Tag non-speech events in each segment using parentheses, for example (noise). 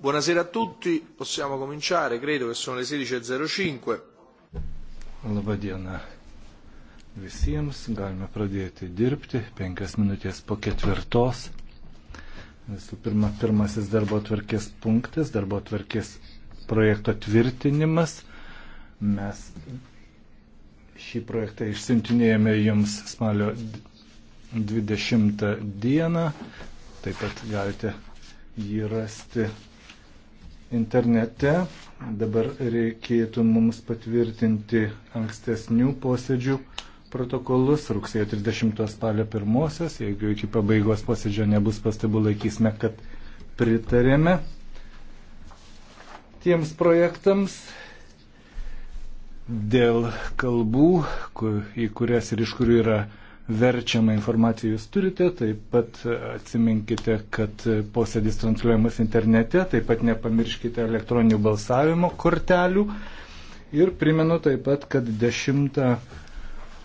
Buonasera a tutti, possiamo cominciare, credo che sono le 16.05. E Labadiena. Visiems galime pradėti dirbti, penkias minutės po ketvirtos. Visų pirma, pirmasis darbo tvarkės punktas, darbo tvarkės projekto tvirtinimas. Mes šį projektą išsintinėjame jums spalio 20 dieną. Taip pat galite jį rasti internete. Dabar reikėtų mums patvirtinti ankstesnių posėdžių protokolus rugsėjo 30 spalio 1. Jeigu iki pabaigos posėdžio nebus pastabų, laikysime, kad pritarėme tiems projektams dėl kalbų, į kurias ir iš kurių yra verčiamą informaciją jūs turite, taip pat atsiminkite, kad posėdis transliuojamas internete, taip pat nepamirškite elektroninių balsavimo kortelių ir primenu taip pat, kad 10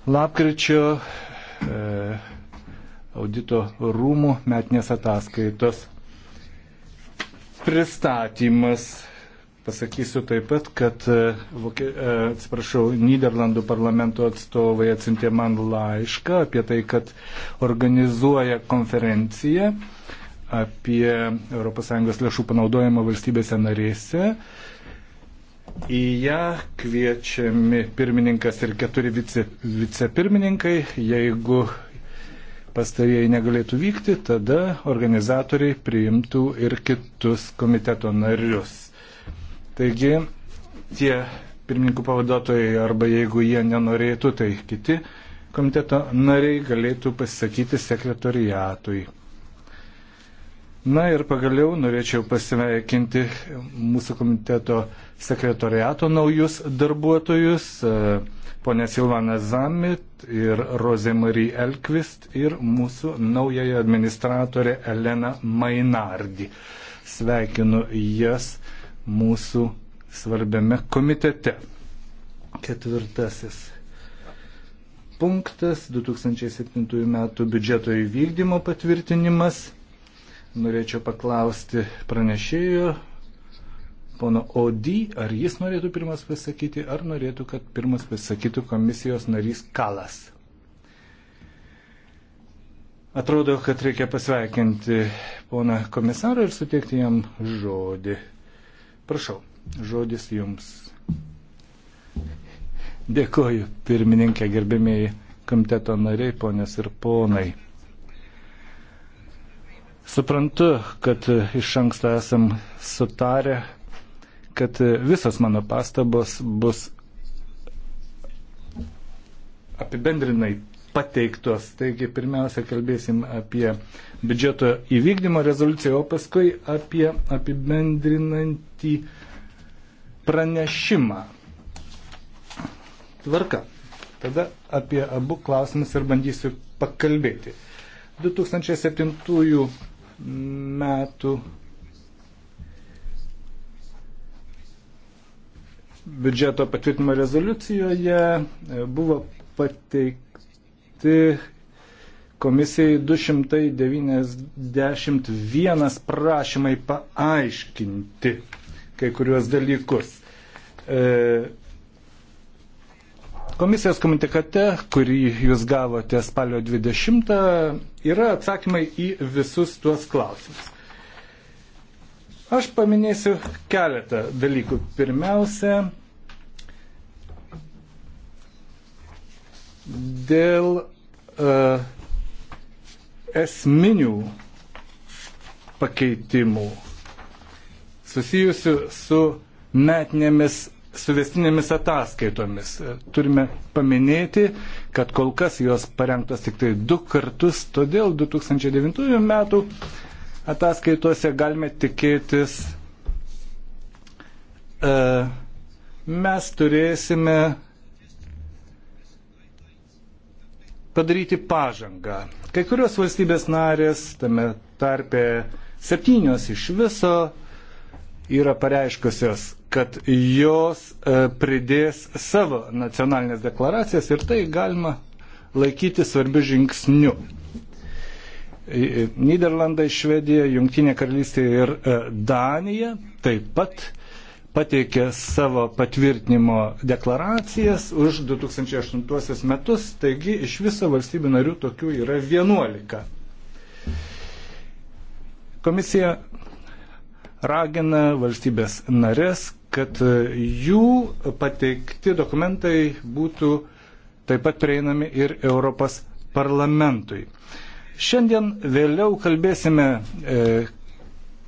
lapkričio e, audito rūmų metinės ataskaitos pristatymas Pasakysiu taip pat, kad, e, e, atsiprašau, Niderlandų parlamento atstovai atsintė man laišką apie tai, kad organizuoja konferenciją apie ES lėšų panaudojimą valstybėse narėse. Į ją kviečiami pirmininkas ir keturi vice, vicepirmininkai. Jeigu pastarieji negalėtų vykti, tada organizatoriai priimtų ir kitus komiteto narius. Taigi tie pirmininkų pavaduotojai arba jeigu jie nenorėtų, tai kiti komiteto nariai galėtų pasisakyti sekretoriatui. Na ir pagaliau norėčiau pasveikinti mūsų komiteto sekretoriato naujus darbuotojus, e, ponę Silvaną Zamit ir Rozė Marija Elkvist ir mūsų naująją administratorę Eleną Mainardį. Sveikinu jas mūsų svarbiame komitete. Ketvirtasis punktas 2007 m. biudžeto įvykdymo patvirtinimas. Norėčiau paklausti pranešėjo pono Odi, ar jis norėtų pirmas pasakyti, ar norėtų, kad pirmas pasakytų komisijos narys Kalas. Atrodo, kad reikia pasveikinti poną komisarą ir suteikti jam žodį. Prašau, žodis jums. Dėkoju, pirmininkė, gerbėmėjai komiteto nariai, ponės ir ponai. Suprantu, kad iš anksto esam sutarę, kad visos mano pastabos bus apibendrinai pateiktos. Taigi pirmiausia kalbėsim apie biudžeto įvykdymo rezoliuciją, o paskui apie apibendrinantį pranešimą. Tvarka. Tada apie abu klausimus ir bandysiu pakalbėti. 2007 metų biudžeto patvirtinimo rezoliucijoje buvo pateik, pateikti komisijai 291 prašymai paaiškinti kai kuriuos dalykus. E, komisijos komunikate, kurį jūs gavote spalio 20, yra atsakymai į visus tuos klausimus. Aš paminėsiu keletą dalykų. Pirmiausia, dėl E, esminių pakeitimų susijusių su metinėmis suvestinėmis ataskaitomis. Turime paminėti, kad kol kas jos parengtos tik tai du kartus, todėl 2009 metų ataskaitose galime tikėtis, e, mes turėsime padaryti pažangą. Kai kurios valstybės narės, tame tarpe septynios iš viso, yra pareiškusios, kad jos e, pridės savo nacionalinės deklaracijas ir tai galima laikyti svarbiu žingsniu. E, e, Niderlandai, Švedija, Junktinė karalystė ir Danija taip pat pateikė savo patvirtinimo deklaracijas už 2008 metus, taigi iš viso valstybių narių tokių yra 11. Komisija ragina valstybės narės, kad jų pateikti dokumentai būtų taip pat prieinami ir Europos parlamentui. Šiandien vėliau kalbėsime, e,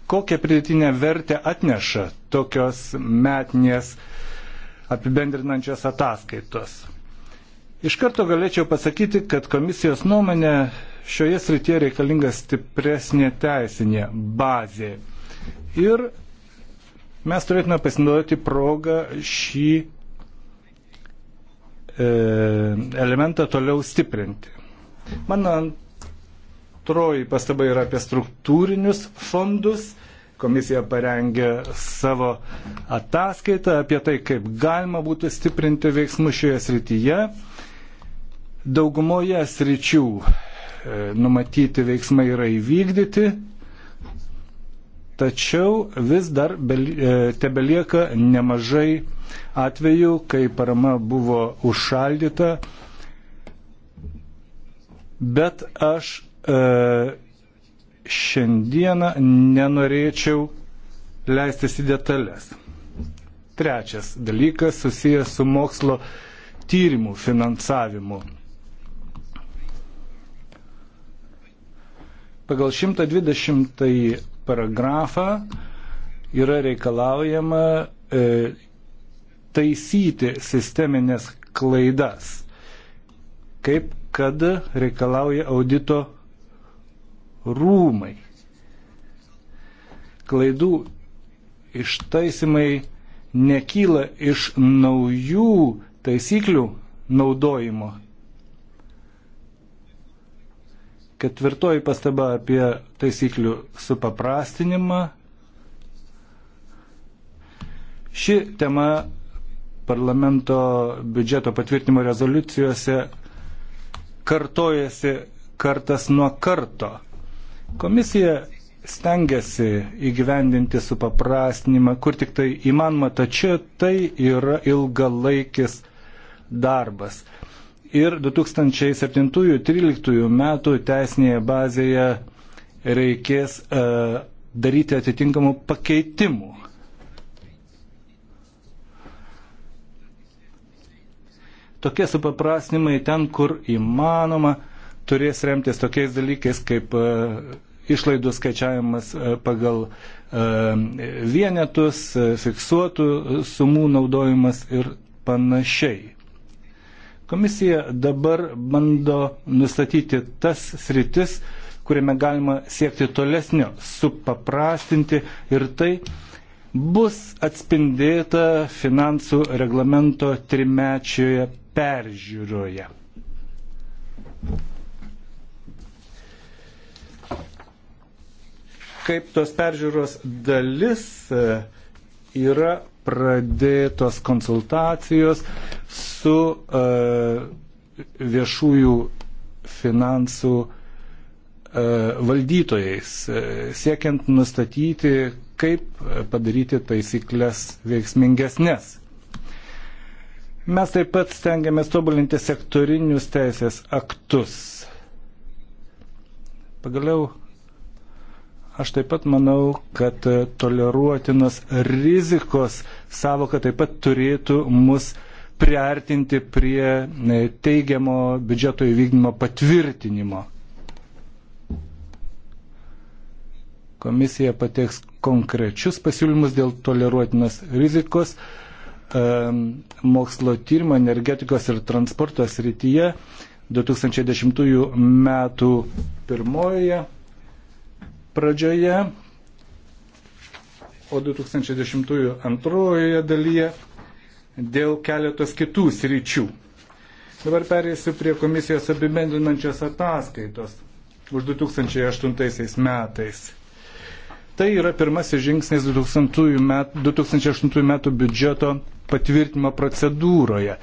kokią pridėtinę vertę atneša tokios metinės apibendrinančios ataskaitos. Iš karto galėčiau pasakyti, kad komisijos nuomonė šioje srityje reikalinga stipresnė teisinė bazė. Ir mes turėtume pasinaudoti progą šį e, elementą toliau stiprinti. Mano Antroji pastaba yra apie struktūrinius fondus. Komisija parengė savo ataskaitą apie tai, kaip galima būtų stiprinti veiksmus šioje srityje. Daugumoje sričių e, numatyti veiksmai yra įvykdyti, tačiau vis dar e, tebelieka nemažai atvejų, kai parama buvo užšaldyta, bet aš E, šiandieną nenorėčiau leistis į detalės. Trečias dalykas susijęs su mokslo tyrimų finansavimu. Pagal 120 paragrafą yra reikalaujama e, taisyti sisteminės klaidas, kaip kad reikalauja audito rūmai. Klaidų ištaisimai nekyla iš naujų taisyklių naudojimo. Ketvirtoji pastaba apie taisyklių supaprastinimą. Ši tema parlamento biudžeto patvirtinimo rezoliucijose kartojasi kartas nuo karto. Komisija stengiasi įgyvendinti supaprastinimą, kur tik tai įmanoma, tačiau tai yra ilgalaikis darbas. Ir 2007-2013 metų teisinėje bazėje reikės e, daryti atitinkamų pakeitimų. Tokie supaprastinimai ten, kur įmanoma, turės remtis tokiais dalykais kaip e, išlaidų skaičiavimas e, pagal e, vienetus, fiksuotų sumų naudojimas ir panašiai. Komisija dabar bando nustatyti tas sritis, kuriame galima siekti tolesnio, supaprastinti ir tai bus atspindėta finansų reglamento trimečioje peržiūroje. kaip tos peržiūros dalis e, yra pradėtos konsultacijos su e, viešųjų finansų e, valdytojais, siekiant nustatyti, kaip padaryti taisyklės veiksmingesnės. Mes taip pat stengiamės tobulinti sektorinius teisės aktus. Pagaliau Aš taip pat manau, kad e, toleruotinos rizikos savoka taip pat turėtų mus priartinti prie e, teigiamo biudžeto įvykdymo patvirtinimo. Komisija pateiks konkrečius pasiūlymus dėl toleruotinos rizikos e, mokslo tyrimo energetikos ir transporto srityje 2010 metų pirmojoje pradžioje, o 2010 antrojoje dalyje dėl keletos kitų sričių. Dabar perėsiu prie komisijos apibendrinančios ataskaitos už 2008 metais. Tai yra pirmasis žingsnis 2008 metų, 2008 metų biudžeto patvirtinimo procedūroje.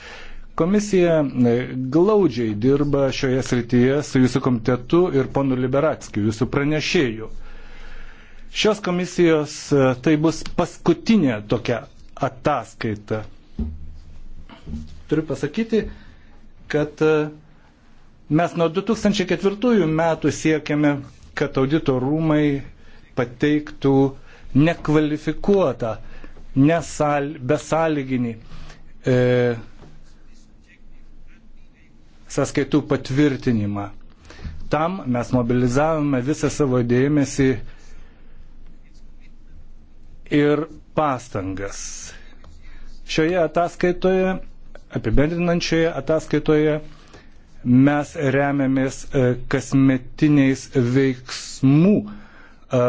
Komisija e, glaudžiai dirba šioje srityje su jūsų komitetu ir ponu Liberatskiu, jūsų pranešėju. Šios komisijos e, tai bus paskutinė tokia ataskaita. Turiu pasakyti, kad e, mes nuo 2004 metų siekiame, kad audito rūmai pateiktų nekvalifikuotą, nesal, besąlyginį e, sąskaitų patvirtinimą. Tam mes mobilizavome visą savo dėmesį ir pastangas. Šioje ataskaitoje, apibendrinančioje ataskaitoje, mes remiamės e, kasmetiniais veiksmų e,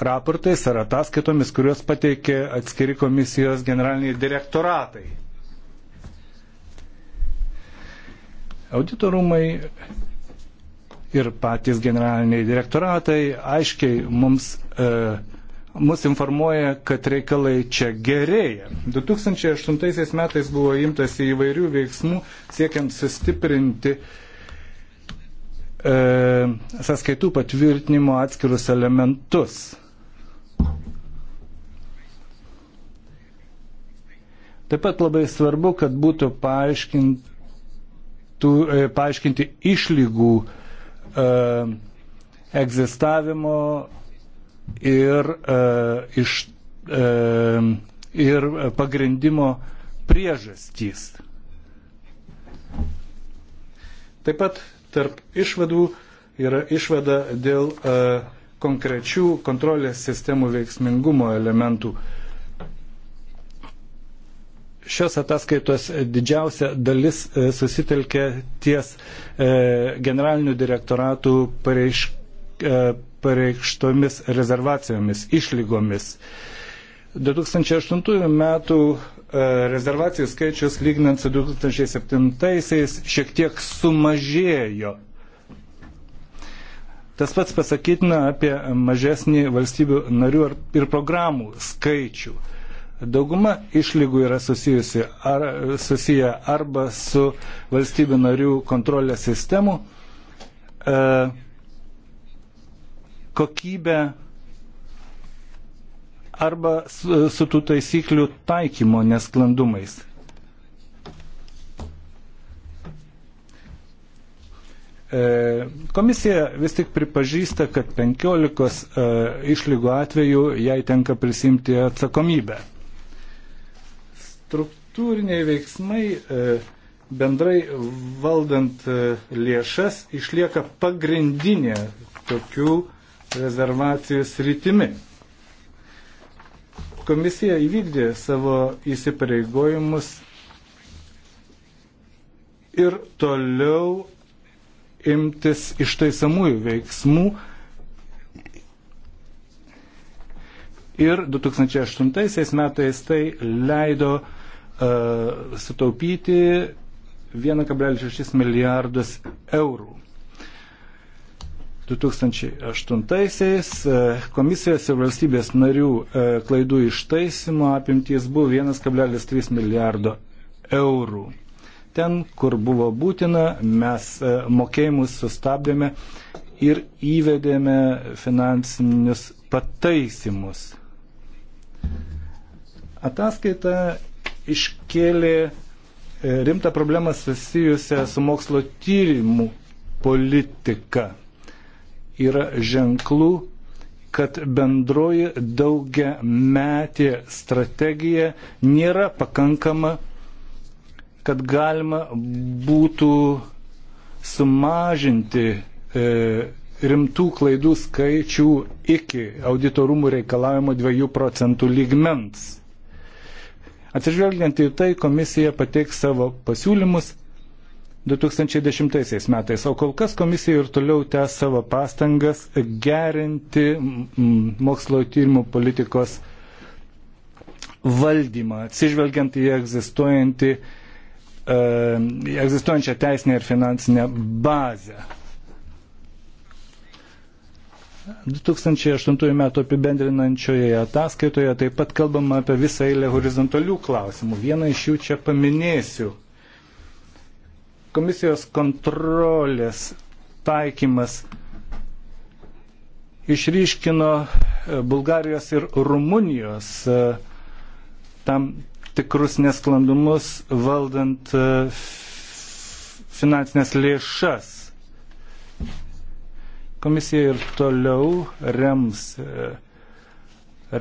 raportais ar ataskaitomis, kuriuos pateikė atskiri komisijos generaliniai direktoratai. Auditorumai ir patys generaliniai direktoratai aiškiai mums uh, mus informuoja, kad reikalai čia gerėja. 2008 metais buvo imtasi įvairių veiksmų siekiant sustiprinti e, sąskaitų patvirtinimo atskirus elementus. Taip pat labai svarbu, kad būtų e, paaiškinti išlygų e, egzistavimo ir, e, iš, e, ir pagrindimo priežastys. Taip pat tarp išvadų yra išvada dėl e, konkrečių kontrolės sistemų veiksmingumo elementų. Šios ataskaitos didžiausia dalis e, susitelkia ties e, generalinių direktoratų pareišk, e, pareikštomis rezervacijomis, išlygomis. 2008 metų e, rezervacijų skaičius lygnant su 2007-aisiais šiek tiek sumažėjo. Tas pats pasakytina apie mažesnį valstybių narių ir programų skaičių. Dauguma išlygų yra susijusi ar, susiję arba su valstybių narių kontrolės sistemų, e, kokybę arba su, su tų taisyklių taikymo nesklandumais. E, komisija vis tik pripažįsta, kad 15 e, išlygų atveju jai tenka prisimti atsakomybę. Struktūriniai veiksmai e, bendrai valdant lėšas išlieka pagrindinė tokių uh, rezervacijų sritimi. Komisija įvykdė savo įsipareigojimus ir toliau imtis ištaisamųjų veiksmų. Ir 2008 metais tai leido uh, sutaupyti 1,6 milijardus eurų. 2008-aisiais e, komisijos ir valstybės narių e, klaidų ištaisimo apimtys buvo 1,3 milijardo eurų. Ten, kur buvo būtina, mes e, mokėjimus sustabdėme ir įvedėme finansinius pataisimus. Ataskaita iškėlė rimtą problemą susijusią su mokslo tyrimų politika yra ženklų, kad bendroji daugia metė strategija nėra pakankama, kad galima būtų sumažinti e, rimtų klaidų skaičių iki auditorumų reikalavimo 2 procentų lygmens. Atsižvelgiant į tai, komisija pateiks savo pasiūlymus 2010 metais, o kol kas komisija ir toliau tęs savo pastangas gerinti mokslo tyrimų politikos valdymą, atsižvelgiant į egzistuojantį, e, į egzistuojančią teisinę ir finansinę bazę. 2008 m. apibendrinančioje ataskaitoje taip pat kalbama apie visą eilę horizontalių klausimų. Vieną iš jų čia paminėsiu Komisijos kontrolės taikymas išryškino e, Bulgarijos ir Rumunijos e, tam tikrus nesklandumus valdant e, finansinės lėšas. Komisija ir toliau rems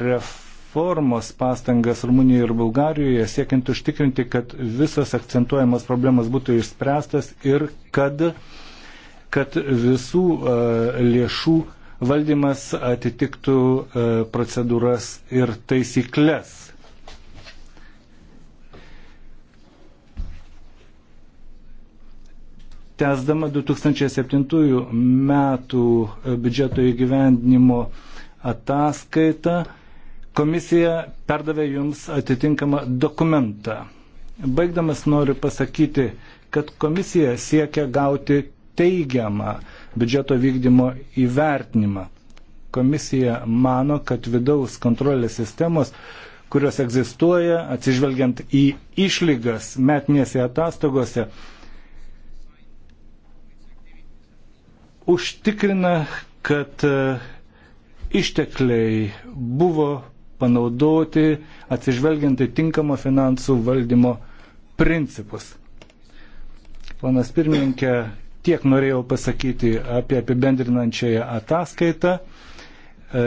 ref reformos pastangas Rumunijoje ir Bulgarijoje, siekiant užtikrinti, kad visas akcentuojamas problemas būtų išspręstas ir kad, kad visų e, lėšų valdymas atitiktų e, procedūras ir taisyklės. Tesdama 2007 metų biudžeto įgyvendinimo ataskaitą, Komisija perdavė jums atitinkamą dokumentą. Baigdamas noriu pasakyti, kad komisija siekia gauti teigiamą biudžeto vykdymo įvertinimą. Komisija mano, kad vidaus kontrolės sistemos, kurios egzistuoja, atsižvelgiant į išlygas metinėse atostogose, užtikrina, kad e, ištekliai buvo panaudoti, atsižvelgiant į tinkamą finansų valdymo principus. Ponas pirmininkė, tiek norėjau pasakyti apie apibendrinančiąją ataskaitą. E,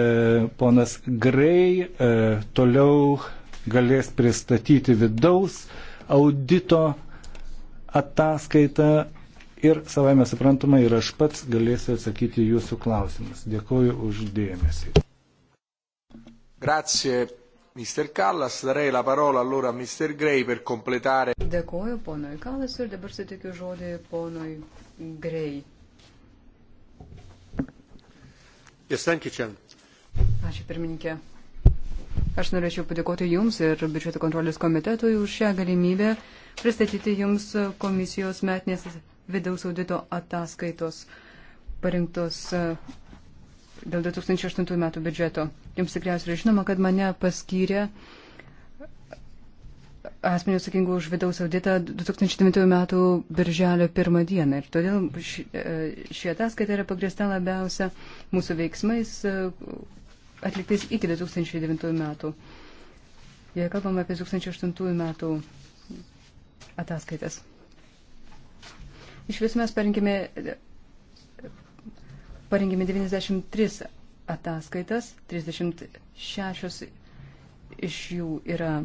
ponas Grei e, toliau galės pristatyti vidaus audito ataskaitą ir savai mes suprantama ir aš pats galėsiu atsakyti jūsų klausimus. Dėkuoju uždėmesį. Grazie. Mr. Kallas, darei la parola allora a Mr. Gray per completare. Dėkuoju ponui Kallas ir dabar sutikiu žodį ponui Gray. Yes, thank you, Chen. Ačiū pirmininkė. Aš norėčiau padėkoti Jums ir biudžeto kontrolės komitetui už šią galimybę pristatyti Jums komisijos metinės vidaus audito ataskaitos parinktos e, dėl 2008 metų biudžeto. Jums tikriausiai yra žinoma, kad mane paskyrė asmenių atsakingų už vidaus auditą 2009 m. birželio 1 dieną. Ir todėl ši, e, ši ataskaita yra pagrįsta labiausia mūsų veiksmais e, atliktais iki 2009 m. Jei kalbame apie 2008 m. ataskaitas. Iš vis mes parengėme, parengėme 93 ataskaitas, 36 iš jų yra e,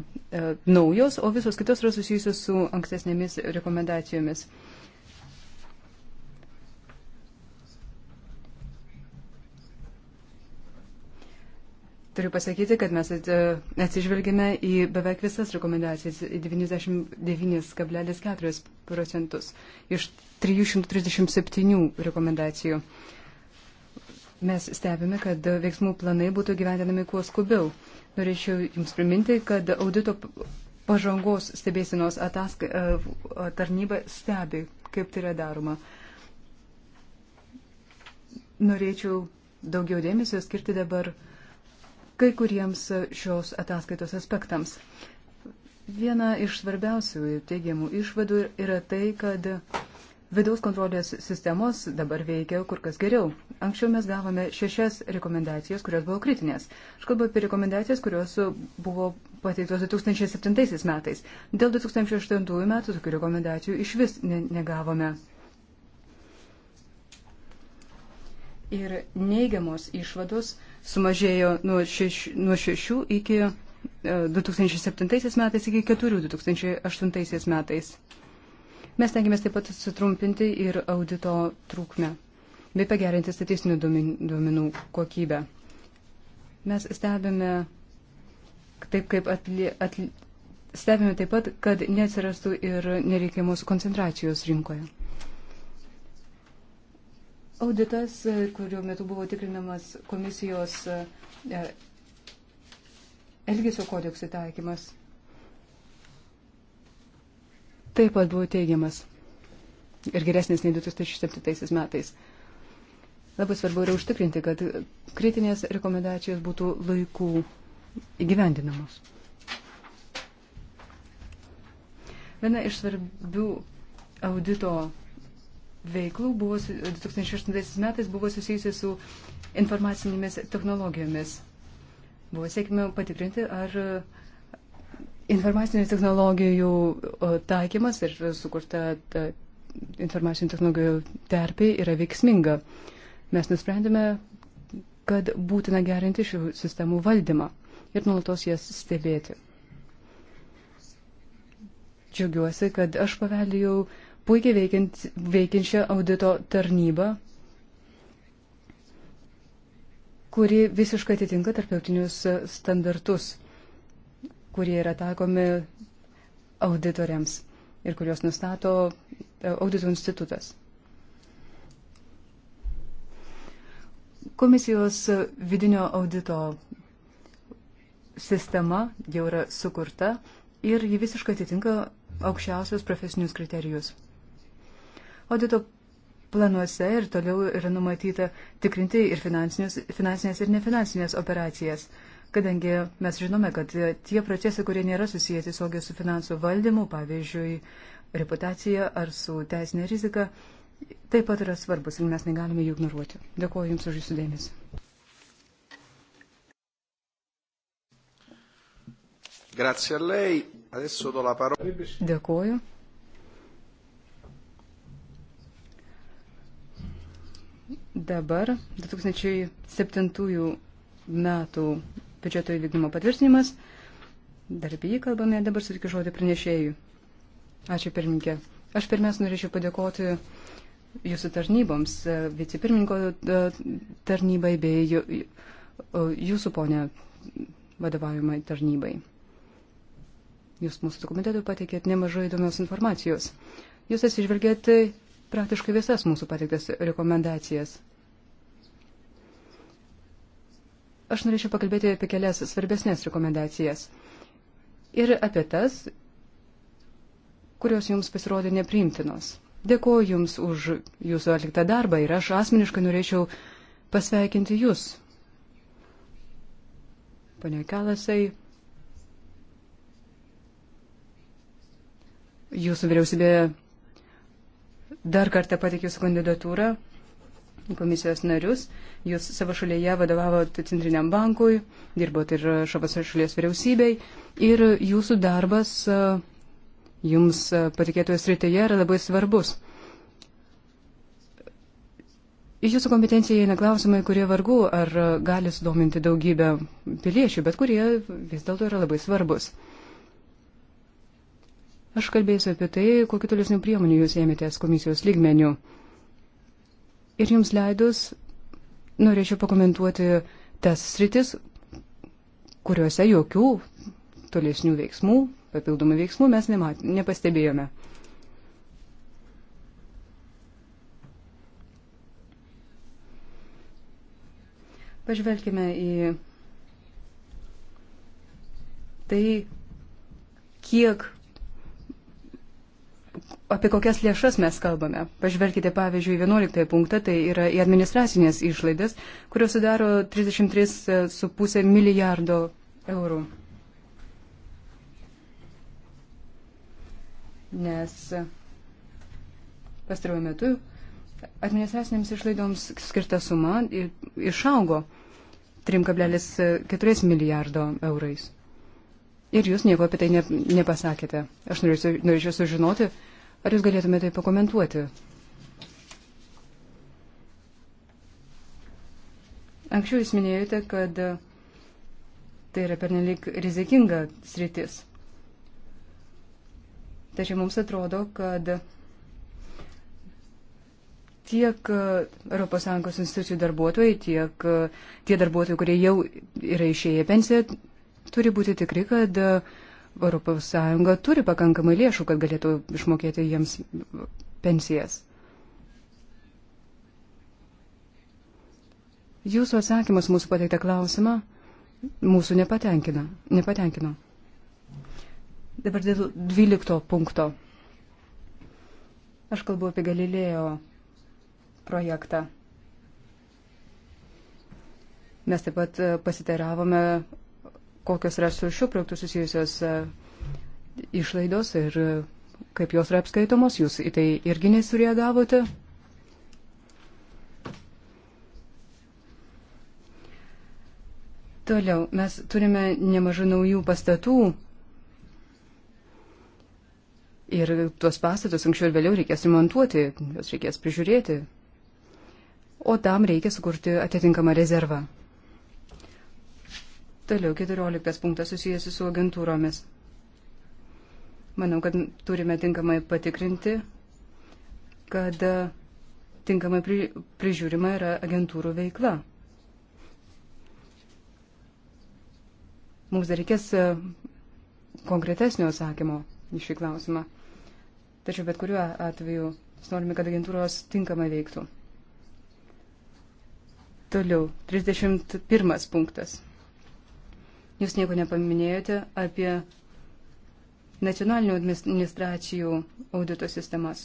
naujos, o visos kitos yra susijusios su ankstesnėmis rekomendacijomis. Turiu pasakyti, kad mes e, atsižvelgime į beveik visas rekomendacijas, 99,4 procentus iš 337 rekomendacijų. E, mes stebime, kad veiksmų planai būtų gyventinami kuo skubiau. Norėčiau Jums priminti, kad audito pažangos stebėsinos ataskai, e, tarnyba stebi, kaip tai yra daroma. Norėčiau daugiau dėmesio skirti dabar kai kuriems šios ataskaitos aspektams. Viena iš svarbiausių teigiamų išvadų yra tai, kad Vidaus kontrolės sistemos dabar veikia kur kas geriau. Anksčiau mes gavome šešias rekomendacijas, kurios buvo kritinės. Aš kalbu apie rekomendacijas, kurios buvo pateiktos 2007 metais. Dėl 2008 metų tokių rekomendacijų iš vis ne negavome. Ir neigiamos išvados sumažėjo nuo 6 nuo šešių iki 2007 e, metais iki 4 2008 metais. Mes tengiamės taip pat sutrumpinti ir audito trukmę, bei pagerinti statistinių duomenų kokybę. Mes stebime taip, kaip atli, atli, stebime taip pat, kad neatsirastų ir nereikiamos koncentracijos rinkoje. Auditas, kurio metu buvo tikrinamas komisijos e, e, elgesio kodeksų taikymas, taip pat buvo teigiamas ir geresnis nei 2007 metais. Labai svarbu yra užtikrinti, kad kritinės rekomendacijos būtų laikų įgyvendinamos. Viena iš svarbių audito veiklų buvo, 2008 metais buvo susijusi su informacinėmis technologijomis. Buvo sėkmė patikrinti, ar Informacinių technologijų taikymas ir sukurta informacinių technologijų terpė yra veiksminga. Mes nusprendėme, kad būtina gerinti šių sistemų valdymą ir nuolatos jas stebėti. Džiaugiuosi, kad aš paveldėjau puikiai veikiant, veikiančią audito tarnybą, kuri visiškai atitinka tarptautinius standartus kurie yra taikomi auditoriams ir kuriuos nustato e, audito institutas. Komisijos vidinio audito sistema jau yra sukurta ir ji visiškai atitinka aukščiausius profesinius kriterijus. Audito planuose ir toliau yra numatyta tikrinti ir finansinės ir nefinansinės operacijas kadangi mes žinome, kad tie procesai, kurie nėra susiję tiesiogiai su finansų valdymu, pavyzdžiui, reputacija ar su teisinė rizika, taip pat yra svarbus ir mes negalime jų ignoruoti. Dėkuoju Jums už Jūsų dėmesį. Dėkuoju. Dabar 2007 metų biudžeto įvykdymo patvirtinimas. Dar apie jį kalbame, dabar sutikiu žodį pranešėjui. Ačiū pirmininkė. Aš pirmiausia norėčiau padėkoti jūsų tarnyboms, vicepirmininko e, tarnybai bei jūsų ponė vadovaujamai tarnybai. Jūs mūsų dokumentetui pateikėt nemažai įdomios informacijos. Jūs atsižvelgėte praktiškai visas mūsų pateiktas rekomendacijas. Aš norėčiau pakalbėti apie kelias svarbesnės rekomendacijas ir apie tas, kurios jums pasirodė nepriimtinos. Dėkuoju Jums už Jūsų atliktą darbą ir aš asmeniškai norėčiau pasveikinti Jūs. Pane Kalasai, Jūsų vyriausybė dar kartą patikė Jūsų kandidatūrą komisijos narius. Jūs savo šalyje vadovavote Centriniam bankui, dirbote ir savo šalies vyriausybei ir jūsų darbas e, jums e, patikėtoje srityje yra labai svarbus. Į jūsų kompetenciją įeina klausimai, kurie vargu ar gali sudominti daugybę piliečių, bet kurie vis dėlto yra labai svarbus. Aš kalbėsiu apie tai, kokiu tolesniu priemonių jūs ėmėtės komisijos lygmenių. Ir jums leidus norėčiau pakomentuoti tas sritis, kuriuose jokių tolesnių veiksmų, papildomų veiksmų mes nemat, nepastebėjome. Pažvelkime į tai, kiek apie kokias lėšas mes kalbame. Pažvelkite, pavyzdžiui, 11 punktą, tai yra į administracinės išlaidas, kurios sudaro 33,5 milijardo eurų. Nes pastaruoju metu administracinėms išlaidoms skirta suma išaugo 3,4 milijardo eurais. Ir jūs nieko apie tai nepasakėte. Aš norėčiau, norėčiau sužinoti, uh, Ar jūs galėtumėte tai pakomentuoti? Anksčiau jūs minėjote, kad tai yra pernelik rizikinga sritis. Tačiau mums atrodo, kad tiek ES institucijų darbuotojai, tiek tie darbuotojai, kurie jau yra išėję pensiją, turi būti tikri, kad uh, ES turi pakankamai lėšų, kad galėtų išmokėti jiems pensijas. Jūsų atsakymas mūsų pateiktą klausimą mūsų nepatenkina, nepatenkino. Dabar dėl 12 punkto. Aš kalbu apie Galilėjo projektą. Mes taip pat pasiteiravome kokios yra su šiuo projektu susijusios e, išlaidos ir e, kaip jos yra apskaitomos, jūs į tai irgi nesureagavote. Toliau, mes turime nemažai naujų pastatų ir tuos pastatus anksčiau ir vėliau reikės remontuoti, juos reikės prižiūrėti, o tam reikia sukurti atitinkamą rezervą. Toliau 14 punktas susijęs su agentūromis. Manau, kad turime tinkamai patikrinti, kad tinkamai pri, prižiūrima yra agentūrų veikla. Mums dar reikės e, konkretesnio atsakymo į šį klausimą. Tačiau bet kuriuo atveju norime, kad agentūros tinkamai veiktų. Toliau, 31 punktas. Jūs nieko nepaminėjote apie nacionalinių administracijų audito sistemas.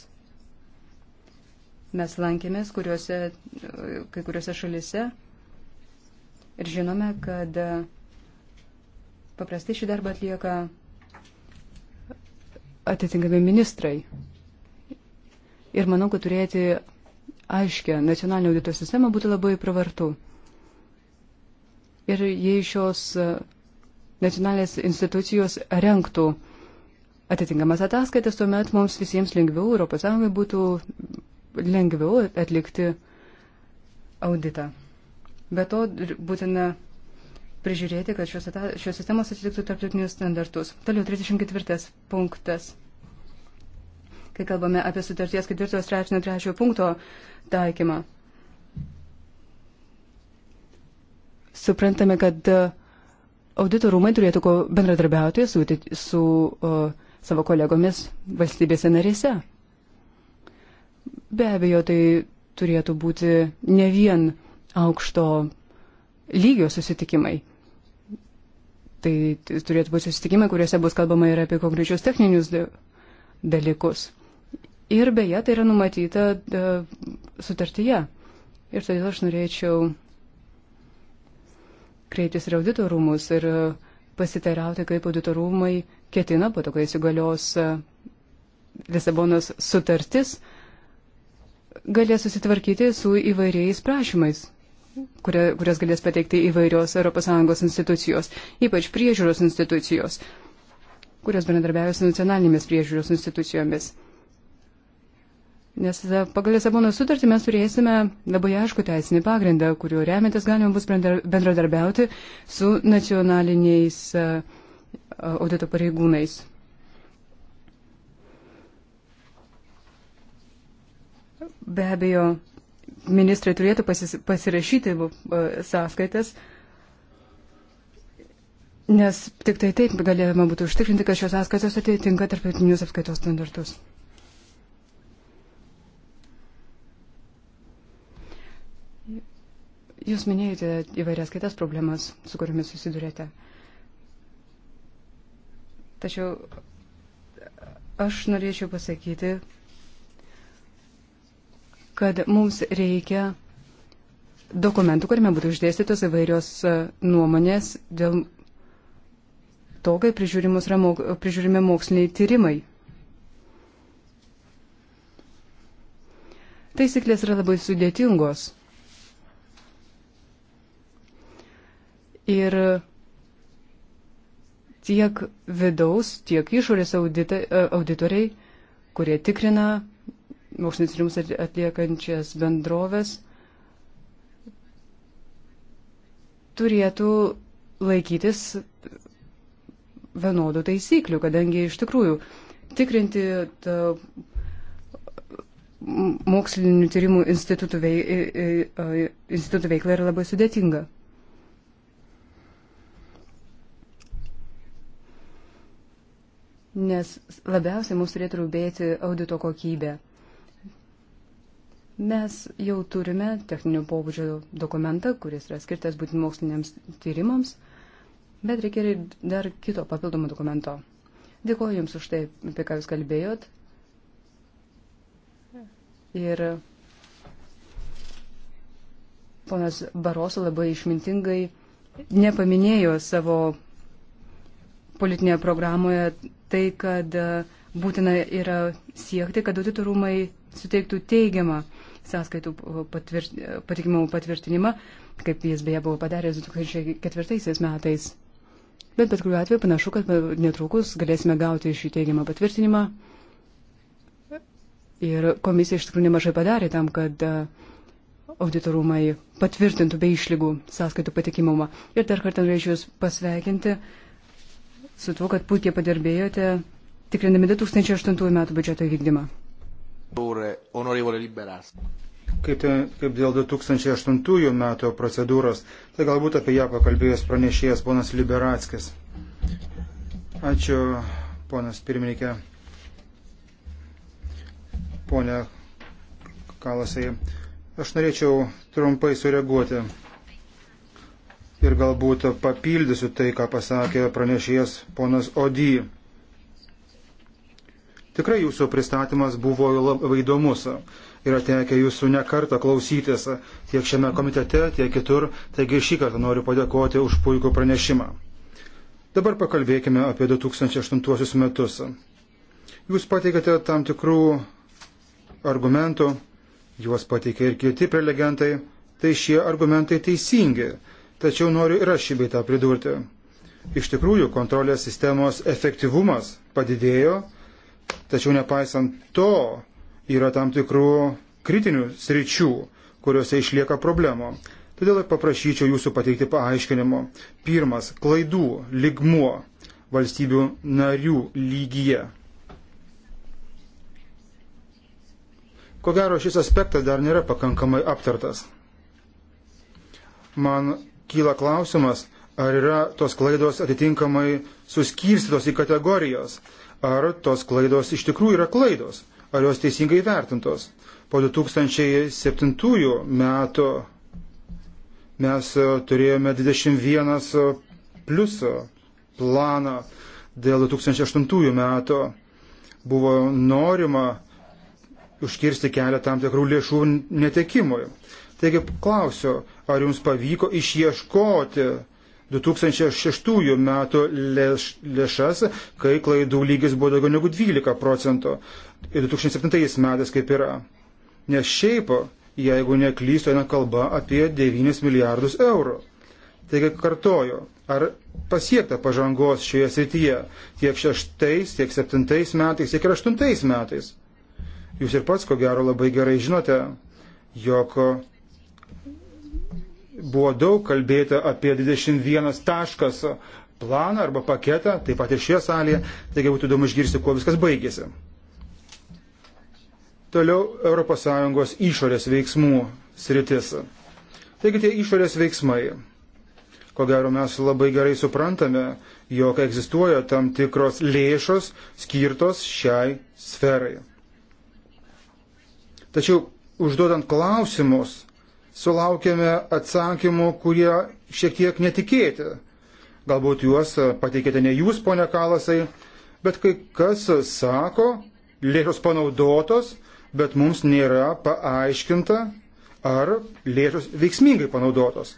Mes lankėmės kuriuose, kai kuriuose šalise ir žinome, kad paprastai šį darbą atlieka atitinkami ministrai. Ir manau, kad turėti aiškę nacionalinio audito sistemą būtų labai pravartu. Ir jei šios nacionalinės institucijos renktų atitinkamas ataskaitas, tuomet mums visiems lengviau, ES būtų lengviau atlikti auditą. Be to būtina prižiūrėti, kad šios, ata, šios sistemos atitiktų tarptautinius standartus. Toliau 34 punktas. Kai kalbame apie sutarties 4 straipsnio 3 punkto taikymą, suprantame, kad uh, audito rūmai turėtų bendradarbiauti su, su o, savo kolegomis valstybėse narėse. Be abejo, tai turėtų būti ne vien aukšto lygio susitikimai. Tai, tai turėtų būti susitikimai, kuriuose bus kalbama ir apie konkrečius techninius dalykus. Ir beje, tai yra numatyta da, sutartyje. Ir todėl aš norėčiau kreiptis ir auditorumus ir e, pasiteirauti, kaip auditorumai ketina po to, kai įsigalios e, Lisabonos sutartis, galės susitvarkyti su įvairiais prašymais, kurie, kurias galės pateikti įvairios ES institucijos, ypač priežiūros institucijos, kurios bendradarbiavės su nacionalinėmis priežiūros institucijomis. Nes e, pagal Lisabono sutartį mes turėsime labai aišku teisinį pagrindą, kuriuo remiantis galima bus bendradarbiauti su nacionaliniais e, audito pareigūnais. Be abejo, ministrai turėtų pasis, pasirašyti e, sąskaitas, nes tik tai taip galėtume būtų užtikrinti, kad šios sąskaitos atitinka tarptautinius apskaitos standartus. Jūs minėjote įvairias kitas problemas, su kuriomis susidurėte. Tačiau aš norėčiau pasakyti, kad mums reikia dokumentų, kuriame būtų išdėstytos įvairios e, nuomonės dėl to, kaip prižiūrimi moksliniai tyrimai. Taisyklės yra labai sudėtingos. Ir tiek vidaus, tiek išorės audita, e, auditoriai, kurie tikrina mokslinis rimus atliekančias bendrovės, turėtų laikytis vienodų taisyklių, kadangi iš tikrųjų tikrinti mokslinių tyrimų institutų, vei, institutų veiklą yra labai sudėtinga. nes labiausiai mums turėtų rūpėti audito kokybė. Mes jau turime techninio pobūdžio dokumentą, kuris yra skirtas būtent moksliniams tyrimams, bet reikia ir dar kito papildomo dokumento. Dėkuoju Jums už tai, apie ką Jūs kalbėjot. Ir ponas Baroso labai išmintingai nepaminėjo savo politinėje programoje tai, kad e, būtina yra siekti, kad auditorumai suteiktų teigiamą sąskaitų patvirt, patikimumo patvirtinimą, kaip jis beje buvo padaręs 2004 metais. Bet bet kuriuo atveju panašu, kad netrukus galėsime gauti šį teigiamą patvirtinimą. Ir komisija iš tikrųjų nemažai padarė tam, kad e, auditorumai patvirtintų be išlygų sąskaitų patikimumą. Ir dar kartą norėčiau Jūs pasveikinti su tuo, kad puikiai padirbėjote, tikrindami 2008 metų biudžeto vykdymą. Kaip, te, kaip dėl 2008 metų procedūros, tai galbūt apie ją pakalbėjęs pranešėjas ponas Liberatskis. Ačiū, ponas pirmininkė. Pone Kalasai, aš norėčiau trumpai sureaguoti ir galbūt papildysiu tai, ką pasakė pranešėjas ponas Odį. Tikrai jūsų pristatymas buvo labai įdomus. Yra tekę jūsų nekartą klausytis tiek šiame komitete, tiek kitur, taigi šį kartą noriu padėkoti už puikų pranešimą. Dabar pakalbėkime apie 2008 metus. Jūs pateikėte tam tikrų argumentų, juos pateikė ir kiti prelegentai, tai šie argumentai teisingi tačiau noriu ir aš šį beitą pridurti. Iš tikrųjų, kontrolės sistemos efektyvumas padidėjo, tačiau nepaisant to yra tam tikrų kritinių sričių, kuriuose išlieka problemų. Todėl paprašyčiau jūsų pateikti paaiškinimo. Pirmas - klaidų ligmuo valstybių narių lygyje. Ko gero, šis aspektas dar nėra pakankamai aptartas. Man kyla klausimas, ar yra tos klaidos atitinkamai suskirstytos į kategorijas, ar tos klaidos iš tikrųjų yra klaidos, ar jos teisingai vertintos. Po 2007 metų mes e, turėjome 21 e, plus e, planą dėl 2008 metų. Buvo norima užkirsti kelią tam tikrų lėšų netekimui. Taigi klausiu, ar jums pavyko išieškoti 2006 metų lėš, lėšas, kai klaidų lygis buvo daugiau negu 12 procentų ir 2007 metais kaip yra. Nes šiaip, jeigu neklystu, eina kalba apie 9 milijardus eurų. Taigi kartoju, ar pasiekta pažangos šioje srityje tiek 6, tiek 7 metais, tiek ir 8 metais. Jūs ir pats, ko gero, labai gerai žinote, jog Buvo daug kalbėta apie 21 taškas planą arba paketą, taip pat ir šioje salėje, taigi būtų įdomu išgirsti, kuo viskas baigėsi. Toliau ES išorės veiksmų sritis. Taigi tie išorės veiksmai. Ko gero mes labai gerai suprantame, jog egzistuoja tam tikros lėšos skirtos šiai sferai. Tačiau užduodant klausimus, sulaukėme atsakymų, kurie šiek tiek netikėti. Galbūt juos pateikėte ne jūs, ponia Kalasai, bet kai kas sako, lėšos panaudotos, bet mums nėra paaiškinta, ar lėšos veiksmingai panaudotos.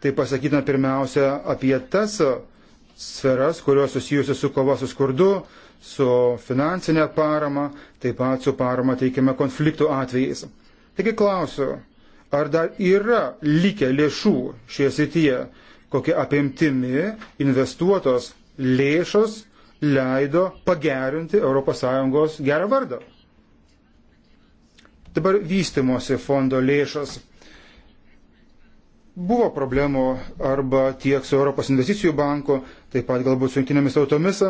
Tai pasakytina pirmiausia apie tas sferas, kurios susijusios su kova su skurdu, su finansinė parama, taip pat su parama teikiame konfliktų atvejais. Taigi klausiu, ar dar yra likę lėšų šioje srityje, kokia apimtimi investuotos lėšos leido pagerinti ES gerą vardą. Dabar vystimosi fondo lėšas. Buvo problemų arba tiek su Europos investicijų banku, taip pat galbūt su jungtinėmis tautomis.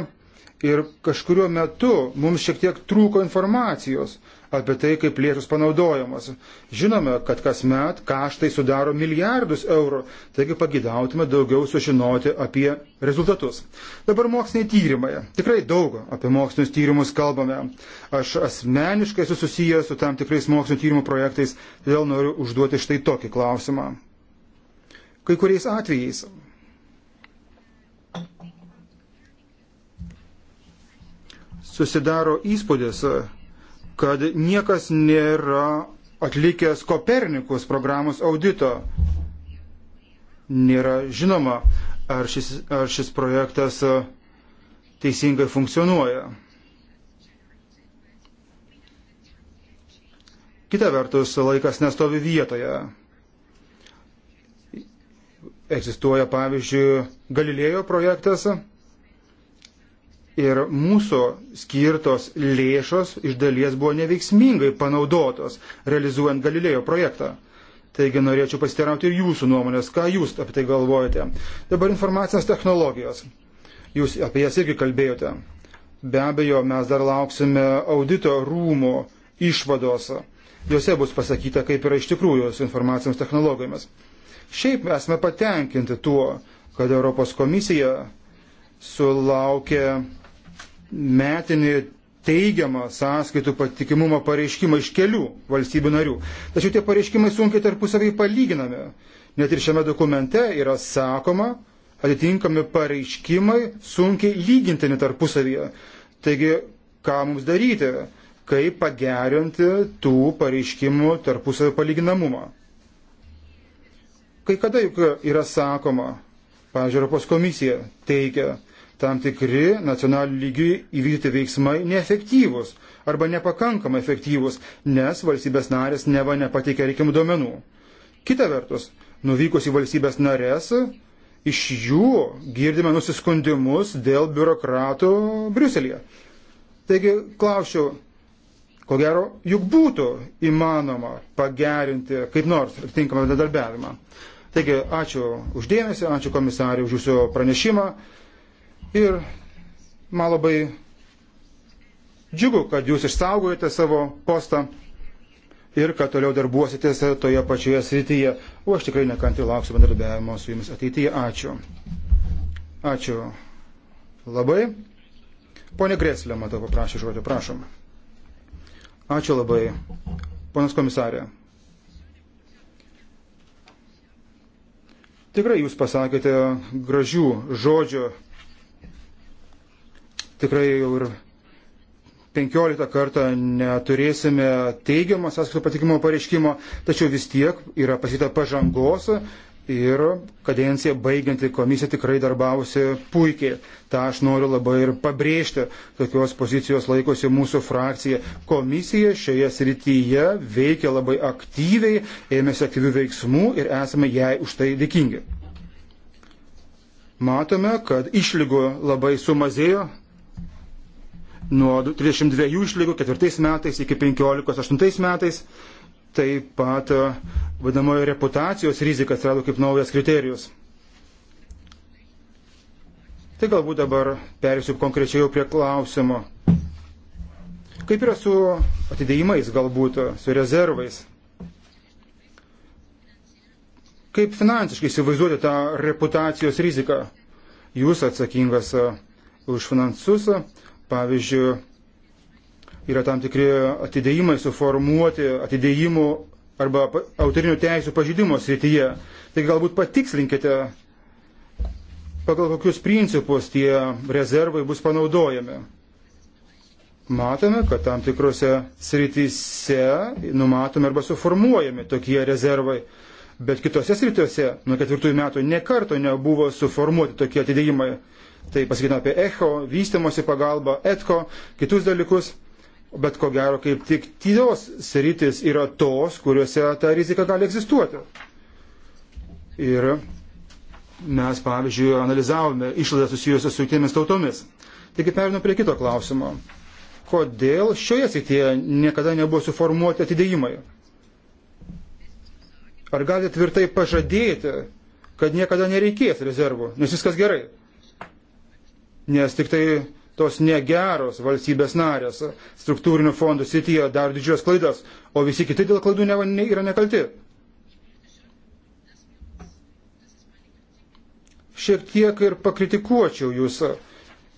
Ir kažkurio metu mums šiek tiek trūko informacijos, apie tai, kaip lėšos panaudojamos. Žinome, kad kasmet kaštai sudaro milijardus eurų, taigi pagidautume daugiau sužinoti apie rezultatus. Dabar moksliniai tyrimai. Tikrai daug apie mokslinius tyrimus kalbame. Aš asmeniškai esu susijęs su tam tikrais mokslinio tyrimų projektais, todėl noriu užduoti štai tokį klausimą. Kai kuriais atvejais susidaro įspūdis, kad niekas nėra atlikęs Kopernikus programos audito. Nėra žinoma, ar šis, ar šis projektas e, teisingai funkcionuoja. Kita vertus, laikas nestovi vietoje. Egzistuoja, pavyzdžiui, Galilėjo projektas, ir mūsų skirtos lėšos iš dalies buvo neveiksmingai panaudotos, realizuojant Galilėjo projektą. Taigi norėčiau pasitirauti ir jūsų nuomonės, ką jūs apie tai galvojate. Dabar informacinės technologijos. Jūs apie jas irgi kalbėjote. Be abejo, mes dar lauksime audito rūmų išvados. Jose bus pasakyta, kaip yra iš tikrųjų su informacijoms technologijomis. Šiaip esame patenkinti tuo, kad Europos komisija sulaukė metinį teigiamą sąskaitų patikimumo pareiškimą iš kelių valstybių narių. Tačiau tie pareiškimai sunkiai tarpusavai palyginami. Net ir šiame dokumente yra sakoma, atitinkami pareiškimai sunkiai lygintini tarpusavyje. Taigi, ką mums daryti, kaip pagerinti tų pareiškimų tarpusavio palyginamumą. Kai kada juk yra sakoma, pavyzdžiui, Europos komisija teigia, tam tikri nacionalinių lygių įvykdyti veiksmai neefektyvūs arba nepakankamai efektyvūs, nes valstybės narės neva nepateikia reikiamų duomenų. Kita vertus, nuvykus į valstybės narės, iš jų girdime nusiskundimus dėl biurokratų Briuselėje. Taigi klausiu, ko gero, juk būtų įmanoma pagerinti kaip nors tinkamą bendradarbiavimą. Taigi, ačiū uždėmesi, ačiū komisariu už jūsų pranešimą. Ir man labai džiugu, kad jūs išsaugojate savo postą ir kad toliau darbuositės toje pačioje srityje. O aš tikrai nekantri lauksiu bendradarbiavimo su jumis ateityje. Ačiū. Ačiū labai. Pone Greslė, matau, paprašė žodžio, prašom. Ačiū labai. Ponas komisarė. Tikrai jūs pasakėte gražių žodžių tikrai jau ir 15 kartą neturėsime teigiamą sąskaitų patikimo pareiškimo, tačiau vis tiek yra pasita pažangos ir kadenciją baigianti komisija tikrai darbavosi puikiai. Ta aš noriu labai ir pabrėžti. Tokios pozicijos laikosi mūsų frakcija. Komisija šioje srityje veikia labai aktyviai, ėmėsi aktyvių veiksmų ir esame jai už tai dėkingi. Matome, kad išlygų labai sumažėjo, nuo 32 išlygų 4 metais iki 15-8 metais. Taip pat e, vadinamojo reputacijos rizika atsirado kaip naujas kriterijus. Tai galbūt dabar perėsiu konkrečiai jau prie klausimo. Kaip yra su atidėjimais galbūt, e, su rezervais? Kaip finansiškai įsivaizduoti tą reputacijos riziką? Jūs atsakingas e, už finansus, Pavyzdžiui, yra tam tikri atidėjimai suformuoti atidėjimų arba autorinių teisų pažydimo srityje. Tai galbūt patikslinkite, pagal kokius principus tie rezervai bus panaudojami. Matome, kad tam tikrose srityse numatomi arba suformuojami tokie rezervai, bet kitose srityse nuo ketvirtųjų metų nekarto nebuvo suformuoti tokie atidėjimai tai pasakytume apie echo, vystimosi pagalbą, etko, kitus dalykus. Bet ko gero, kaip tik tylos sritis yra tos, kuriuose ta rizika gali egzistuoti. Ir mes, pavyzdžiui, analizavome išlaidas susijusias su jungtinėmis tautomis. Taigi perinu prie kito klausimo. Kodėl šioje srityje niekada nebuvo suformuoti atidėjimai? Ar galite tvirtai pažadėti, kad niekada nereikės rezervų, nes viskas gerai? nes tik tai tos negeros valstybės narės struktūrinių fondų sityje daro didžios klaidas, o visi kiti dėl klaidų ne, ne, yra nekalti. Šiek tiek ir pakritikuočiau jūs.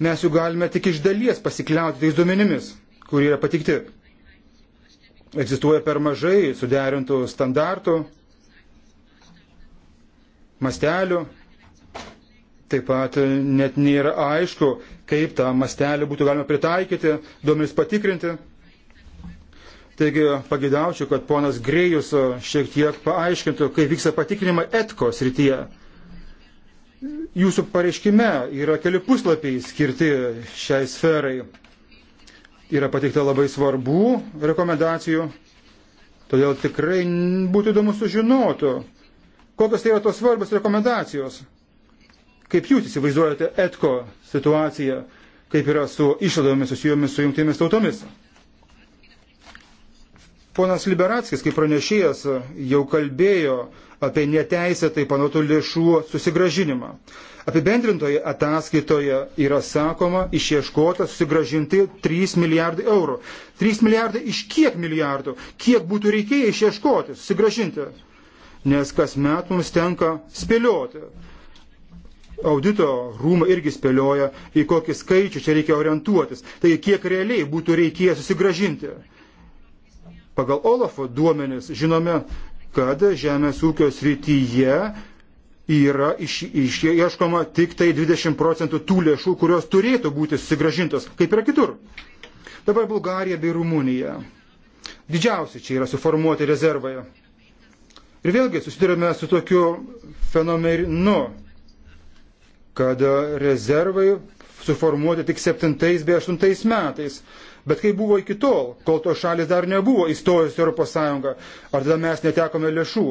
Mes jų galime tik iš dalies pasikliauti tais duomenimis, kurie yra patikti. Egzistuoja per mažai suderintų standartų, mastelių, Taip pat net nėra aišku, kaip tą mastelį būtų galima pritaikyti, duomenys patikrinti. Taigi pagidaučiau, kad ponas Grėjus šiek tiek paaiškintų, kaip vyksta patikrinimai etkos rytyje. Jūsų pareiškime yra keli puslapiai skirti šiai sferai. Yra pateikta labai svarbių rekomendacijų, todėl tikrai būtų įdomu sužinoti, kokios tai yra tos svarbios rekomendacijos. Kaip jūs įsivaizduojate etko situaciją, kaip yra su išvadomis susijomis su jungtinėmis tautomis? Ponas Liberatskis, kaip pranešėjas, jau kalbėjo apie neteisėtai panotų lėšų susigražinimą. Apibendrintoje ataskaitoje yra sakoma, išieškota susigražinti 3 milijardai eurų. 3 milijardai iš kiek milijardų? Kiek būtų reikėję išieškoti, susigražinti? Nes kas met mums tenka spėlioti audito rūmai irgi spėlioja, į kokį skaičių čia reikia orientuotis. Taigi, kiek realiai būtų reikėję susigražinti. Pagal Olafo duomenis žinome, kad žemės ūkio srityje yra išieškoma tik tai 20 procentų tų lėšų, kurios turėtų būti susigražintos, kaip yra kitur. Dabar Bulgarija bei Rumunija. Didžiausi čia yra suformuoti rezervai. Ir vėlgi susidurime su tokiu fenomenu, kad e, rezervai suformuoti tik 7 bei 8 metais. Bet kaip buvo iki tol, kol tos šalis dar nebuvo įstojus Europos Sąjungą, ar tada mes netekome lėšų,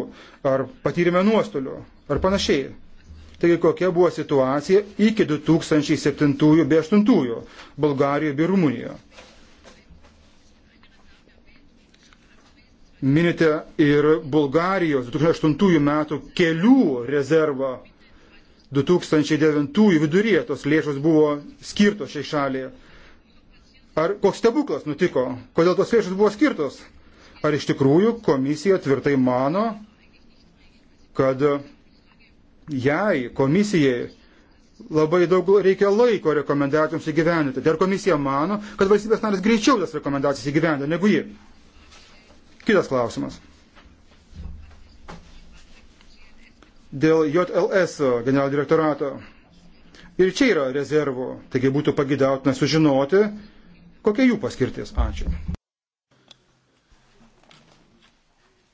ar patyrėme nuostolių, ar panašiai. Taigi kokia buvo situacija iki 2007 bei 2008 Bulgarijoje bei Rumunijoje. Minite ir Bulgarijos 2008 metų kelių rezervą 2009 viduryje tos lėšos buvo skirtos šiai šaliai. Ar koks stebuklas nutiko? Kodėl tos lėšos buvo skirtos? Ar iš tikrųjų komisija tvirtai mano, kad jai, komisijai, labai daug reikia laiko rekomendacijoms įgyvendinti. Tai ar komisija mano, kad valstybės narės greičiau tas rekomendacijas įgyvendina negu ji? Kitas klausimas. dėl JLS generalinio direktorato. Ir čia yra rezervų, taigi būtų pagidautina sužinoti, kokia jų paskirtis. Ačiū.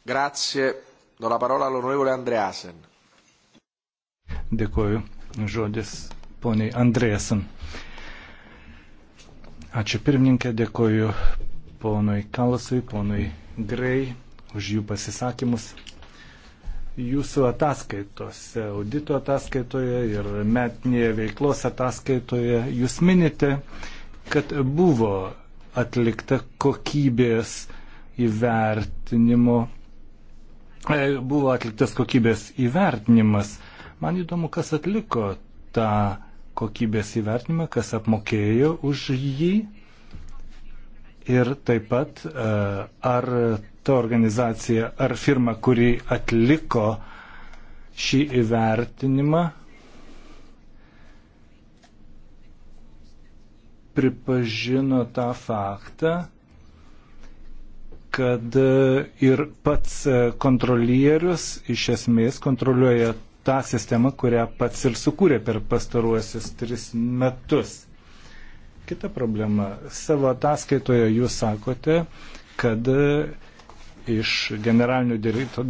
Grazie. Do la parola all'onorevole Andreasen. Dėkuoju. Žodis poniai Andreasen. Ačiū pirmininkė, dėkuoju ponui Kalasui, ponui Grei už jų pasisakymus jūsų ataskaitose, audito ataskaitoje ir metinėje veiklos ataskaitoje jūs minite, kad buvo atlikta kokybės įvertinimo, e, buvo atliktas kokybės įvertinimas. Man įdomu, kas atliko tą kokybės įvertinimą, kas apmokėjo už jį ir taip pat e, ar ta organizacija ar firma, kuri atliko šį įvertinimą, pripažino tą faktą, kad e, ir pats e, kontrolierius iš esmės kontroliuoja tą sistemą, kurią pats ir sukūrė per pastaruosius tris metus. Kita problema. Savo ataskaitoje jūs sakote, kad iš generalinių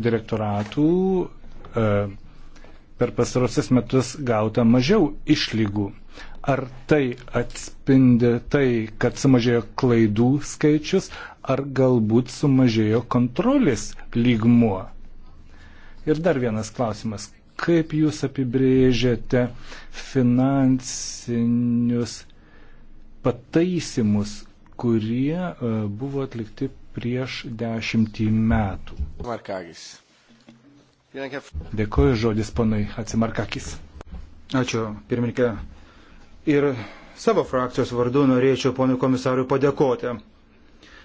direktoratų e, per pastarosius metus gauta mažiau išlygų. Ar tai atspindi tai, kad sumažėjo klaidų skaičius, ar galbūt sumažėjo kontrolės lygmuo? Ir dar vienas klausimas. Kaip jūs apibrėžiate finansinius pataisimus, kurie e, buvo atlikti prieš dešimtį metų. Markagis. Dėkuoju žodis ponui Atsimarkakis. Ačiū, pirmininkė. Ir savo frakcijos vardu norėčiau ponui komisarui padėkoti.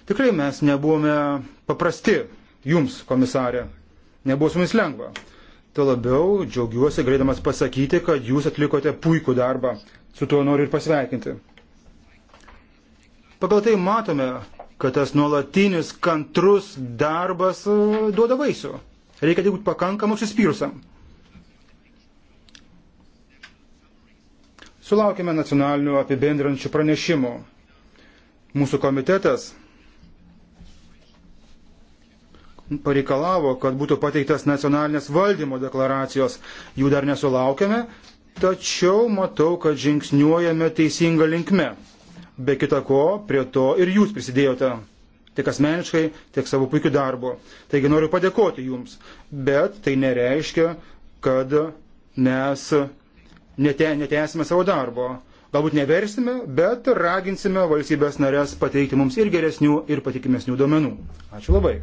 Tikrai mes nebuvome paprasti jums, komisarė. Nebuvo su mumis lengva. Tuo labiau džiaugiuosi galėdamas pasakyti, kad jūs atlikote puikų darbą. Su tuo noriu ir pasveikinti. Pagal tai matome, kad tas nuolatinis kantrus darbas e, duoda vaisių. Reikia tik būti pakankamai užsispyrusiam. Sulaukime nacionalinių apibendrančių pranešimų. Mūsų komitetas pareikalavo, kad būtų pateiktas nacionalinės valdymo deklaracijos. Jų dar nesulaukėme, tačiau matau, kad žingsniuojame teisinga linkme. Be kita ko, prie to ir jūs prisidėjote tiek asmeniškai, tiek savo puikiu darbu. Taigi noriu padėkoti jums, bet tai nereiškia, kad mes nete, netesime savo darbo. Galbūt neversime, bet raginsime valstybės narės pateikti mums ir geresnių, ir patikimesnių duomenų. Ačiū labai.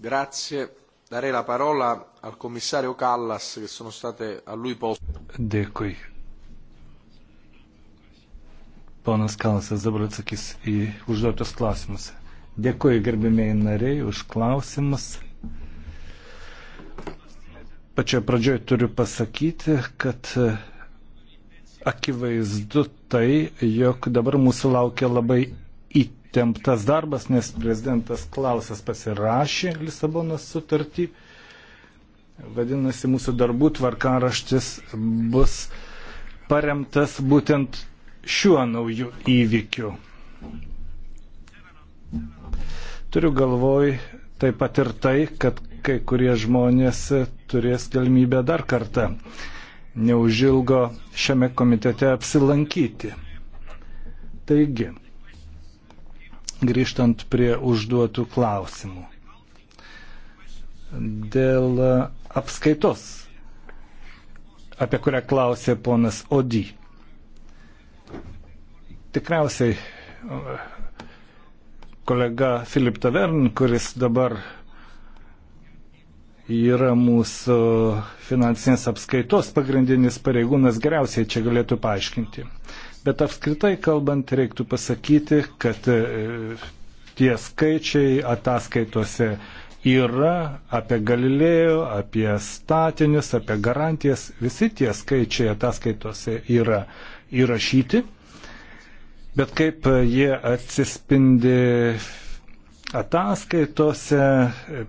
Grazie. Darei la parola al commissario Callas, che sono state a lui poste. Dėkui. Ponas Kalasas dabar atsakys į užduotus klausimus. Dėkuoju gerbimieji nariai už klausimus. Pačioje pradžioje turiu pasakyti, kad e, akivaizdu tai, jog dabar mūsų laukia labai įtemptas darbas, nes prezidentas Klausas pasirašė Lisabonos sutartį. Vadinasi, mūsų darbų tvarkaraštis bus paremtas būtent šiuo nauju įvykiu. Turiu galvoj taip pat ir tai, kad kai kurie žmonės turės galimybę dar kartą neužilgo šiame komitete apsilankyti. Taigi, grįžtant prie užduotų klausimų. Dėl apskaitos, apie kurią klausė ponas Odį. Tikriausiai kolega Filip Tavern, kuris dabar yra mūsų finansinės apskaitos pagrindinis pareigūnas, geriausiai čia galėtų paaiškinti. Bet apskritai kalbant, reiktų pasakyti, kad e, tie skaičiai ataskaitose yra apie Galilėjo, apie statinius, apie garantijas. Visi tie skaičiai ataskaitose yra įrašyti bet kaip e, jie atsispindi ataskaitose, e,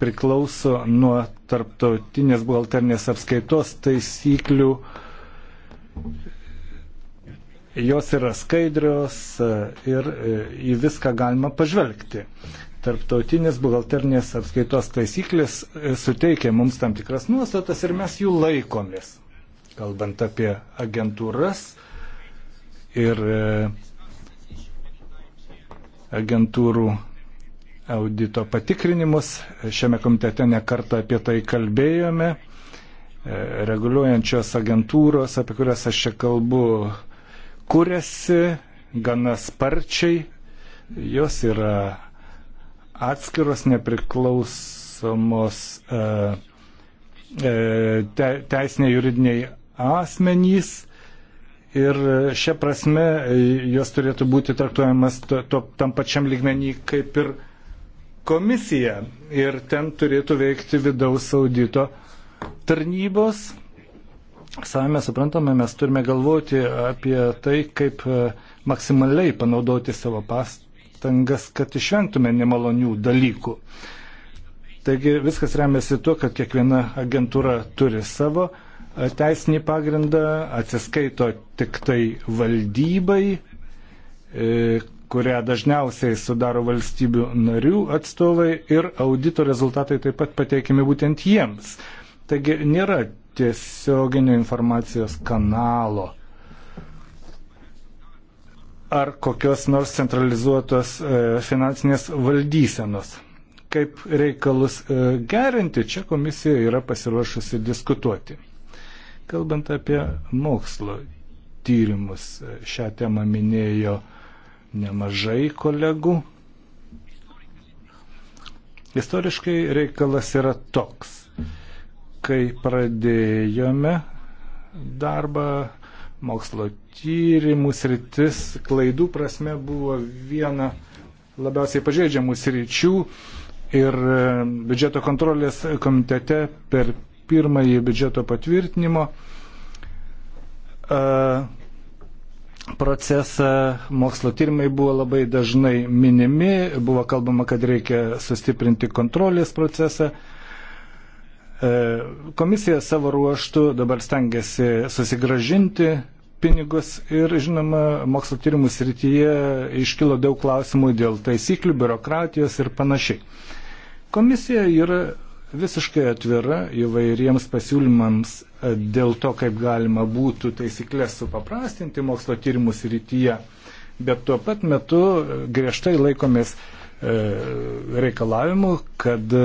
priklauso nuo tarptautinės buhalternės apskaitos taisyklių. Jos yra skaidrios e, ir į viską galima pažvelgti. Tarptautinės buhalternės apskaitos taisyklės suteikia mums tam tikras nuostatas ir mes jų laikomės. Kalbant apie agentūras, ir e, agentūrų audito patikrinimus. Šiame komitete nekartą apie tai kalbėjome. E, reguliuojančios agentūros, apie kurias aš čia kalbu, kuriasi gana sparčiai. Jos yra atskiros nepriklausomos e, te, teisinė juridiniai asmenys ir e, šia prasme e, jos turėtų būti traktuojamas to, to, tam pačiam lygmenį kaip ir komisija. Ir ten turėtų veikti vidaus audito tarnybos. Savame suprantame, mes turime galvoti apie tai, kaip e, maksimaliai panaudoti savo pastangas, kad išventume nemalonių dalykų. Taigi viskas remiasi tuo, kad kiekviena agentūra turi savo uh, teisinį pagrindą, atsiskaito tik tai valdybai, e, kurią dažniausiai sudaro valstybių narių atstovai ir audito rezultatai taip pat pateikimi būtent jiems. Taigi nėra tiesioginio informacijos kanalo ar kokios nors centralizuotos e, finansinės valdysenos. Kaip reikalus e, gerinti, čia komisija yra pasiruošusi diskutuoti. Kalbant apie mokslo tyrimus, šią temą minėjo nemažai kolegų. Istoriškai reikalas yra toks. Kai pradėjome darbą mokslo tyrimų sritis, klaidų prasme buvo viena labiausiai pažeidžiamų sričių ir biudžeto kontrolės komitete per pirmąjį biudžeto patvirtinimo e, procesą. Mokslo tyrimai buvo labai dažnai minimi, buvo kalbama, kad reikia sustiprinti kontrolės procesą. E, komisija savo ruoštų dabar stengiasi susigražinti pinigus ir, žinoma, mokslo tyrimų srityje iškilo daug klausimų dėl taisyklių, biurokratijos ir panašiai. Komisija yra visiškai atvira įvairiems pasiūlymams e, dėl to, kaip galima būtų taisyklės supaprastinti mokslo tyrimų srityje, bet tuo pat metu e, griežtai laikomės e, reikalavimų, kad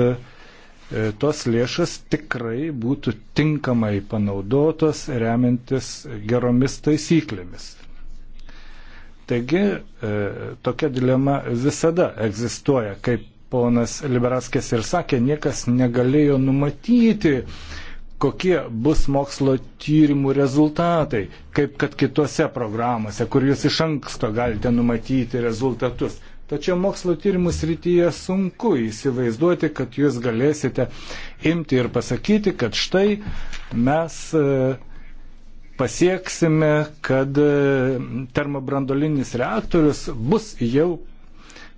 tos lėšas tikrai būtų tinkamai panaudotos remiantis geromis taisyklėmis. Taigi tokia dilema visada egzistuoja, kaip ponas Liberaskės ir sakė, niekas negalėjo numatyti, kokie bus mokslo tyrimų rezultatai, kaip kad kitose programuose, kur jūs iš anksto galite numatyti rezultatus. Tačiau mokslo tyrimų srityje sunku įsivaizduoti, kad jūs galėsite imti ir pasakyti, kad štai mes e, pasieksime, kad e, termobrandolinis reaktorius bus jau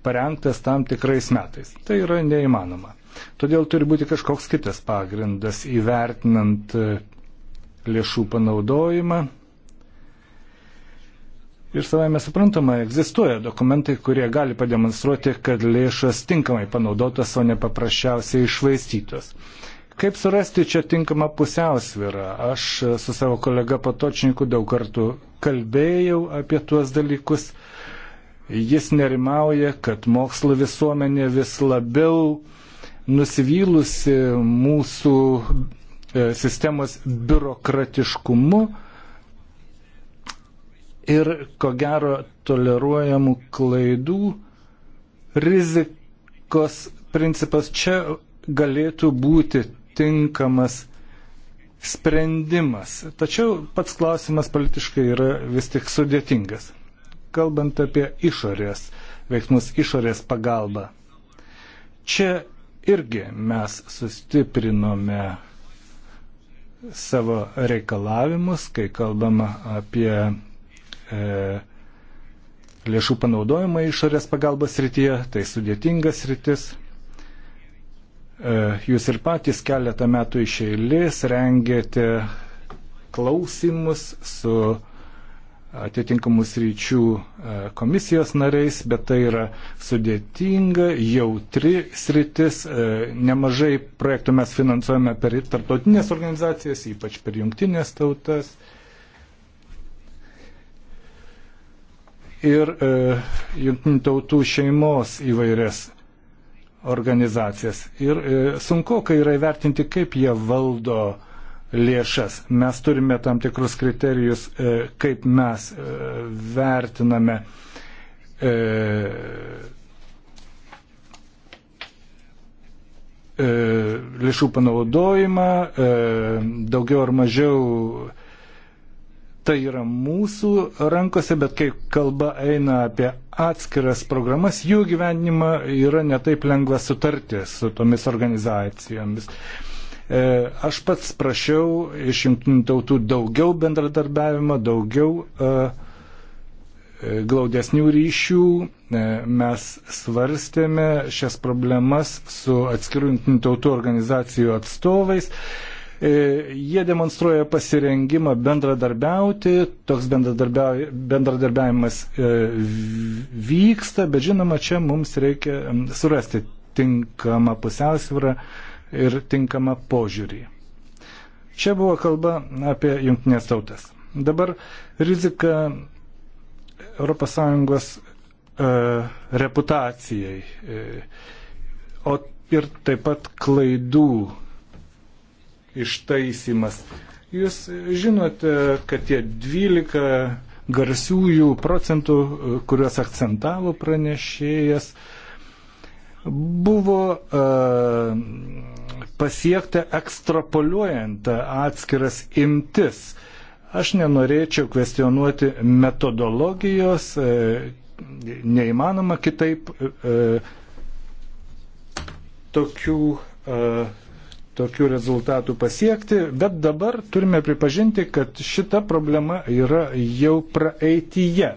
parengtas tam tikrais metais. Tai yra neįmanoma. Todėl turi būti kažkoks kitas pagrindas įvertinant e, lėšų panaudojimą. Ir savai mes suprantama, egzistuoja dokumentai, kurie gali pademonstruoti, kad lėšas tinkamai panaudotas, o ne paprasčiausiai išvaistytos. Kaip surasti čia tinkamą pusiausvyrą? Aš su savo kolega Patočniku daug kartų kalbėjau apie tuos dalykus. Jis nerimauja, kad mokslo visuomenė vis labiau nusivylusi mūsų e, sistemos biurokratiškumu ir ko gero toleruojamų klaidų rizikos principas čia galėtų būti tinkamas sprendimas. Tačiau pats klausimas politiškai yra vis tik sudėtingas kalbant apie išorės veiksmus, išorės pagalbą. Čia irgi mes sustiprinome savo reikalavimus, kai kalbama apie e, lėšų panaudojimą išorės pagalbos rytyje, tai sudėtingas rytis. E, jūs ir patys keletą metų iš eilės rengėte klausimus su atitinkamus ryčių e, komisijos nariais, bet tai yra sudėtinga, jautri sritis. E, nemažai projektų mes finansuojame per tarptautinės organizacijas, ypač per jungtinės tautas. Ir e, jungtinių tautų šeimos įvairias organizacijas. Ir e, sunku, kai yra įvertinti, kaip jie valdo e, lėšas. Mes turime tam tikrus kriterijus, e, kaip mes e, vertiname e, lėšų panaudojimą, daugiau ar mažiau tai yra mūsų rankose, bet kai kalba eina apie atskiras programas, jų gyvenimą yra netaip lengva sutarti su tomis organizacijomis. E, E, aš pats prašiau iš jungtinių tautų daugiau bendradarbiavimo, daugiau e, e, glaudesnių ryšių. Mes svarstėme šias problemas su atskirų jungtinių tautų organizacijų atstovais. Jie demonstruoja pasirengimą bendradarbiauti, toks bendradarbiavimas vyksta, bet žinoma, čia mums reikia surasti tinkamą pusiausvyrą ir tinkamą požiūrį. Čia buvo kalba apie jungtinės tautas. Dabar rizika ES e, reputacijai e, o ir taip pat klaidų ištaisimas. Jūs žinote, kad tie 12 garsiųjų procentų, kuriuos akcentavo pranešėjas, e, buvo e, pasiekta ekstrapoliuojant atskiras imtis. Aš nenorėčiau kvestionuoti metodologijos, e, neįmanoma kitaip e, tokių, tokių rezultatų pasiekti, bet dabar turime pripažinti, kad šita problema yra jau praeityje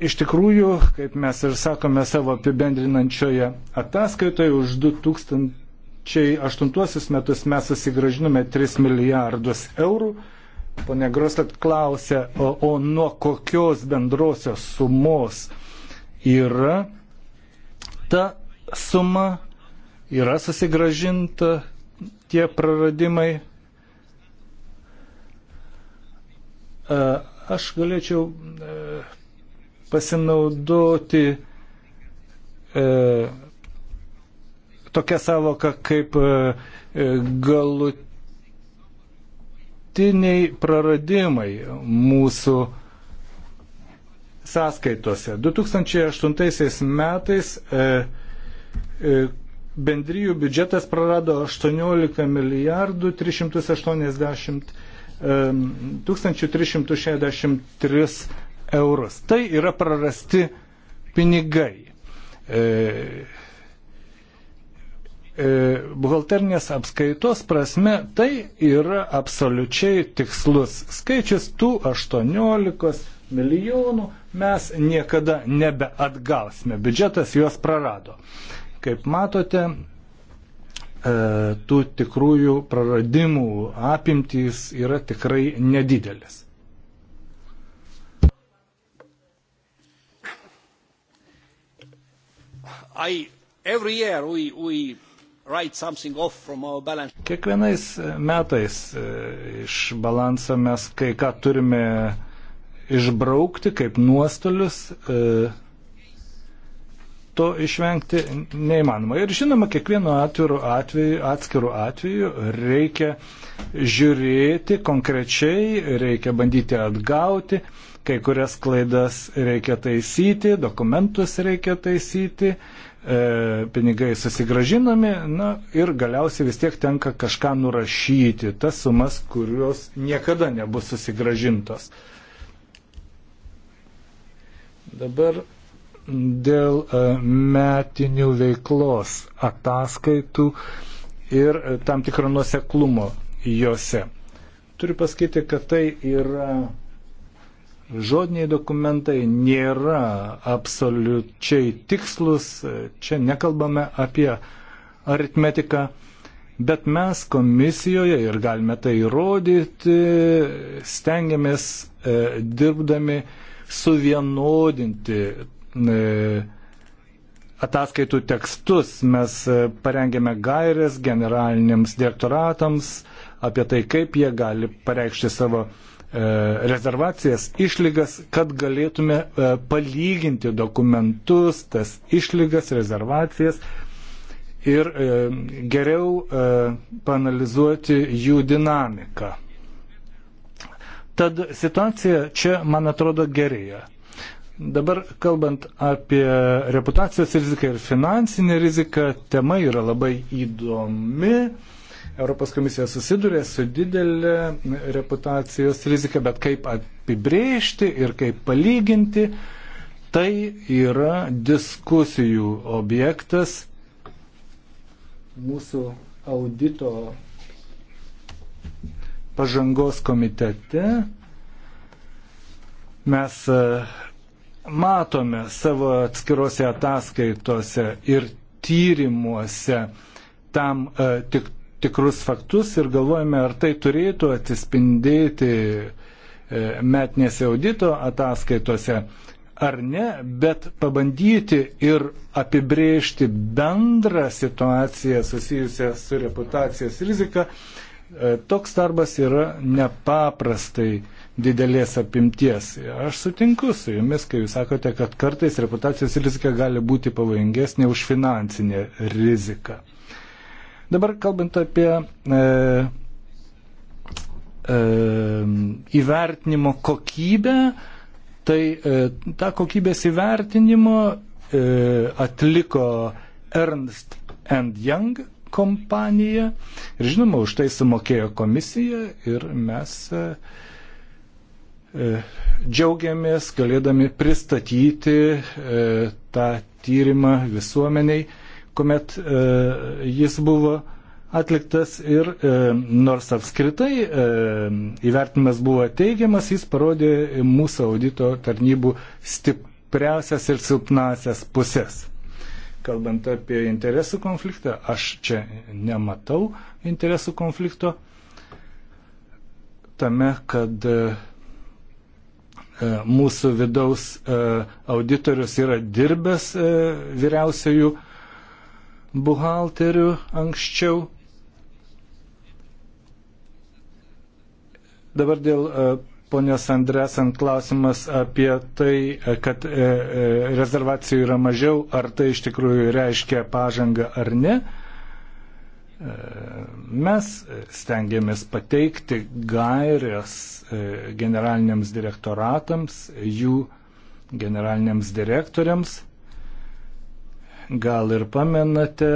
iš tikrųjų, kaip mes ir sakome savo apibendrinančioje ataskaitoje, už 2008 metus mes susigražinome 3 milijardus eurų. Pone Groslet klausė, o, o nuo kokios bendrosios sumos yra ta suma, yra susigražinta tie praradimai. E, aš galėčiau e, pasinaudoti e, tokia savoka kaip e, e, galutiniai praradimai mūsų sąskaitose. 2008 metais e, e, bendrijų biudžetas prarado 18 milijardų 380 1363 eurus. Tai yra prarasti pinigai. E, e, buhalternės apskaitos prasme tai yra absoliučiai tikslus skaičius tų 18 milijonų mes niekada nebeatgausime. Biudžetas juos prarado. Kaip matote, e, tų tikrųjų praradimų apimtys yra tikrai nedidelis. I, every year we, we write something off from our balance. Kiekvienais e, metais e, iš balanso mes kai ką turime išbraukti kaip nuostolius. E, to išvengti neįmanoma. Ir žinoma, kiekvienu atveju, atskiru atveju reikia žiūrėti konkrečiai, reikia bandyti atgauti, kai kurias klaidas reikia taisyti, dokumentus reikia taisyti, uh, E, pinigai susigražinami na, ir galiausiai vis tiek tenka kažką nurašyti, tas sumas, kurios niekada nebus susigražintos. Dabar dėl e, metinių veiklos ataskaitų ir e, tam tikro nuoseklumo juose. Turiu pasakyti, kad tai yra Žodiniai dokumentai nėra absoliučiai tikslus, čia nekalbame apie aritmetiką, bet mes komisijoje ir galime tai įrodyti, stengiamės e, dirbdami suvienodinti e, ataskaitų tekstus mes e, parengėme gairės generaliniams direktoratams apie tai, kaip jie gali pareikšti savo E, rezervacijas, išlygas, kad galėtume e, palyginti dokumentus, tas išlygas, rezervacijas ir e, geriau panalizuoti jų dinamiką. Tad situacija čia, man atrodo, gerėja. Dabar kalbant apie reputacijos riziką ir finansinę riziką, tema yra labai įdomi. Europos komisija susiduria su didelė reputacijos rizika, bet kaip apibrėžti ir kaip palyginti, tai yra diskusijų objektas mūsų audito pažangos komitete. Mes e, matome savo atskirose ataskaitose ir tyrimuose tam e, tik tikrus faktus ir galvojame, ar tai turėtų atsispindėti e, metinėse audito ataskaitose ar ne, bet pabandyti ir apibrėžti bendrą situaciją susijusią su reputacijos rizika, e, toks darbas yra nepaprastai didelės apimties. Aš sutinku su jumis, kai jūs sakote, kad kartais reputacijos rizika gali būti pavojingesnė už finansinę riziką. Dabar kalbant apie e, e, įvertinimo kokybę, tai e, tą kokybės įvertinimo e, atliko Ernst Young kompanija ir žinoma, už tai sumokėjo komisija ir mes e, e džiaugiamės galėdami pristatyti e, tą tyrimą visuomeniai. E, kuomet e, jis buvo atliktas ir e, nors apskritai e, įvertinimas buvo teigiamas, jis parodė mūsų audito tarnybų stipriausias ir silpnasias pusės. Kalbant apie interesų konfliktą, aš čia nematau interesų konflikto tame, kad e, e mūsų vidaus e, auditorius yra dirbęs e, vyriausiojų e, buhalterių anksčiau. Dabar dėl e, ponios Andresan klausimas apie tai, e, kad e, rezervacijų yra mažiau, ar tai iš tikrųjų reiškia pažangą ar ne. Mes stengiamės pateikti gairias generaliniams direktoratams, jų generaliniams direktoriams Gal ir pamenate,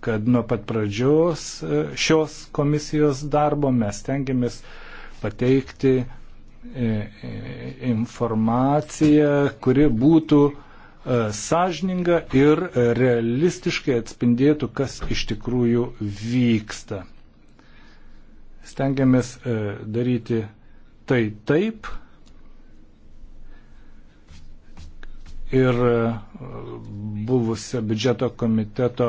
kad nuo pat pradžios e, šios komisijos darbo mes tengiamės pateikti e, e, informaciją, kuri būtų sąžininga ir realistiškai atspindėtų, kas iš tikrųjų vyksta. Stengiamės daryti tai taip, ir e, buvusio biudžeto komiteto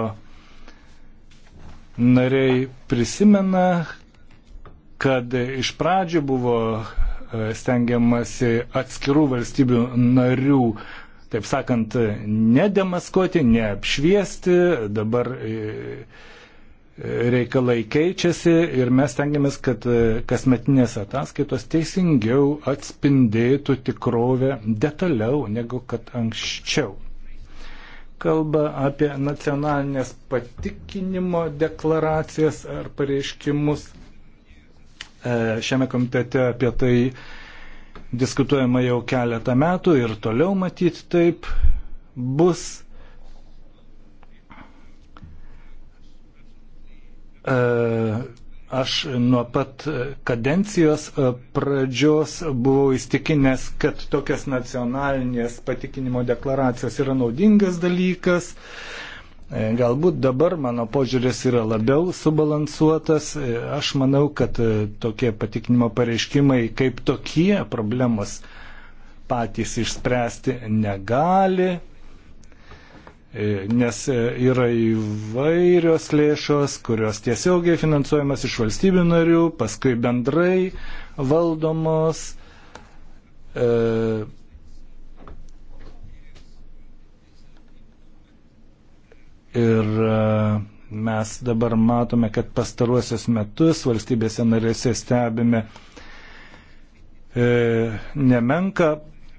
nariai prisimena, kad iš pradžių buvo e, stengiamasi atskirų valstybių narių, taip sakant, nedemaskuoti, neapšviesti, dabar e, reikalai keičiasi ir mes tengiamės, kad e, kasmetinės ataskaitos teisingiau atspindėtų tikrovę detaliau negu kad anksčiau. Kalba apie nacionalinės patikinimo deklaracijas ar pareiškimus. E, šiame komitete apie tai diskutuojama jau keletą metų ir toliau matyti taip bus E, aš nuo pat kadencijos e, pradžios buvau įstikinęs, kad tokias nacionalinės patikinimo deklaracijos yra naudingas dalykas. E, galbūt dabar mano požiūris yra labiau subalansuotas. Aš manau, kad tokie patikinimo pareiškimai kaip tokie problemos patys išspręsti negali. E, nes e, yra įvairios lėšos, kurios tiesiogiai finansuojamas iš valstybių narių, paskui bendrai valdomos. E, ir mes dabar matome, kad pastaruosius metus valstybėse narėse stebime nemenka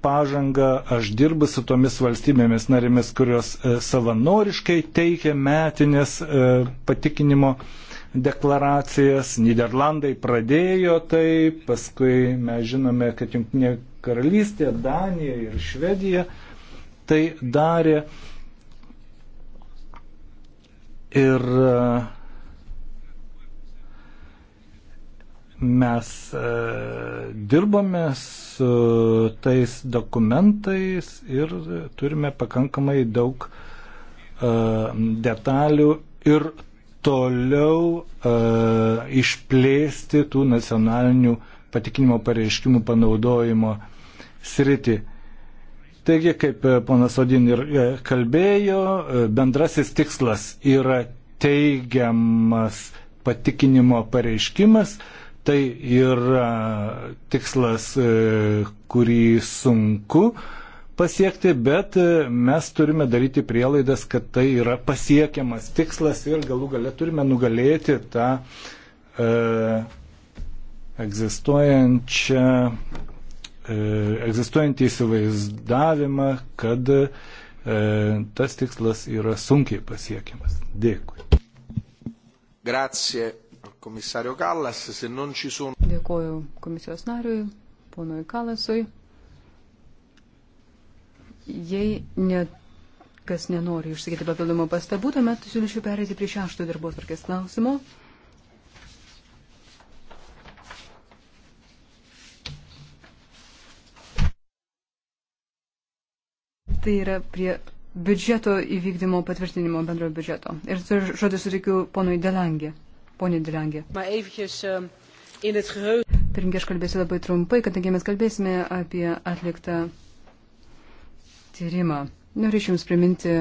pažangą, aš dirbu su tomis valstybėmis narėmis, kurios e, savanoriškai teikia metinės e, patikinimo deklaracijas. Niderlandai pradėjo tai, paskui mes žinome, kad Junktinė karalystė, Danija ir Švedija tai darė. Ir uh, Mes e, dirbame su tais dokumentais ir turime pakankamai daug e, detalių ir toliau e, išplėsti tų nacionalinių patikinimo pareiškimų panaudojimo sritį. Taigi, kaip ponas Odin ir kalbėjo, bendrasis tikslas yra teigiamas patikinimo pareiškimas, Tai yra tikslas, e, kurį sunku pasiekti, bet e, mes turime daryti prielaidas, kad tai yra pasiekiamas tikslas ir galų gale turime nugalėti tą e, egzistuojančią, e, egzistuojantį įsivaizdavimą, kad e, tas tikslas yra sunkiai pasiekiamas. Dėkui. Grazie komisario Kallas, se non ci sono. Dėkoju komisijos nariui, ponui Kalasui. Jei ne, kas nenori išsakyti papildomų pastabų, tuomet siūlyčiau perėti prie šešto darbo tvarkės klausimo. Tai yra prie biudžeto įvykdymo patvirtinimo bendrojo biudžeto. Ir žodį suteikiu ponui Delangė. Pone Dilangė. Eh, Pirmie, aš kalbėsiu labai trumpai, kadangi mes kalbėsime apie atliktą tyrimą. Norėčiau Jums priminti,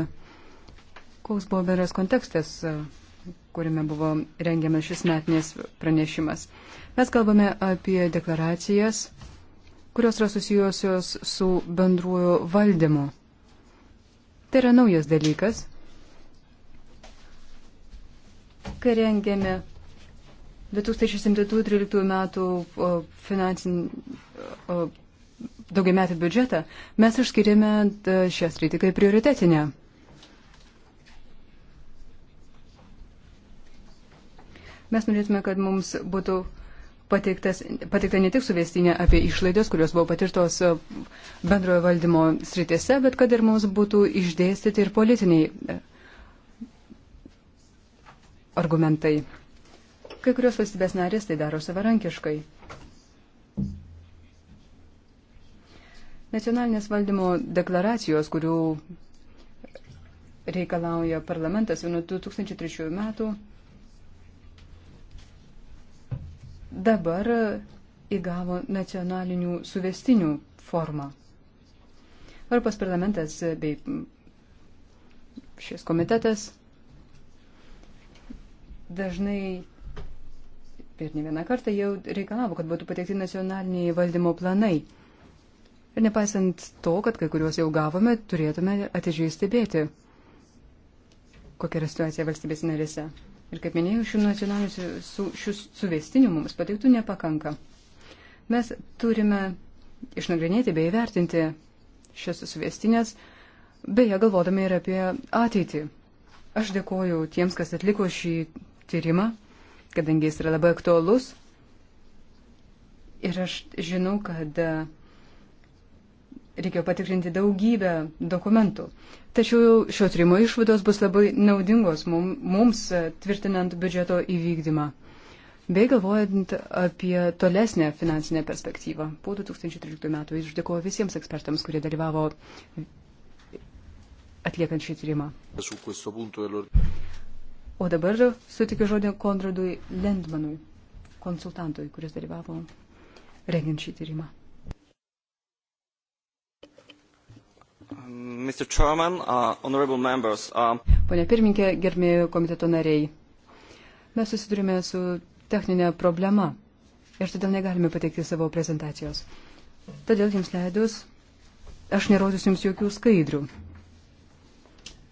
koks buvo bendras kontekstas, eh, kuriame buvo rengiamas šis metinės pranešimas. Mes kalbame apie deklaracijas, kurios yra susijusios su bendruoju valdymu. Tai yra naujas dalykas, kai rengėme 2013 metų finansinį daugiametį biudžetą, mes išskiriame e, šią sritį kaip prioritetinę. Mes norėtume, kad mums būtų pateikta ne tik suvestinė apie išlaidas, kurios buvo patirtos e, bendrojo valdymo sritėse, bet kad ir mums būtų išdėstyti ir politiniai e, argumentai. Kai kurios valstybės narės tai daro savarankiškai. Nacionalinės valdymo deklaracijos, kurių reikalauja parlamentas jau nuo 2003 metų, dabar įgavo nacionalinių suvestinių formą. Europos parlamentas bei šis komitetas dažnai ir ne vieną kartą jau reikalavo, kad būtų pateikti nacionaliniai valdymo planai. Ir nepaisant to, kad kai kuriuos jau gavome, turėtume atidžiai stebėti, kokia yra situacija valstybės narėse. Ir kaip minėjau, šių nacionalinių su, šių suvestinių mums pateiktų nepakanka. Mes turime išnagrinėti bei įvertinti šias suvestinės, beje galvodami ir apie ateitį. Aš dėkoju tiems, kas atliko šį tyrimą, kadangi jis yra labai aktuolus. Ir aš žinau, kad e, reikėjo patikrinti daugybę dokumentų. Tačiau šio trimo išvados bus labai naudingos mums e, tvirtinant biudžeto įvykdymą bei galvojant apie tolesnę finansinę perspektyvą po 2013 metų. Ir aš dėkuoju visiems ekspertams, kurie dalyvavo atliekant šį tyrimą. O dabar sutikiu žodį Konradui Lendmanui, konsultantui, kuris dalyvavo rengiant šį tyrimą. Mr. Chairman, uh, honorable members. Uh... Pone pirmininkė, gerbėjų komiteto nariai, mes susidurime su techninė problema ir todėl negalime pateikti savo prezentacijos. Todėl jums leidus, aš nerodysiu jums jokių skaidrių.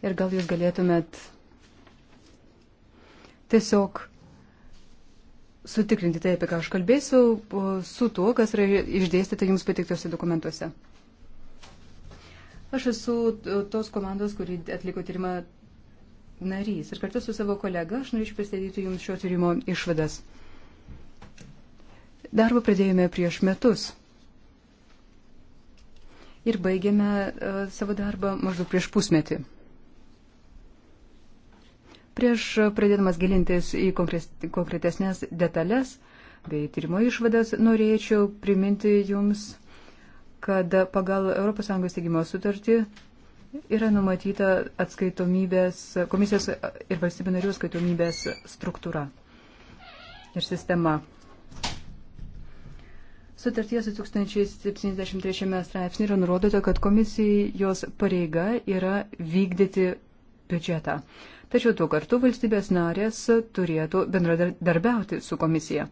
Ir gal jūs galėtumėt tiesiog sutikrinti tai, apie ką aš kalbėsiu, su tuo, kas yra išdėstyta jums patiktiuose dokumentuose. Aš esu tos komandos, kuri atliko tyrimą narys ir kartu su savo kolega aš norėčiau pristatyti jums šio tyrimo išvadas. Darbą pradėjome prieš metus ir baigėme e, savo darbą maždaug prieš pusmetį. Prieš pradėdamas gilintis į konkretesnės detalės bei tyrimo išvadas, norėčiau priminti Jums, kad pagal ES teigimo sutartį yra numatyta atskaitomybės, komisijos ir valstybių narių atskaitomybės struktūra ir sistema. Sutarties 1073 straipsnė yra nurodyta, kad komisijai jos pareiga yra vykdyti biudžetą. Tačiau tuo kartu valstybės narės turėtų bendradarbiauti su komisija.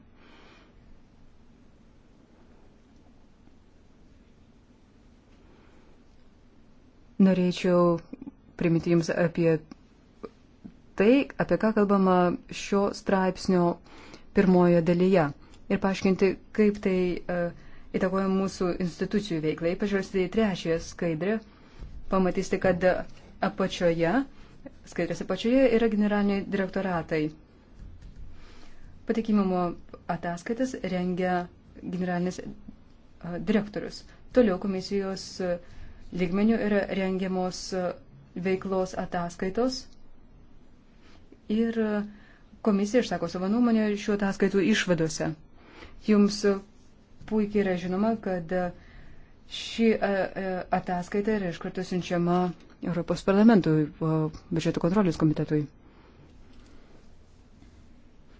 Norėčiau priminti Jums apie tai, apie ką kalbama šio straipsnio pirmojo dalyje ir paaiškinti, kaip tai uh, įtakoja mūsų institucijų veiklai. Pažvelgsite į trečiąją skaidrę, pamatysite, kad apačioje uh, Skaidrėse pačioje yra generaliniai direktoratai. Patikimumo ataskaitas rengia generalinis direktorius. Toliau komisijos lygmenių yra rengiamos veiklos ataskaitos ir komisija išsako savo nuomonę šiuo ataskaitų išvadose. Jums puikiai yra žinoma, kad ši ataskaita yra iš karto siunčiama Europos parlamentui, biudžeto kontrolės komitetui.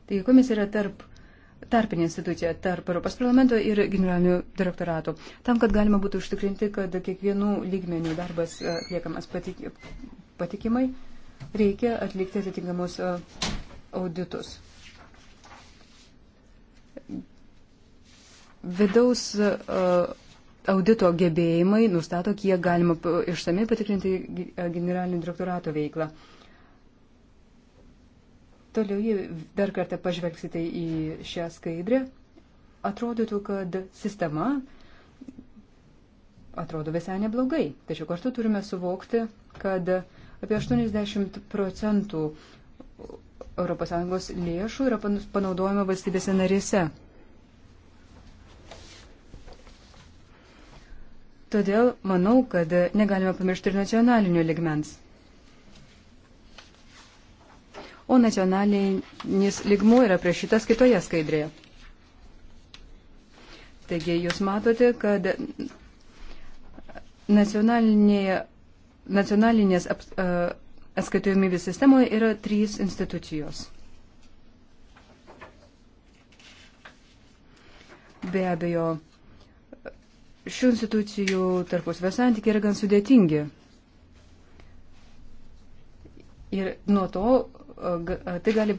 Taigi komisija yra tarp, tarpinė institucija tarp Europos parlamento ir generalinių direktoratų, tam, kad galima būtų užtikrinti, kad kiekvienų lygmenių darbas e, atliekamas patik, patikimai, reikia atlikti atitinkamus e, auditus. Vidaus uh, audito gebėjimai nustato, kiek galima išsamei patikrinti generalinio direktorato veiklą. Toliau, dar kartą pažvelgsite į šią skaidrę, atrodytų, kad sistema atrodo visai neblogai. Tačiau kartu turime suvokti, kad apie 80 procentų ES lėšų yra panaudojama valstybėse narėse. Todėl manau, kad negalime pamiršti ir nacionalinio ligmens. O nacionalinis ligmuo yra priešytas kitoje skaidrėje. Taigi jūs matote, kad nacionalinė, nacionalinės aps, uh, atskaitojimybės sistemoje yra trys institucijos. Be abejo, šių institucijų tarpusavio santykiai yra gan sudėtingi. Ir nuo to tai gali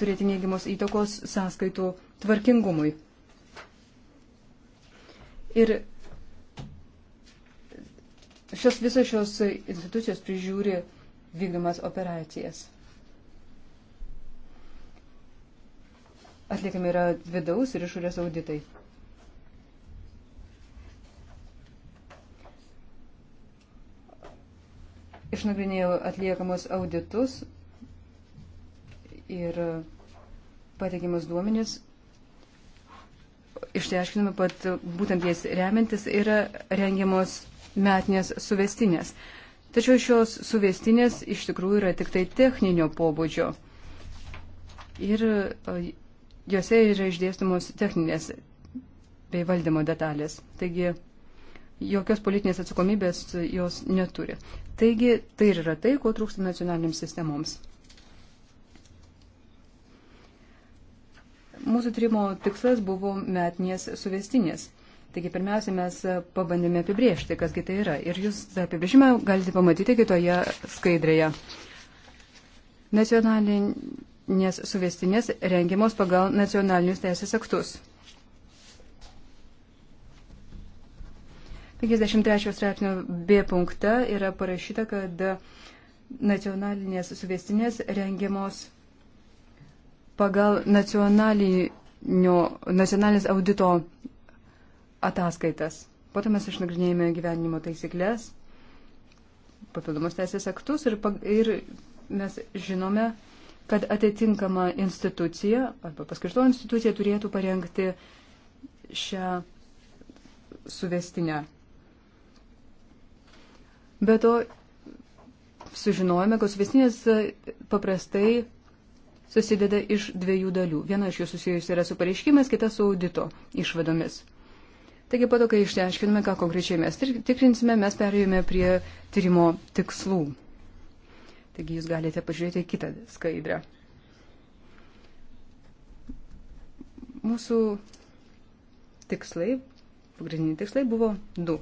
turėti neigiamos įtakos sąskaitų tvarkingumui. Ir šios, visos šios institucijos prižiūri vykdomas operacijas. Atliekami yra vidaus ir išorės auditai. išnagrinėjau atliekamus auditus ir pateikimus duomenis. Išteiškinome, kad būtent jais remiantis yra rengiamos metinės suvestinės. Tačiau šios suvestinės iš tikrųjų yra tik tai techninio pobūdžio. Ir e, jose yra išdėstumos techninės bei valdymo detalės. Taigi jokios politinės atsakomybės jos neturi. Taigi tai ir yra tai, ko trūksta nacionaliniams sistemoms. Mūsų trimo tikslas buvo metinės suvestinės. Taigi pirmiausia, mes pabandėme apibriežti, kasgi tai yra. Ir jūs tą apibrėžimą galite pamatyti kitoje skaidrėje. Nacionalinės suvestinės rengiamos pagal nacionalinius teisės aktus. 53 straipsnio B punkte yra parašyta, kad nacionalinės suvestinės rengiamos pagal nacionalinės audito ataskaitas. Po to mes išnagrinėjame gyvenimo taisyklės, papildomus teisės aktus ir, ir mes žinome, kad atitinkama institucija arba paskirto institucija turėtų parengti šią suvestinę. Be to, sužinojome, kad suvestinės e, paprastai susideda iš dviejų dalių. Viena iš jų susijusi yra su pareiškimais, kita su audito išvadomis. Taigi po to, kai išsiaiškiname, ką konkrečiai mes tikrinsime, mes perėjome prie tyrimo tikslų. Taigi jūs galite pažiūrėti kitą skaidrę. Mūsų tikslai, pagrindiniai tikslai buvo du.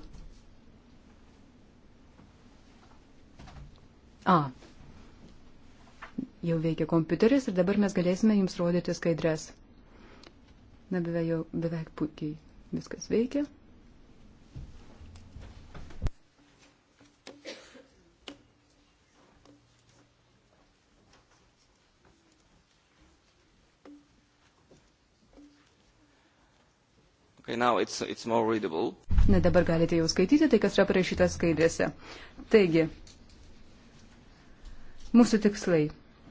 A. Jau veikia kompiuteris ir dabar mes galėsime jums rodyti skaidres. Na, beveik, jau, beveik puikiai viskas veikia. Okay, now it's, it's more readable. Na dabar galite jau skaityti tai, kas yra parašyta skaidrėse. Taigi, Mūsų tikslai,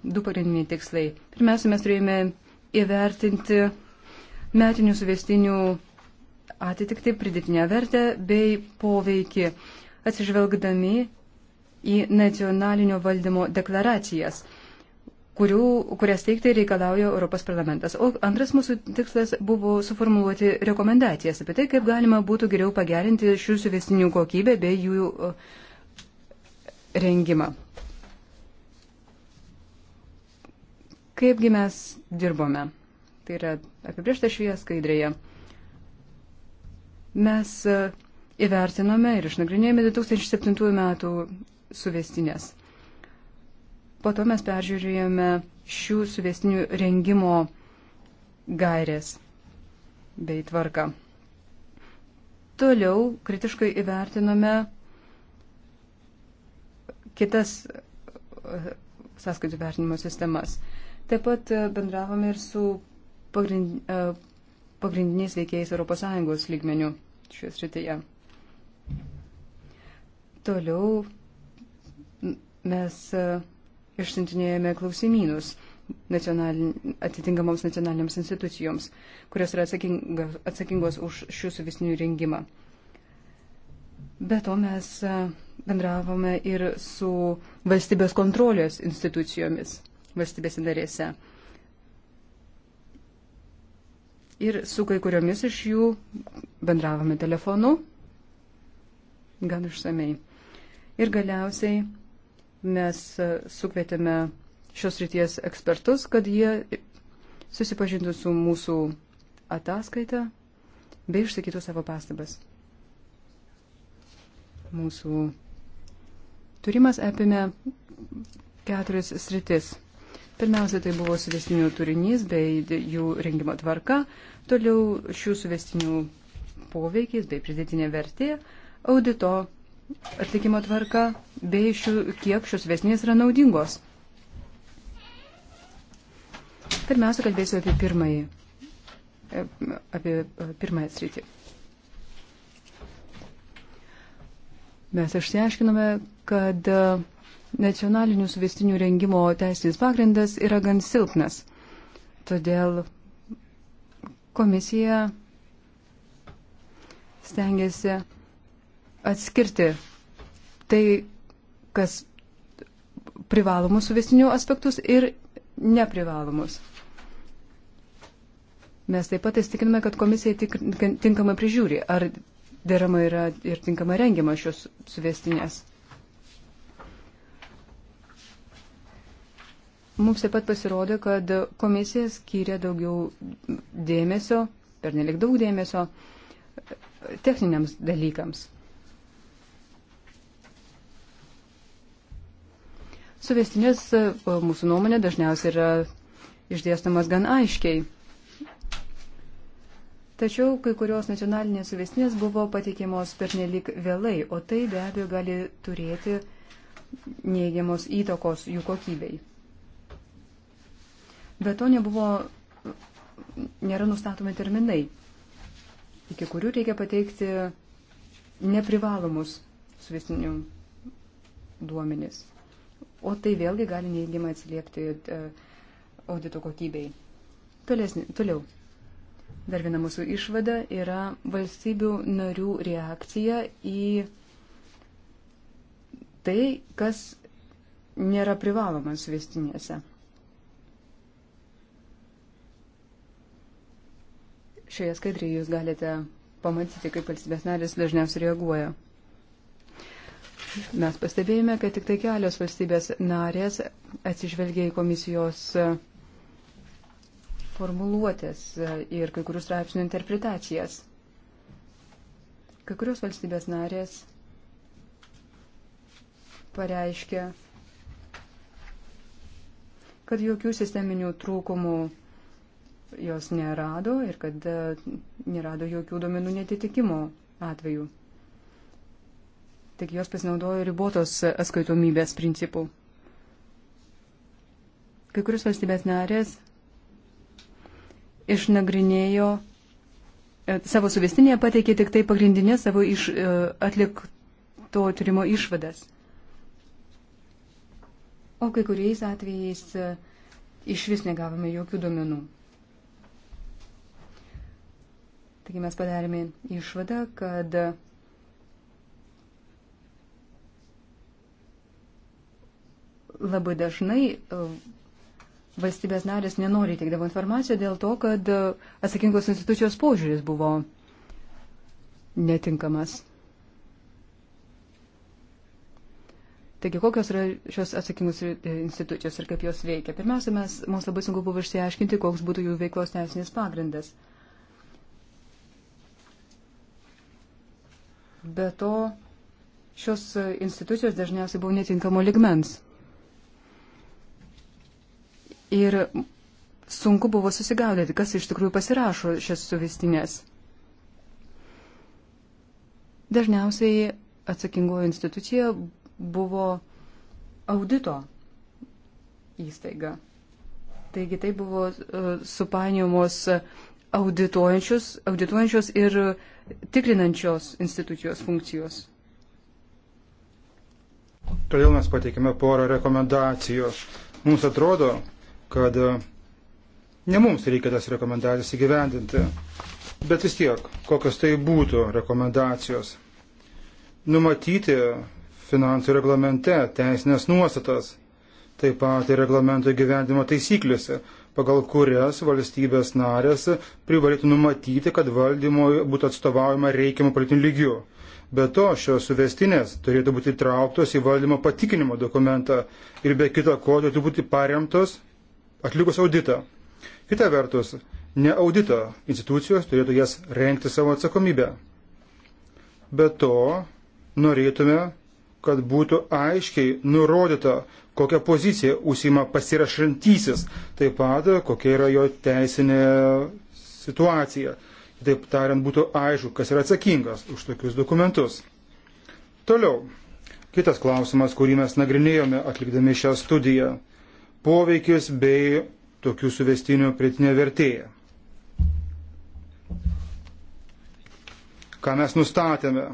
du pagrindiniai tikslai. Pirmiausia, mes turėjome įvertinti metinių suvestinių atitikti pridėtinę vertę bei poveikį, atsižvelgdami į nacionalinio valdymo deklaracijas, kurių, kurias teikti reikalauja Europos parlamentas. O antras mūsų tikslas buvo suformuoluoti rekomendacijas apie tai, kaip galima būtų geriau pagerinti šių suvestinių kokybę bei jų uh, rengimą. Kaipgi mes dirbome? Tai yra apibriešta šioje skaidrėje. Mes e, įvertinome ir išnagrinėjome 2007 metų suvestinės. Po to mes peržiūrėjome šių suvestinių rengimo gairės bei tvarką. Toliau kritiškai įvertinome kitas e, sąskaitų vertinimo sistemas. Taip pat e, bendravome ir su pagrind, e, pagrindiniais veikėjais ES lygmenių šioje srityje. Toliau mes e, išsintinėjome klausimynus nacionalin, atitinkamoms nacionalinėms institucijoms, kurios yra atsakingos, atsakingos už šių suvesnių rengimą. Be to mes bendravome ir su valstybės kontrolės institucijomis valstybėse narėse. Ir su kai kuriomis iš jų bendravome telefonu, gan išsamei. Ir galiausiai mes sukvietėme šios ryties ekspertus, kad jie susipažintų su mūsų ataskaita bei išsakytų savo pastabas. Mūsų turimas apimė keturias sritis. Pirmiausia, tai buvo suvestinių turinys bei jų rengimo tvarka, toliau šių suvestinių poveikis bei pridėtinė vertė, audito atlikimo tvarka bei šių, kiek šios vesnės yra naudingos. Pirmiausia, kalbėsiu apie pirmąjį, apie pirmąją sritį. Mes išsiaiškinome, kad nacionalinių suvestinių rengimo teisinis pagrindas yra gan silpnas. Todėl komisija stengiasi atskirti tai, kas privalomus suvestinių aspektus ir neprivalomus. Mes taip pat įstikiname, kad komisija tik, tinkamai prižiūri, ar deramai yra ir tinkamai rengiama šios suvestinės. Mums taip pat pasirodė, kad komisija skyrė daugiau dėmesio, per nelik daug dėmesio techniniams dalykams. Suvestinės e, mūsų nuomonė dažniausiai yra išdėstamas gan aiškiai. Tačiau kai kurios nacionalinės suvestinės buvo patikimos pernelik vėlai, o tai be abejo gali turėti neigiamos įtakos jų kokybei. Be to nebuvo, nėra nustatomi terminai, iki kurių reikia pateikti neprivalomus suvestinių duomenis. O tai vėlgi gali neįgimai atsiliepti e, audito kokybei. Tolesni, toliau. Dar viena mūsų išvada yra valstybių narių reakcija į tai, kas nėra privalomas vestinėse. Šioje skaidrėje jūs galite pamatyti, kaip valstybės narės dažniausiai reaguoja. Mes pastebėjome, kad tik tai kelios valstybės narės atsižvelgia į komisijos formuluotės ir kai kurių straipsnių interpretacijas. Kai kurios valstybės narės pareiškia, kad jokių sisteminių trūkumų jos nerado ir kad e, nerado jokių duomenų netitikimo atveju. Tik jos pasinaudojo ribotos atskaitomybės principų. Kai kurios valstybės narės išnagrinėjo, e, savo suvestinėje pateikė tik tai pagrindinės savo iš, e, atlikto tyrimo išvadas. O kai kuriais atvejais iš vis negavome jokių duomenų. Taigi mes padarėme išvadą, kad labai dažnai e, valstybės narės nenori teikdavo informaciją dėl to, kad e, atsakingos institucijos požiūris buvo netinkamas. Taigi, kokios yra šios atsakingos e, institucijos ir kaip jos veikia? Pirmiausia, mes, mums labai sunku buvo išsiaiškinti, koks būtų jų veiklos teisinis pagrindas. Be to, šios institucijos dažniausiai buvo netinkamo ligmens. Ir sunku buvo susigaudyti, kas iš tikrųjų pasirašo šias suvestinės. Dažniausiai atsakingoji institucija buvo audito įstaiga. Taigi tai buvo uh, e, supainiomos audituojančios ir uh, tikrinančios institucijos funkcijos. Todėl mes pateikime porą rekomendacijų. Mums atrodo, kad e, ne mums reikia tas rekomendacijas įgyvendinti, bet vis tiek, kokios tai būtų rekomendacijos. Numatyti finansų reglamente teisinės nuostatas, taip pat ir reglamento įgyvendimo taisyklėse, pagal kurias valstybės narės privalėtų numatyti, kad valdymo būtų atstovaujama reikiamų politinių lygių. Be to, šios suvestinės turėtų būti trauktos į valdymo patikinimo dokumentą ir be kita ko turėtų būti paremtos atlikus auditą. Kita vertus, ne audito institucijos turėtų jas renkti savo atsakomybę. Be to, norėtume, kad būtų aiškiai nurodyta, kokią poziciją užsima pasirašantysis, taip pat e, kokia yra jo teisinė situacija. Taip tariant, būtų aišku, kas yra atsakingas už tokius dokumentus. Toliau. Kitas klausimas, kurį mes nagrinėjome atlikdami šią studiją - poveikis bei tokių suvestinių pritinė vertėja. Ką mes nustatėme?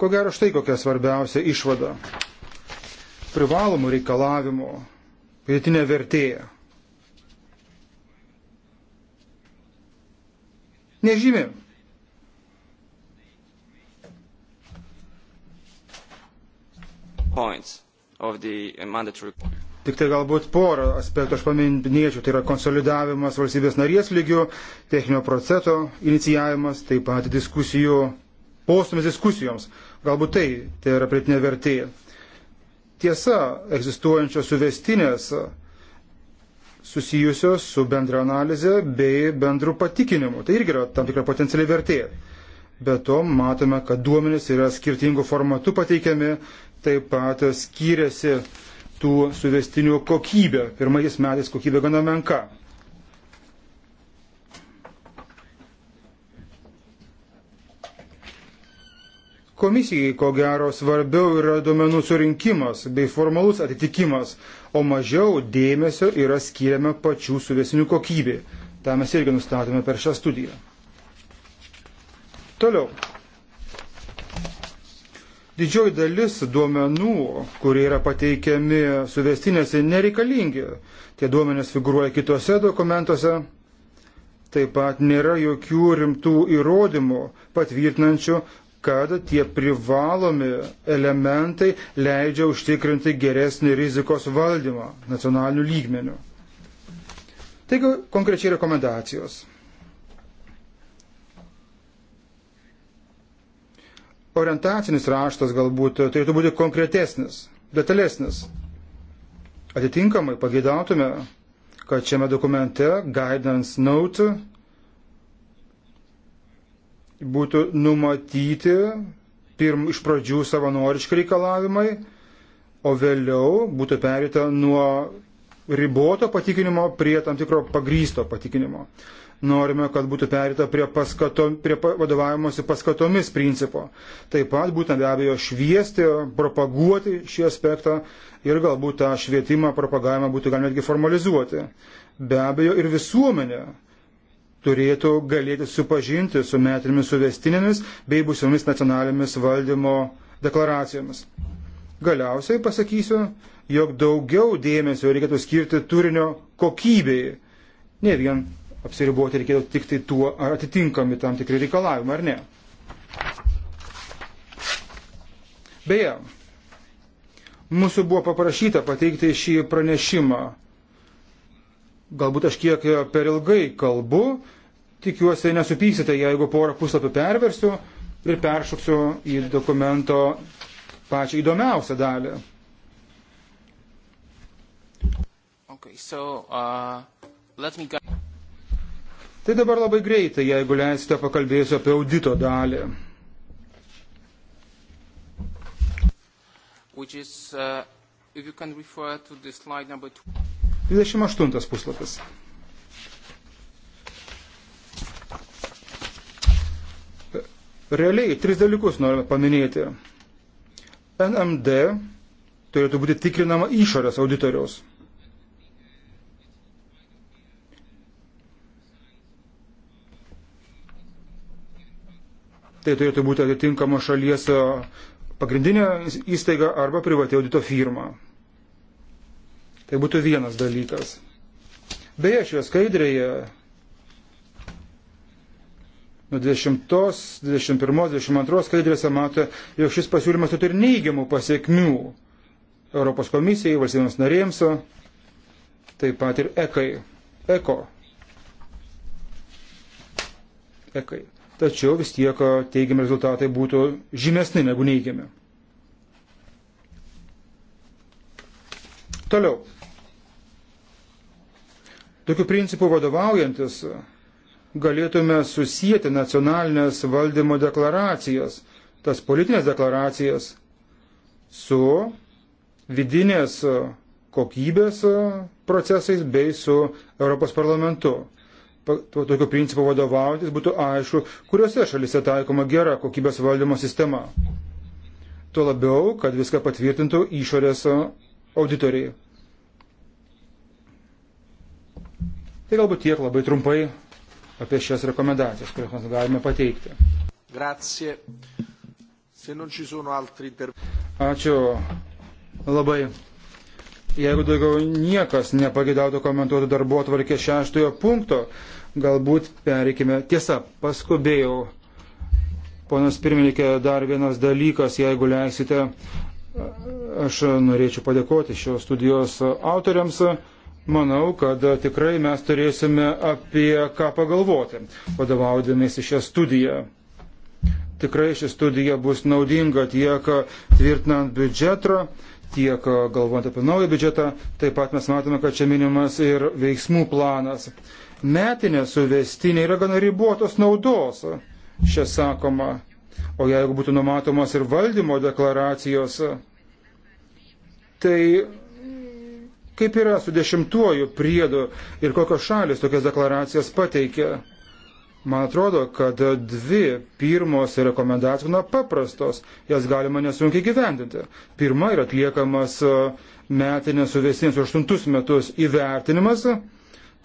Ko gero štai kokia svarbiausia išvada. Privalomų reikalavimų pridėtinė vertėja. Nežymi. Mandatory... Tik tai galbūt porą aspektų aš paminėčiau, tai yra konsolidavimas valstybės narės lygių, techninio proceso inicijavimas, taip pat diskusijų, postumis diskusijoms. Galbūt tai, tai yra pritinė vertė. Tiesa, egzistuojančios suvestinės susijusios su bendra analize bei bendru patikinimu. Tai irgi yra tam tikra potencialiai vertė. Be to, matome, kad duomenys yra skirtingų formatų pateikiami, taip pat skiriasi tų suvestinių kokybė. Pirmaisiais metais kokybė gana menka. Komisijai, ko gero, svarbiau yra duomenų surinkimas bei formalus atitikimas, o mažiau dėmesio yra skiriama pačių suvesinių kokybė. Ta mes irgi nustatome per šią studiją. Toliau. Didžioji dalis duomenų, kurie yra pateikiami suvestinėse, nereikalingi. Tie duomenės figuruoja kitose dokumentuose, Taip pat nėra jokių rimtų įrodymų patvirtinančių, kad tie privalomi elementai leidžia užtikrinti geresnį rizikos valdymą nacionaliniu lygmeniu. Taigi konkrečiai rekomendacijos. Orientacinis raštas galbūt turėtų būti konkretesnis, detalesnis. Atitinkamai pageidautume, kad šiame dokumente guidance note būtų numatyti pirm, iš pradžių savanoriški reikalavimai, o vėliau būtų perėta nuo riboto patikinimo prie tam tikro pagrysto patikinimo. Norime, kad būtų perėta prie, paskato, prie vadovavimosi paskatomis principo. Taip pat būtent be abejo šviesti, propaguoti šį aspektą ir galbūt tą švietimą, propagavimą būtų galima netgi formalizuoti. Be abejo ir visuomenė turėtų galėti supažinti su metinėmis suvestinėmis bei būsimomis nacionalinėmis valdymo deklaracijomis. Galiausiai pasakysiu, jog daugiau dėmesio reikėtų skirti turinio kokybei. Ne vien apsiriboti reikėtų tik tai tuo, ar atitinkami tam tikri reikalavimai ar ne. Beje, mūsų buvo paprašyta pateikti šį pranešimą Galbūt aš kiek e, per ilgai kalbu, tikiuosi nesupyksite, jeigu porą puslapių perversiu ir peršoksiu į dokumento pačią įdomiausią dalį. Okay, so, uh, me... Tai dabar labai greitai, jeigu leisite, pakalbėsiu apie audito dalį. Which is, uh, if you can refer to the slide number two. 28 puslapis. Realiai tris dalykus norime paminėti. NMD turėtų būti tikrinama išorės auditoriaus. Tai turėtų būti atitinkama šalies pagrindinė įstaiga arba privati audito firma. Tai būtų vienas dalykas. Beje, šioje skaidrėje nuo 20, 21, 22 skaidrėse matote, jog šis pasiūlymas turi neigiamų pasiekmių Europos komisijai, valstybėms narėms, taip pat ir EKAI, ECO. EKAI. Tačiau vis tiek teigiami rezultatai būtų žymesni negu neigiami. Toliau. Tokiu principu vadovaujantis galėtume susijęti nacionalinės valdymo deklaracijas, tas politinės deklaracijas, su vidinės kokybės procesais bei su Europos parlamentu. Tokiu principu vadovaujantis būtų aišku, kuriuose šalise taikoma gera kokybės valdymo sistema. Tuo labiau, kad viską patvirtintų išorės auditoriai. Tai galbūt tiek labai trumpai apie šias rekomendacijas, kurias mes galime pateikti. Grazie. Se non ci sono altri inter... Ačiū labai. Jeigu daugiau niekas nepagėdautų komentuoti darbo atvarkė šeštojo punkto, galbūt pereikime. Tiesa, paskubėjau. Ponas pirmininkė, dar vienas dalykas, jeigu leisite, aš norėčiau padėkoti šios studijos autoriams manau, kad e, tikrai mes turėsime apie ką pagalvoti, vadovaudamėsi šią studiją. Tikrai ši studija bus naudinga tiek tvirtinant biudžetą, tiek e, galvojant apie naują biudžetą. Taip pat mes matome, kad čia minimas ir veiksmų planas. Metinė suvestinė yra gana ribotos naudos, čia sakoma. O jeigu būtų numatomos ir valdymo deklaracijos, tai Kaip yra su dešimtuoju priedu ir kokios šalis tokias deklaracijas pateikia? Man atrodo, kad dvi pirmos rekomendacijos na, paprastos, jas galima nesunkiai gyvendinti. Pirma yra atliekamas e, metinės suvestinės už aštuntus metus įvertinimas,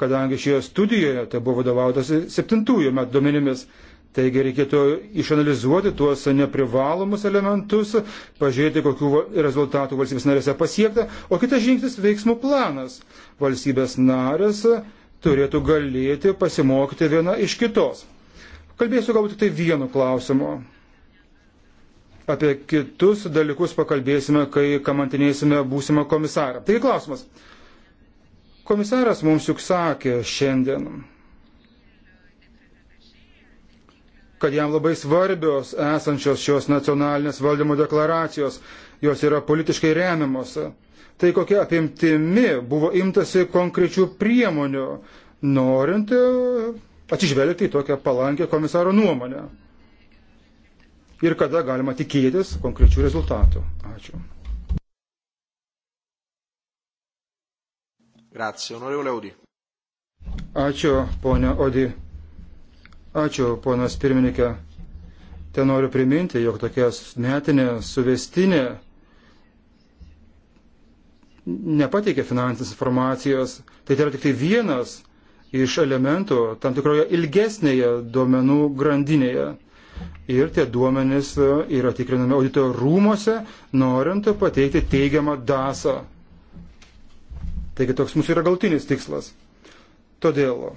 kadangi šioje studijoje tai buvo vadovautasi septintųjų metų duomenimis. Taigi reikėtų išanalizuoti tuos neprivalomus elementus, pažiūrėti, kokiu rezultatų valstybės narėse pasiekta, o kitas žingsnis - veiksmų planas. Valstybės narės turėtų galėti pasimokyti viena iš kitos. Kalbėsiu galbūt tik tai vienu klausimu. Apie kitus dalykus pakalbėsime, kai kamantinėsime būsimą komisarą. Taigi klausimas. Komisaras mums juk sakė šiandien, kad jam labai svarbios esančios šios nacionalinės valdymo deklaracijos, jos yra politiškai remiamos. Tai kokia apimtimi buvo imtasi konkrečių priemonių, norint e, atsižvelgti į tokią palankę komisaro nuomonę. Ir kada galima tikėtis konkrečių rezultatų. Ačiū. Grazie, onorevole Audi. Ačiū, ponia Odi. Ačiū, ponas pirmininkė. Ten noriu priminti, jog tokia metinė suvestinė nepateikia finansinės informacijos. Tai yra tik tai vienas iš elementų tam tikroje ilgesnėje duomenų grandinėje. Ir tie duomenys e, yra tikrinami audito rūmose, norint pateikti teigiamą dasą. Taigi toks mūsų yra galtinis tikslas. Todėl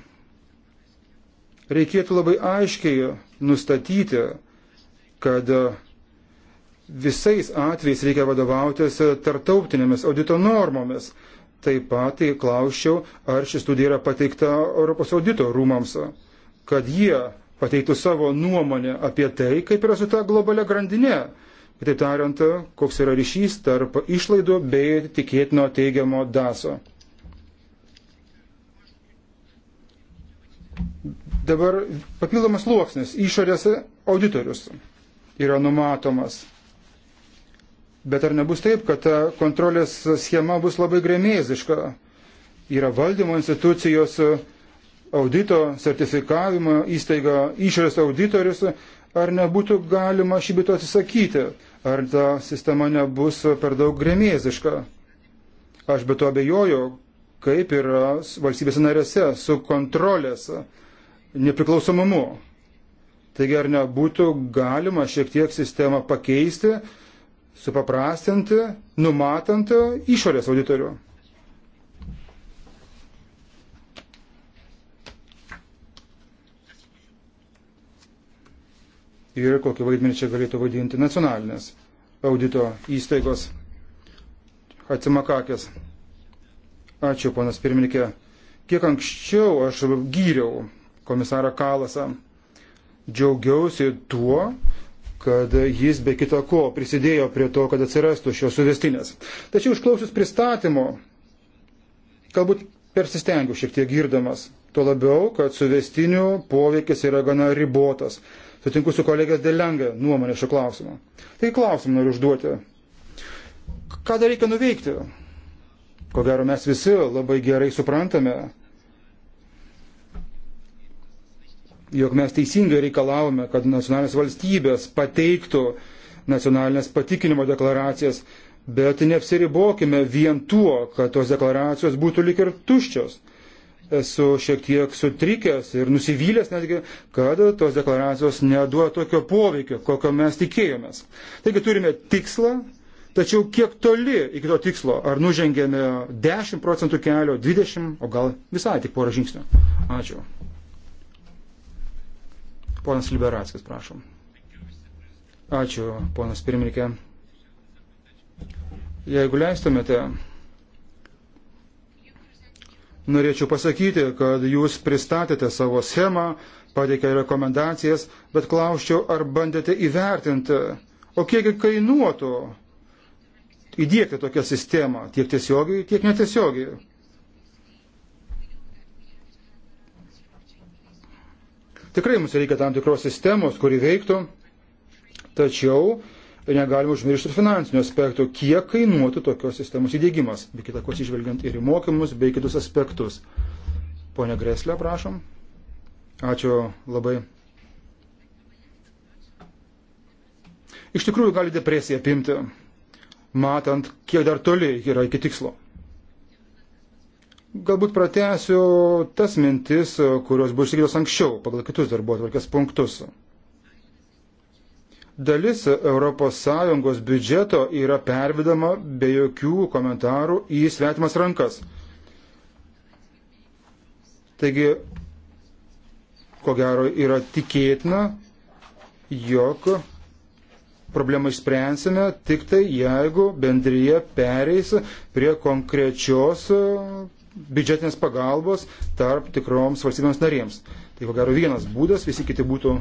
Reikėtų labai aiškiai nustatyti, kad visais atvejais reikia vadovautis tartautinėmis audito normomis. Taip pat tai klausčiau, ar ši studija yra pateikta Europos audito rūmams, kad jie pateiktų savo nuomonę apie tai, kaip yra su ta globalia grandinė. Kitaip tariant, koks yra ryšys tarp išlaidų bei tikėtino teigiamo daso. Dabar papildomas sluoksnis išorės auditorius yra numatomas. Bet ar nebus taip, kad ta kontrolės schema bus labai grėmėziška? Yra valdymo institucijos, audito sertifikavimo įstaiga, išorės auditorius, ar nebūtų galima šibito atsisakyti, ar ta sistema nebus per daug grėmėziška. Aš be to abejoju, kaip yra valstybės narėse su kontrolės nepriklausomumu. Taigi ar nebūtų galima šiek tiek sistemą pakeisti, supaprastinti, numatant išorės auditorių? ir kokį vaidmenį čia galėtų vadinti nacionalinės audito įstaigos atsimakakės. Ačiū, ponas pirmininkė. Kiek anksčiau aš gyriau komisarą Kalasą. Džiaugiausi tuo, kad jis be kita ko prisidėjo prie to, kad atsirastų šios suvestinės. Tačiau išklausius pristatymo, galbūt persistengiu šiek tiek girdamas. Tuo labiau, kad suvestinių poveikis yra gana ribotas. Sutinku su kolegės Delengė nuomonė šio klausimo. Tai klausimą noriu užduoti. Ką dar reikia nuveikti? Ko gero mes visi labai gerai suprantame, jog mes teisingai reikalavome, kad nacionalinės valstybės pateiktų nacionalinės patikinimo deklaracijas, bet neapsiribokime vien tuo, kad tos deklaracijos būtų lik ir tuščios. Esu šiek tiek sutrikęs ir nusivylęs netgi, kad tos deklaracijos neduoda tokio poveikio, kokio mes tikėjomės. Taigi turime tikslą, tačiau kiek toli iki to tikslo, ar nužengėme 10 procentų kelio, 20, o gal visai tik porą žingsnių. Ačiū. Ponas Liberatskis, prašom. Ačiū, ponas pirmininkė. Jeigu leistumėte, norėčiau pasakyti, kad jūs pristatėte savo schemą, pateikė rekomendacijas, bet klauščiau, ar bandėte įvertinti, o kiek kainuotų įdėkti tokią sistemą, tiek tiesiogiai, tiek netiesiogiai. Tikrai mums reikia tam tikros sistemos, kuri veiktų, tačiau negalime užmiršti ir finansinių aspektų, kiek kainuotų tokios sistemos įdėgymas, be kita ko atsižvelgiant ir į mokymus, bei kitus aspektus. Pone Greslė, prašom. Ačiū labai. Iš tikrųjų gali depresija apimti, matant, kiek dar toli yra iki tikslo. Galbūt pratęsiu tas mintis, kurios buvo išsakytos anksčiau pagal kitus darbuotvarkės punktus. Dalis ES biudžeto yra pervedama be jokių komentarų į svetimas rankas. Taigi, ko gero, yra tikėtina, jog problemą išspręsime tik tai, jeigu bendryje pereis prie konkrečios biudžetinės pagalbos tarp tikroms valstybėms narėms. Tai ko gero vienas būdas, visi kiti būtų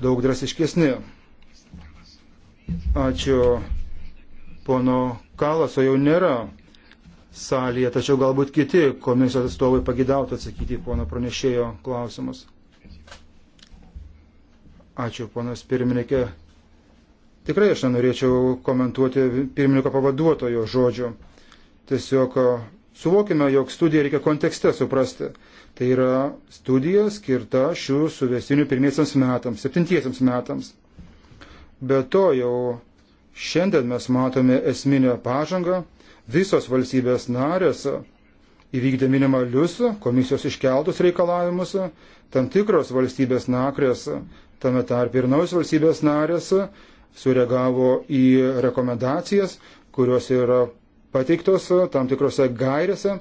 daug drastiškesni. Ačiū pono Kalaso jau nėra salėje, tačiau galbūt kiti komisijos atstovai pagidautų atsakyti į pono pranešėjo klausimus. Ačiū, ponas pirmininkė. Tikrai aš nenorėčiau komentuoti pirmininko pavaduotojo žodžio. Tiesiog Suvokime, jog studiją reikia kontekste suprasti. Tai yra studija skirta šių suvestinių pirmiesiams metams, septintiesiams metams. Be to jau šiandien mes matome esminę pažangą. Visos valstybės narės įvykdė minimalius komisijos iškeltus reikalavimus, tam tikros valstybės nakrės, tame tarp ir naujos valstybės narės, sureagavo į rekomendacijas, kurios yra pateiktos e, tam tikrose gairėse,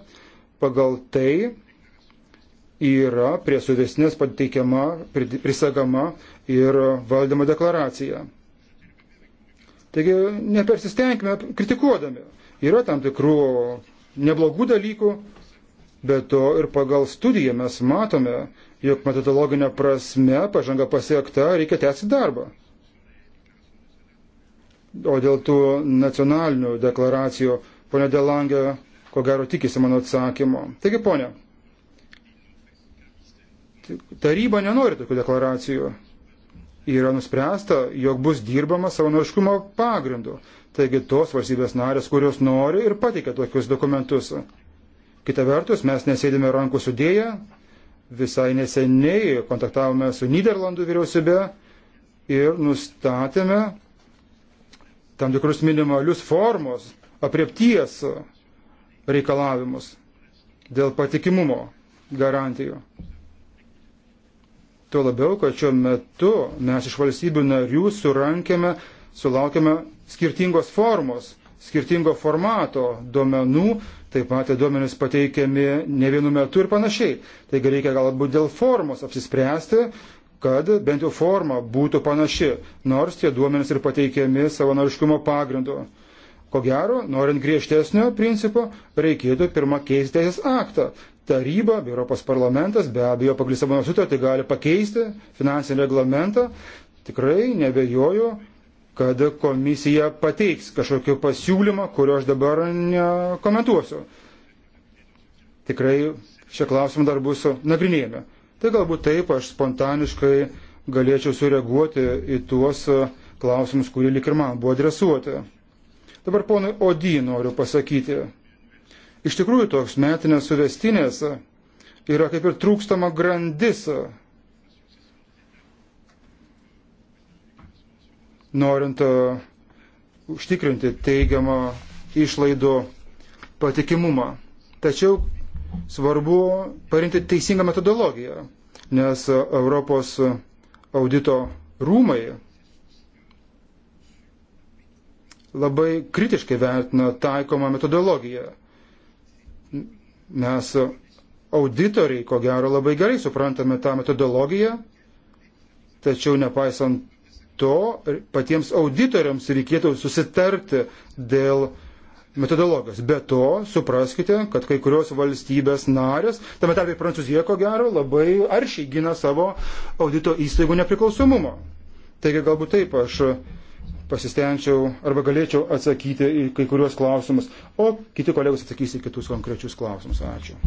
pagal tai yra prie suvesnės pateikiama, prisagama ir valdymo deklaracija. Taigi nepersistengime kritikuodami. Yra tam tikrų neblogų dalykų, bet to ir pagal studiją mes matome, jog metodologinė prasme pažanga pasiekta, reikia tęsti darbą. O dėl tų nacionalinių deklaracijų Pone Delangė, ko gero tikisi mano atsakymo. Taigi, ponė, taryba nenori tokių deklaracijų. Yra nuspręsta, jog bus dirbama savanoriškumo pagrindu. Taigi tos valstybės narės, kurios nori ir pateikia tokius dokumentus. Kita vertus, mes nesėdime rankų sudėję, visai neseniai kontaktavome su Niderlandų vyriausybe ir nustatėme tam tikrus minimalius formos, apriepties reikalavimus dėl patikimumo garantijų. Tuo labiau, kad šiuo metu mes iš valstybių narių surankėme, sulaukėme skirtingos formos, skirtingo formato duomenų, taip pat duomenys pateikiami ne vienu metu ir panašiai. Taigi reikia galbūt dėl formos apsispręsti, kad bent jau forma būtų panaši, nors tie duomenys ir pateikiami savanoriškumo pagrindu. Ko gero, norint griežtesnio principo, reikėtų pirmą keisti teisės aktą. Taryba, Europos parlamentas be abejo pagal Lisabono sutartį gali pakeisti finansinį reglamentą. Tikrai nebejoju, kad komisija pateiks kažkokį pasiūlymą, kurio aš dabar nekomentuosiu. Tikrai šią klausimą dar bus nagrinėjami. Tai galbūt taip aš spontaniškai galėčiau sureaguoti į tuos klausimus, kurie lik ir man buvo adresuoti. Dabar ponui Odį noriu pasakyti. Iš tikrųjų, toks metinės suvestinės yra kaip ir trūkstama grandis. Norint uh, užtikrinti teigiamą išlaidų patikimumą. Tačiau svarbu parinkti teisingą metodologiją, nes uh, Europos uh, audito rūmai labai kritiškai vertina taikomą metodologiją. Mes auditoriai, ko gero, labai gerai suprantame tą metodologiją, tačiau nepaisant to, patiems auditoriams reikėtų susitarti dėl metodologijos. Be to, supraskite, kad kai kurios valstybės narės, tame tarpe Prancūzija, ko gero, labai aršiai gina savo audito įstaigų nepriklausomumą. Taigi galbūt taip aš pasistengčiau arba galėčiau atsakyti į kai kuriuos klausimus, o kiti kolegos atsakys į kitus konkrečius klausimus. Ačiū.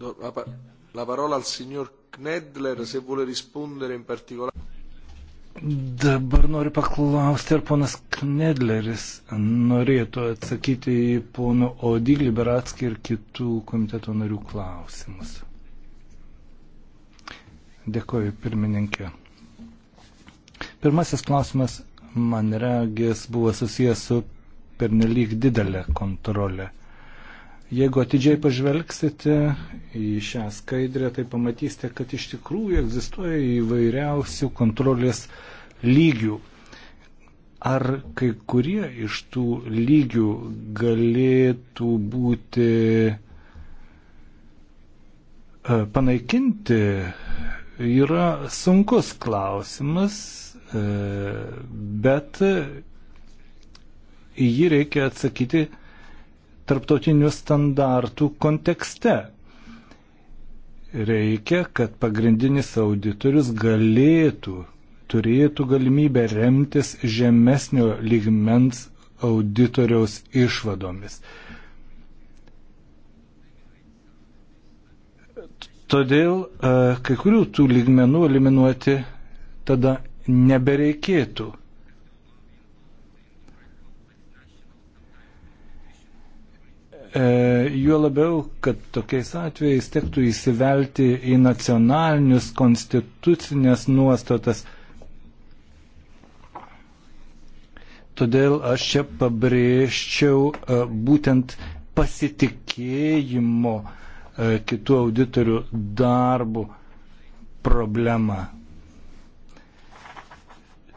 La parola al signor Knedler, se vuole rispondere in particolare. Dabar noriu paklausti, ar ponas Knedleris norėtų atsakyti į pono Odį, Liberatskį ir kitų komiteto narių klausimus. Dėkoju, pirmininkė. Pirmasis klausimas, man regis, buvo susijęs su pernelyg didelė kontrolė. Jeigu atidžiai pažvelgsite į šią skaidrę, tai pamatysite, kad iš tikrųjų egzistuoja įvairiausių kontrolės lygių. Ar kai kurie iš tų lygių galėtų būti e, panaikinti, yra sunkus klausimas E, bet į jį reikia atsakyti tarptautinių standartų kontekste. Reikia, kad pagrindinis auditorius galėtų, turėtų galimybę remtis žemesnio lygmens auditoriaus išvadomis. Todėl e, kai kurių tų lygmenų eliminuoti tada nebereikėtų. E, juo labiau, kad tokiais atvejais tektų įsivelti į nacionalinius konstitucinės nuostatas. Todėl aš čia pabrėžčiau e, būtent pasitikėjimo e, kitų auditorių darbų problemą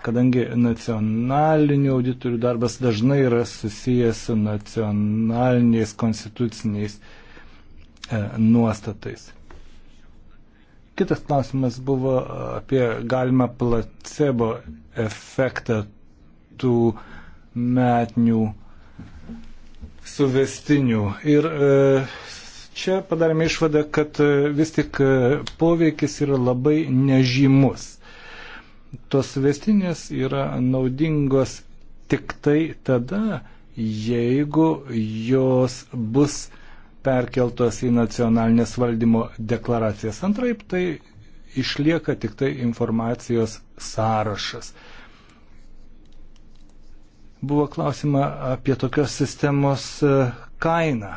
kadangi nacionalinių auditorių darbas dažnai yra susijęs su nacionaliniais konstituciniais e, nuostatais. Kitas klausimas buvo apie galimą placebo efektą tų metinių suvestinių. Ir e, čia padarėme išvadą, kad e, vis tik poveikis yra labai nežymus. Tos vestinės yra naudingos tik tai tada, jeigu jos bus perkeltos į nacionalinės valdymo deklaracijas. Antraip tai išlieka tik tai informacijos sąrašas. Buvo klausima apie tokios sistemos e, kainą.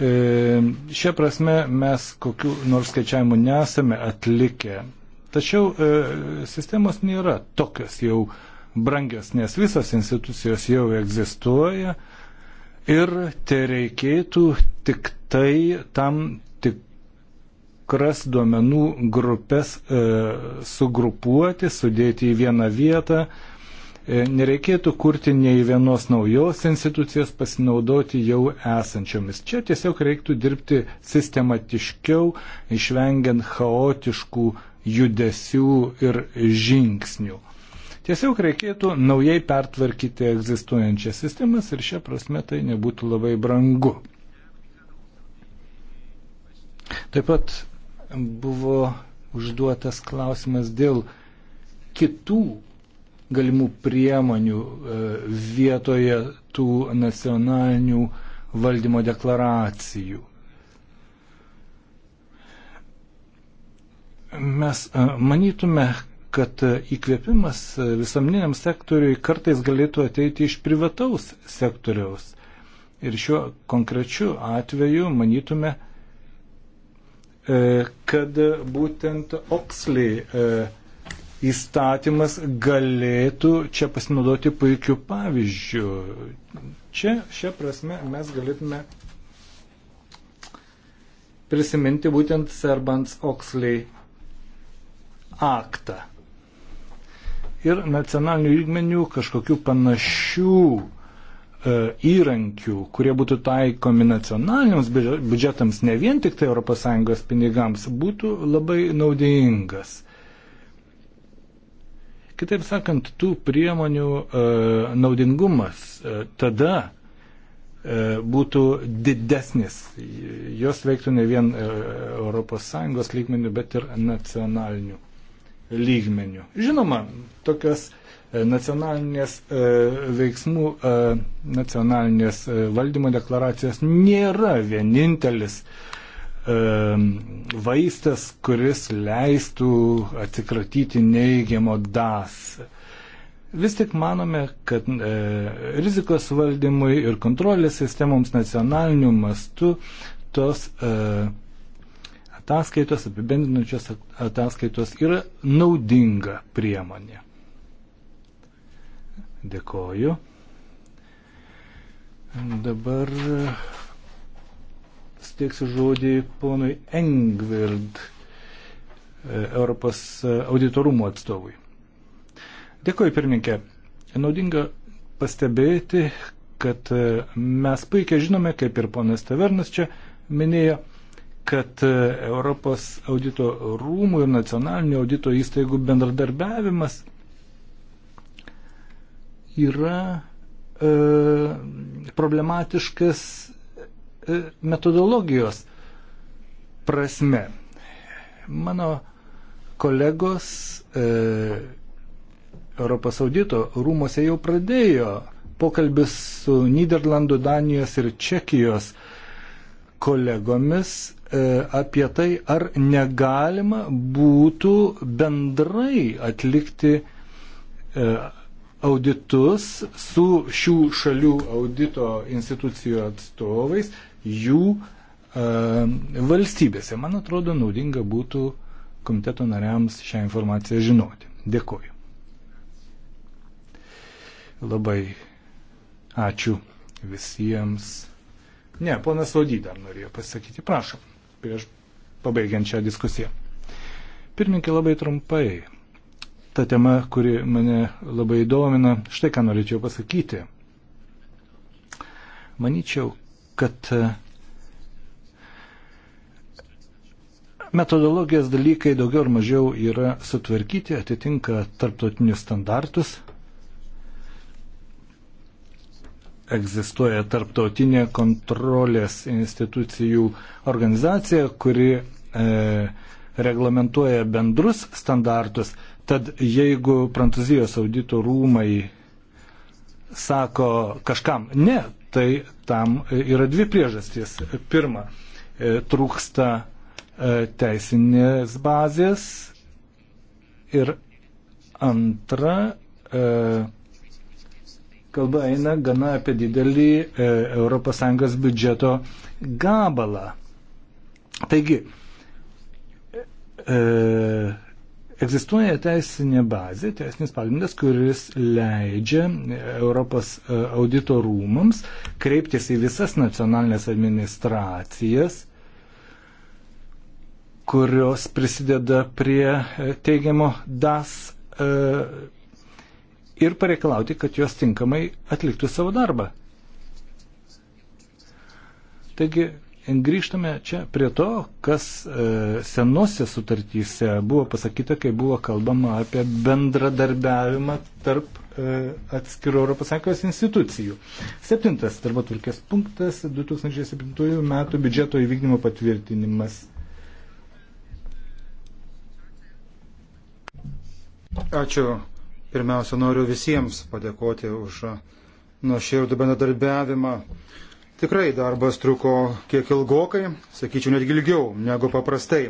E, šia prasme mes kokiu nors skaičiavimu nesame atlikę. Tačiau e, sistemos nėra tokios jau brangios, nes visos institucijos jau egzistuoja ir te reikėtų tik tai tam tikras duomenų grupės e, sugrupuoti, sudėti į vieną vietą, e, E, nereikėtų kurti nei vienos naujos institucijos pasinaudoti jau esančiomis. Čia tiesiog reiktų dirbti sistematiškiau, išvengiant chaotiškų judesių ir žingsnių. Tiesiog reikėtų naujai pertvarkyti egzistuojančias sistemas ir šia prasme tai nebūtų labai brangu. Taip pat buvo užduotas klausimas dėl kitų galimų priemonių e, vietoje tų nacionalinių valdymo deklaracijų. Mes e, manytume, kad įkvėpimas visuomeniniam sektoriui kartais galėtų ateiti iš privataus sektoriaus. Ir šiuo konkrečiu atveju manytume, e, kad būtent Oksliai įstatymas galėtų čia pasinaudoti puikiu pavyzdžiu. Čia, šią prasme, mes galėtume prisiminti būtent Serbans Oxley aktą. Ir nacionalinių lygmenių kažkokių panašių e, įrankių, kurie būtų taikomi nacionaliniams biudžetams, ne vien tik tai ES pinigams, būtų labai naudingas. Kitaip sakant, tų priemonių e, naudingumas e, tada e, būtų didesnis. Jos veiktų ne vien e, ES lygmenių, bet ir nacionalinių lygmenių. Žinoma, tokios e, nacionalinės e, veiksmų, e, nacionalinės e, valdymo deklaracijos nėra vienintelis e, vaistas, kuris leistų atsikratyti neigiamo DAS. Vis tik manome, kad e, rizikos valdymui ir kontrolės sistemoms nacionaliniu mastu tos e, ataskaitos, apibendinančios ataskaitos yra naudinga priemonė. Dėkoju. Dabar suteiksiu žodį ponui Engvird, e, Europos e, auditorumo atstovui. Dėkuoju, pirmininkė. Naudinga pastebėti, kad e, mes puikiai žinome, kaip ir ponas Tavernas čia minėjo, kad Europos audito rūmų ir nacionalinio audito įstaigų bendradarbiavimas yra e, problematiškas E, metodologijos prasme. Mano kolegos e, Europos audito rūmose jau pradėjo pokalbis su Niderlandų, Danijos ir Čekijos kolegomis e, apie tai, ar negalima būtų bendrai atlikti e, auditus su šių šalių audito institucijų atstovais jų e, valstybėse. Man atrodo, naudinga būtų komiteto nariams šią informaciją žinoti. Dėkoju. Labai ačiū visiems. Ne, ponas Vody dar norėjo pasakyti. Prašom, prieš pabaigiant šią diskusiją. Pirmininkė labai trumpai. Ta tema, kuri mane labai domina, štai ką norėčiau pasakyti. Maničiau, kad e, metodologijos dalykai daugiau ar mažiau yra sutvarkyti, atitinka tarptautinius standartus. Egzistuoja tarptautinė kontrolės institucijų organizacija, kuri e, reglamentuoja bendrus standartus. Tad jeigu Prancūzijos audito rūmai sako kažkam, ne, tai tam e, yra dvi priežastys. Pirma, e, trūksta e, teisinės bazės ir antra, kalba eina gana apie didelį ES biudžeto gabalą. Taigi, Egzistuoja teisinė bazė, teisinis pagrindas, kuris leidžia e, Europos e, audito rūmams kreiptis į visas nacionalinės administracijas, kurios prisideda prie e, teigiamo DAS ir pareikalauti, kad jos tinkamai atliktų savo darbą. Taigi grįžtame čia prie to, kas e, senose sutartyse buvo pasakyta, kai buvo kalbama apie bendradarbiavimą tarp e, atskirų ES institucijų. Septintas darbo turkės punktas 2007 metų biudžeto įvykdymo patvirtinimas. Ačiū. Pirmiausia, noriu visiems padėkoti už nuoširdų bendradarbiavimą. Tikrai darbas truko kiek ilgokai, sakyčiau netgi ilgiau negu paprastai.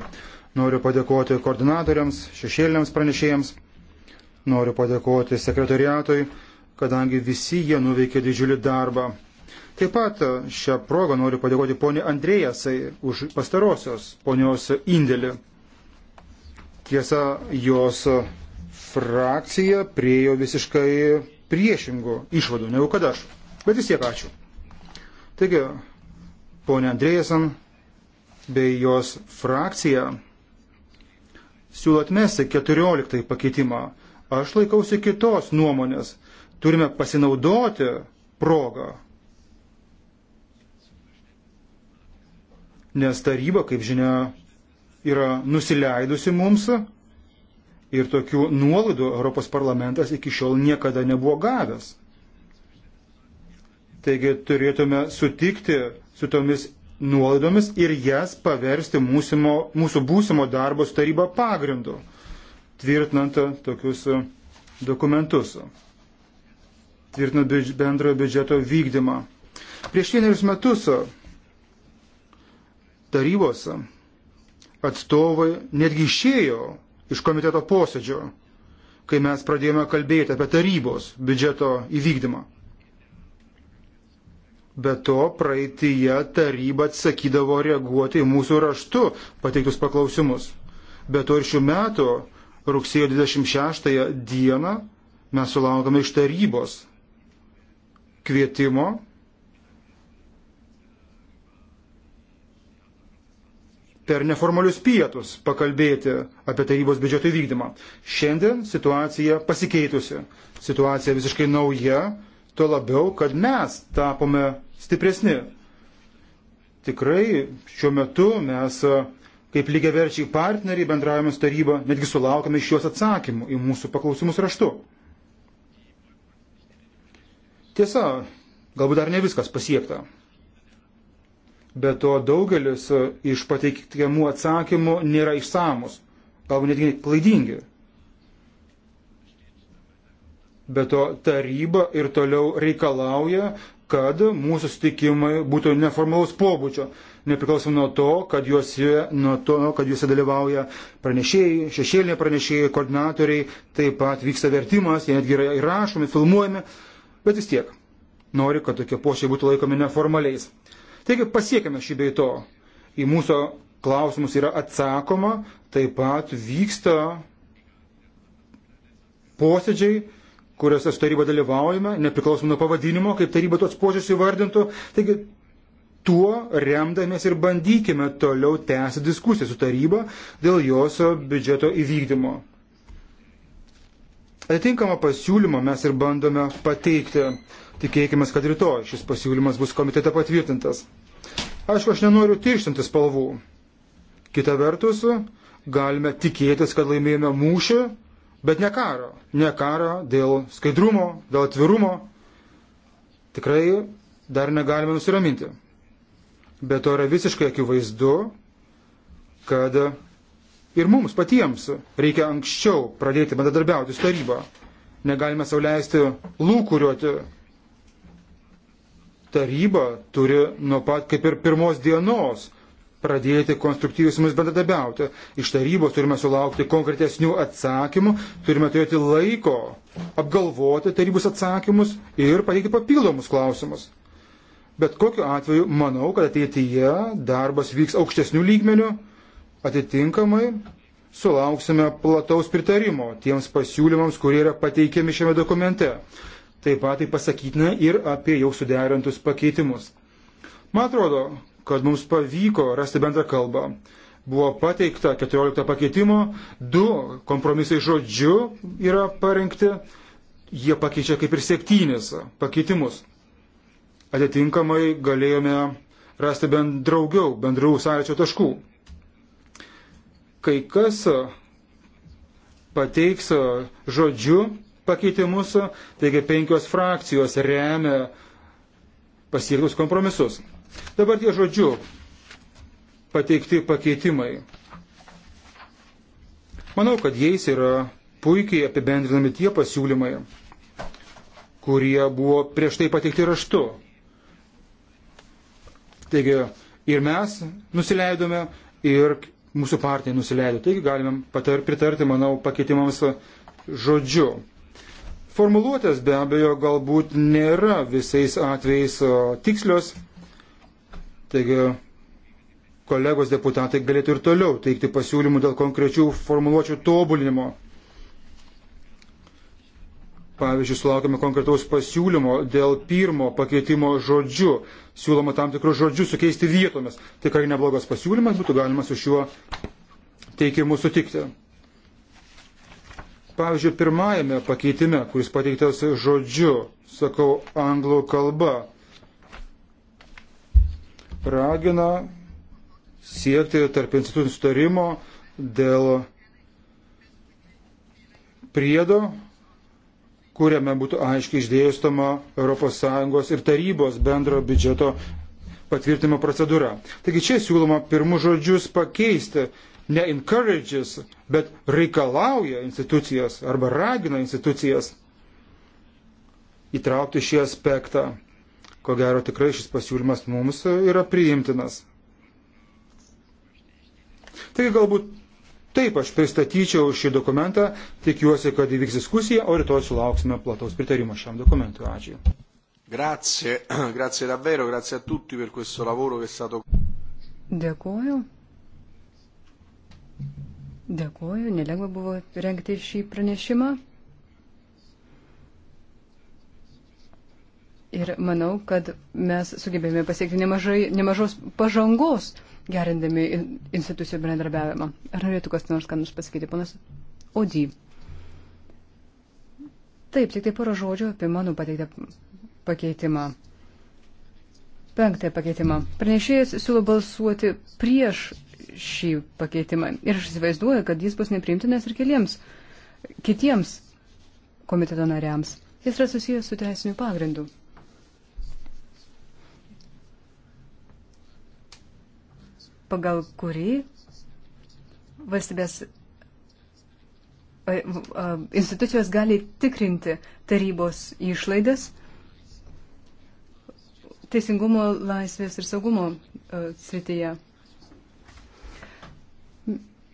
Noriu padėkoti koordinatoriams, šešėliniams pranešėjams, noriu padėkoti sekretariatui, kadangi visi jie nuveikė didžiulį darbą. Taip pat šią progą noriu padėkoti poniai Andrėjasai už pastarosios ponios indėlį. Tiesa, jos frakcija priejo visiškai priešingų išvadų negu kad aš. Bet vis tiek ačiū. Taigi, ponė Andrėjasan bei jos frakcija siūlo atmesti 14 pakeitimą. Aš laikausi kitos nuomonės. Turime pasinaudoti progą. Nes taryba, kaip žinia, yra nusileidusi mums ir tokių nuolaidų Europos parlamentas iki šiol niekada nebuvo gavęs. Taigi turėtume sutikti su tomis nuolaidomis ir jas paversti mūsimo, mūsų būsimo darbo su taryba pagrindu, tvirtinant tokius e, dokumentus, tvirtinant bendrojo biudžeto vykdymą. Prieš vienerius metus e, tarybos e, atstovai netgi išėjo iš komiteto posėdžio, kai mes pradėjome kalbėti apie tarybos biudžeto įvykdymą. Be to, praeitįje taryba atsakydavo reaguoti į mūsų raštu pateiktus paklausimus. Be to ir šių metų rugsėjo 26 dieną mes sulaukame iš tarybos kvietimo per neformalius pietus pakalbėti apie tarybos biudžeto įvykdymą. Šiandien situacija pasikeitusi. Situacija visiškai nauja, tuo labiau, kad mes tapome stipresni. Tikrai šiuo metu mes kaip lygiaverčiai partneriai bendravime su taryba netgi sulaukame iš juos atsakymų į mūsų paklausimus raštu. Tiesa, galbūt dar ne viskas pasiekta. Be to daugelis iš pateikiamų atsakymų nėra išsamus, galbūt netgi klaidingi. Be to taryba ir toliau reikalauja, kad mūsų sutikimai būtų neformalaus pobūdžio, nepriklausom nuo to, kad juose, nuo to, kad juose dalyvauja pranešėjai, šešėliniai pranešėjai, koordinatoriai, taip pat vyksta vertimas, jie netgi yra įrašomi, filmuojami, bet vis tiek nori, kad tokie pošiai būtų laikomi neformaliais. Taigi pasiekime šį bei to. Į mūsų klausimus yra atsakoma, taip pat vyksta posėdžiai kuriuose su taryba dalyvaujame, nepriklausomai nuo pavadinimo, kaip taryba tos požiūrės įvardintų. Taigi tuo remdamės ir bandykime toliau tęsti diskusiją su taryba dėl jos biudžeto įvykdymo. Atitinkamą pasiūlymą mes ir bandome pateikti. Tikėkime, kad rytoj šis pasiūlymas bus komitete patvirtintas. Aišku, aš nenoriu tirštinti spalvų. Kita vertus, galime tikėtis, kad laimėjome mūšį bet ne karo. Ne karo dėl skaidrumo, dėl atvirumo. Tikrai dar negalime nusiraminti. Bet to yra visiškai akivaizdu, kad ir mums patiems reikia anksčiau pradėti bendradarbiauti su taryba. Negalime sauliaisti lūkuriuoti. Taryba turi nuo pat kaip ir pirmos dienos pradėti konstruktyviai su mumis bendradabiauti. Iš tarybos turime sulaukti konkretesnių atsakymų, turime turėti laiko apgalvoti tarybos atsakymus ir pateikti papildomus klausimus. Bet kokiu atveju manau, kad ateityje darbas vyks aukštesnių lygmenių, atitinkamai sulauksime plataus pritarimo tiems pasiūlymams, kurie yra pateikiami šiame dokumente. Taip pat tai pasakytina ir apie jau suderintus pakeitimus. Man atrodo, kad mums pavyko rasti bendrą kalbą. Buvo pateikta 14 pakeitimo, 2 kompromisai žodžiu yra parengti, jie pakeičia kaip ir 7 pakeitimus. Atitinkamai galėjome rasti bent daugiau bendrų sąlyčio taškų. Kai kas pateiks žodžiu pakeitimus, taigi penkios frakcijos remia pasiektus kompromisus. Dabar tie žodžiu pateikti pakeitimai. Manau, kad jais yra puikiai apibendrinami tie pasiūlymai, kurie buvo prieš tai pateikti raštu. Taigi ir mes nusileidome, ir mūsų partija nusileido. Taigi galime patar, pritarti, manau, pakeitimams žodžiu. Formuluotės be abejo galbūt nėra visais atvejais tikslios, Taigi kolegos deputatai galėtų ir toliau teikti pasiūlymų dėl konkrečių formuluočių tobulinimo. Pavyzdžiui, sulaukime konkretaus pasiūlymo dėl pirmo pakeitimo žodžių. Siūloma tam tikrus žodžius sukeisti vietomis. Tai tikrai neblogas pasiūlymas, būtų galima su šiuo teikimu sutikti. Pavyzdžiui, pirmajame pakeitime, kuris pateiktas žodžiu, sakau anglų kalba, ragina siekti tarp institucijų sutarimo dėl priedo, kuriame būtų aiškiai išdėstoma ES ir tarybos bendro biudžeto patvirtimo procedūra. Taigi čia siūloma pirmus žodžius pakeisti ne encourages, bet reikalauja institucijas arba ragina institucijas įtraukti šį aspektą Ko gero tikrai šis pasiūlymas mums yra priimtinas. Taigi galbūt taip aš pristatyčiau šį dokumentą, tikiuosi, kad įvyks diskusija, o rytoj sulauksime plataus pritarimo šiam dokumentui. Ačiū. Grazie, (clears throat) grazie davvero, grazie a tutti per questo lavoro che è stato. Dėkuoju. Dėkuoju, nelengva buvo rengti šį pranešimą. Ir manau, kad mes sugebėjome pasiekti nemažai, nemažos pažangos gerindami institucijų bendradarbiavimą. Ar norėtų kas nors ką nors pasakyti, panas Odį? Taip, tik tai poro žodžių apie mano pateiktą pakeitimą. Penktąją pakeitimą. Pranešėjas siūlo balsuoti prieš šį pakeitimą. Ir aš įsivaizduoju, kad jis bus nepriimtinas ir keliems kitiems komiteto nariams. Jis yra susijęs su teisiniu pagrindu. pagal kurį valstybės institucijos gali tikrinti tarybos išlaidas teisingumo, laisvės ir saugumo srityje.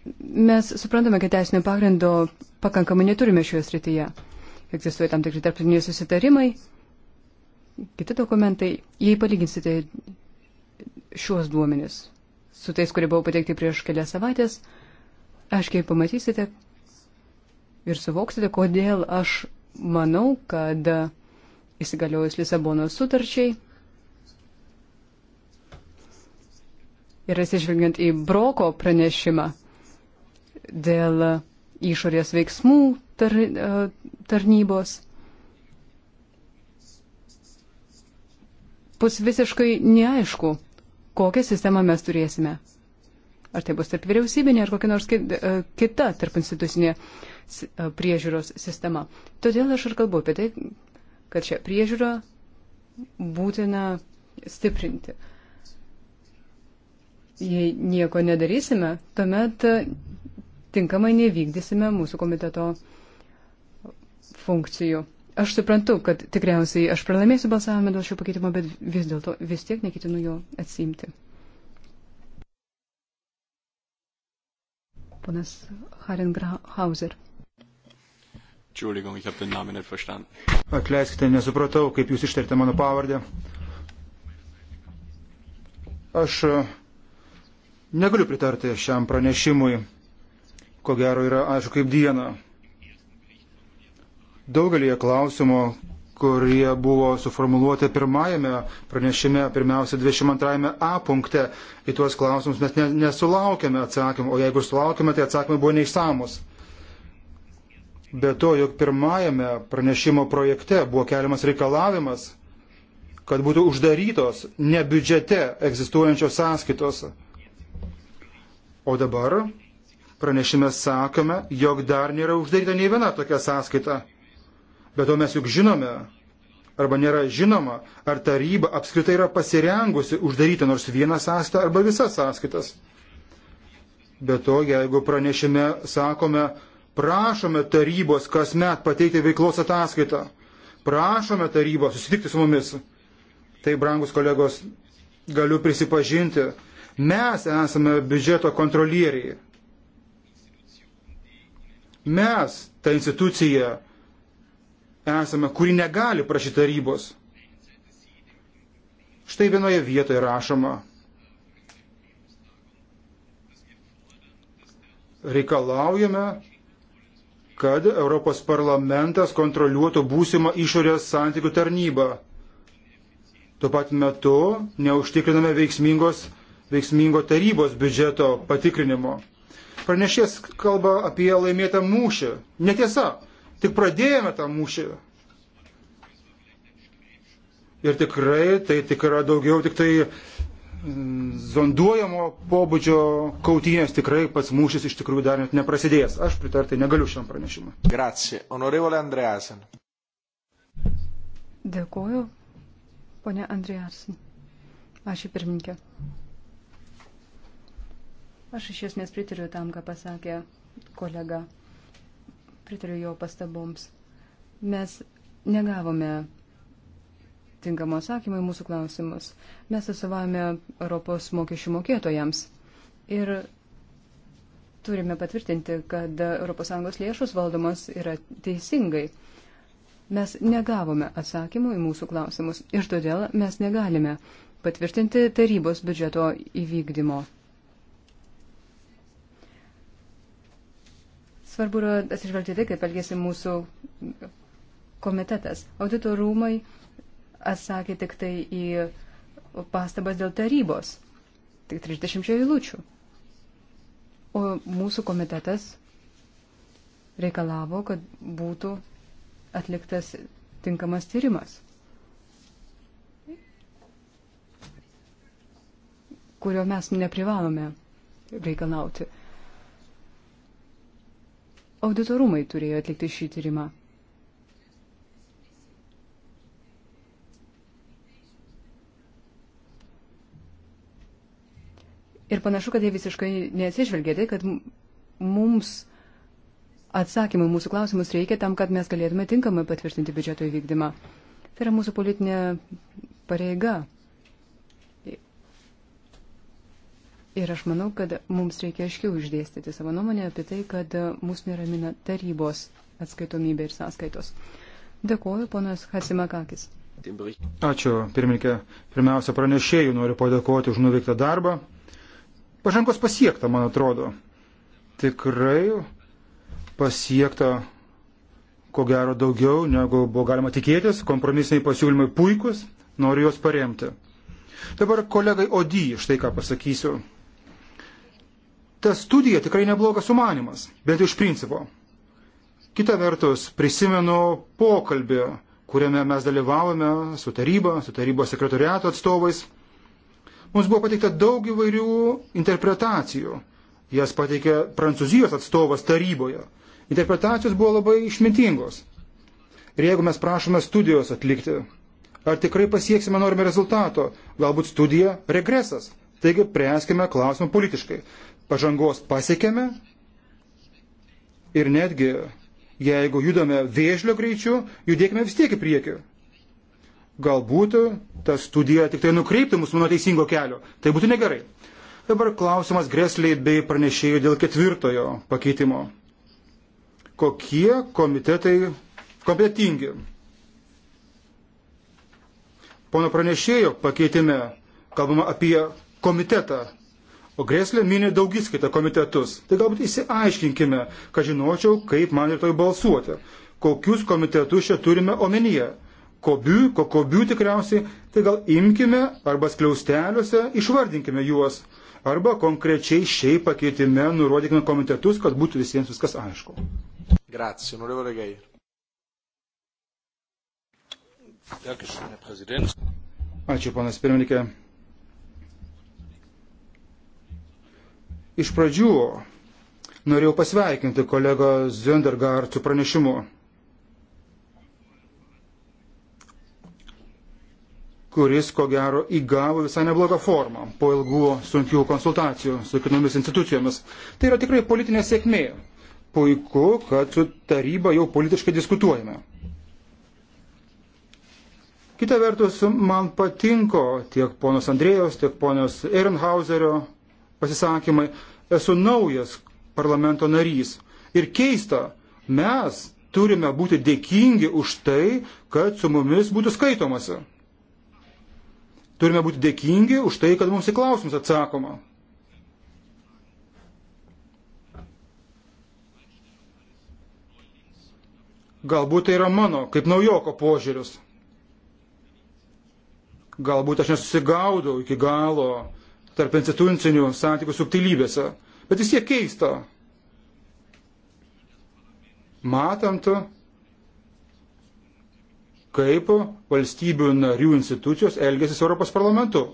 Mes suprantame, kad teisinio pagrindo pakankamai neturime šioje srityje. Egzistuoja tam tikri tarptautiniai susitarimai, kiti dokumentai. Jei palyginsite šiuos duomenis su tais, kurie buvo pateikti prieš kelias savaitės, aiškiai pamatysite ir suvoksite, kodėl aš manau, kad įsigaliojus Lisabono sutarčiai ir atsižvelgiant į Broko pranešimą dėl išorės veiksmų tar, e, tarnybos, bus visiškai neaišku, kokią sistemą mes turėsime. Ar tai bus tarp vyriausybinė ar kokia nors e, kita tarp institucinė e, priežiūros sistema. Todėl aš ir kalbu apie tai, kad šią priežiūrą būtina stiprinti. Jei nieko nedarysime, tuomet e, tinkamai nevykdysime mūsų komiteto funkcijų. Aš suprantu, kad tikriausiai aš pralaimėsiu balsavimą dėl šio pakeitimo, bet vis dėlto vis tiek neketinu jo atsimti. Ponas Haringrauser. Entschuldigung, ich habe den Namen nicht verstanden. Atleiskite, nesupratau, kaip jūs ištarėte mano pavardę. Aš e, negaliu pritarti šiam pranešimui. Ko gero yra aišku kaip diena daugelį klausimų, kurie buvo suformuluoti pirmajame pranešime, pirmiausia 22 A punkte, į tuos klausimus mes nesulaukėme atsakymų, o jeigu sulaukėme, tai atsakymai buvo neišsamus. Be to, jog pirmajame pranešimo projekte buvo keliamas reikalavimas, kad būtų uždarytos ne biudžete egzistuojančios sąskaitos. O dabar pranešime sakome, jog dar nėra uždaryta nei viena tokia sąskaita. Bet to mes juk žinome, arba nėra žinoma, ar taryba apskritai yra pasirengusi uždaryti nors vieną sąskaitą arba visas sąskaitas. Be to, jeigu pranešime sakome, prašome tarybos kasmet pateikti veiklos ataskaitą, prašome tarybos susitikti su mumis, tai, brangus kolegos, galiu prisipažinti, mes esame biudžeto kontrolieriai. Mes, ta institucija, esame, kuri negali prašyti tarybos. Štai vienoje vietoje rašoma. Reikalaujame, kad Europos parlamentas kontroliuotų būsimą išorės santykių tarnybą. Tuo pat metu neužtikriname veiksmingos, veiksmingo tarybos biudžeto patikrinimo. Pranešės kalba apie laimėtą mūšį. Netiesa. Tik pradėjome tą mūšį. Ir tikrai tai tik yra daugiau tik tai mm, zonduojamo pobūdžio kautynės tikrai pats mūšis iš tikrųjų dar net neprasidėjęs. Aš pritarti negaliu šiam pranešimui. Grazie. Honorevole Andreasen. Dėkuoju, ponė Andreasen. Aš į pirmininkę. Aš iš esmės pritariu tam, ką pasakė kolega pritariu jo pastaboms. Mes negavome tinkamo atsakymą į mūsų klausimus. Mes atsavavome Europos mokesčių mokėtojams. Ir turime patvirtinti, kad ES lėšos valdomos yra teisingai. Mes negavome atsakymų į mūsų klausimus ir todėl mes negalime patvirtinti tarybos biudžeto įvykdymo. Svarbu yra atsižvelgti tai, kaip elgėsi mūsų komitetas. Audito rūmai atsakė tik tai į pastabas dėl tarybos, tik 30 eilučių. O mūsų komitetas reikalavo, kad būtų atliktas tinkamas tyrimas, kurio mes neprivalome reikalauti. Auditorumai turėjo atlikti šį tyrimą. Ir panašu, kad jie visiškai nesižvelgė tai, kad mums atsakymų mūsų klausimus reikia tam, kad mes galėtume tinkamai patvirtinti biudžeto įvykdymą. Tai yra mūsų politinė pareiga. Ir aš manau, kad mums reikia aiškiau išdėstyti savo nuomonę apie tai, kad mūsų neramina tarybos atskaitomybė ir sąskaitos. Dėkuoju, ponas Hasimakakis. Ačiū, pirmininkė. Pirmiausia, pranešėjų noriu padėkoti už nuveiktą darbą. Pažangos pasiekta, man atrodo. Tikrai pasiekta, ko gero, daugiau negu buvo galima tikėtis. Kompromisiniai pasiūlymai puikus, noriu juos paremti. Dabar kolegai Odį štai ką pasakysiu ta studija tikrai neblogas sumanimas, bet iš principo. Kita vertus, prisimenu pokalbį, kuriame mes dalyvavome su taryba, su tarybos sekretoriato atstovais. Mums buvo pateikta daug įvairių interpretacijų. Jas pateikė prancūzijos atstovas taryboje. Interpretacijos buvo labai išmintingos. Ir jeigu mes prašome studijos atlikti, ar tikrai pasieksime norime rezultato, galbūt studija regresas. Taigi, prieskime klausimą politiškai pažangos pasiekėme ir netgi jeigu judame vėžlio greičiu, judėkime vis tiek į priekį. Galbūt ta studija tik tai nukreiptų mus nuo teisingo kelio. Tai būtų negerai. Dabar klausimas Gresliai bei pranešėjų dėl ketvirtojo pakeitimo. Kokie komitetai kompetingi? Pono pranešėjo pakeitime kalbama apie komitetą O grėslė minė daugiskaitą komitetus. Tai galbūt įsiaiškinkime, kad žinočiau, kaip man rytoj balsuoti. Kokius komitetus čia turime omenyje. Kobių, kokobių tikriausiai, tai gal imkime arba skliausteliuose išvardinkime juos. Arba konkrečiai šiai pakeitime nurodykime komitetus, kad būtų visiems viskas aišku. Grazie, onorevole Geir. Ačiū, panas pirmininkė. Iš pradžių norėjau pasveikinti kolegą Zendergaard su pranešimu, kuris, ko gero, įgavo visai neblogą formą po ilgų sunkių konsultacijų su kitomis institucijomis. Tai yra tikrai politinė sėkmė. Puiku, kad su taryba jau politiškai diskutuojame. Kita vertus, man patinko tiek ponos Andrėjos, tiek ponos Ehrenhauserio pasisakymai. Esu naujas parlamento narys. Ir keista, mes turime būti dėkingi už tai, kad su mumis būtų skaitomasi. Turime būti dėkingi už tai, kad mums į klausimus atsakoma. Galbūt tai yra mano, kaip naujoko požiūris. Galbūt aš nesusigaudau iki galo tarp institucinių santykių subtilybėse. Bet vis tiek keista. Matant, kaip valstybių narių institucijos elgėsi su Europos parlamentu.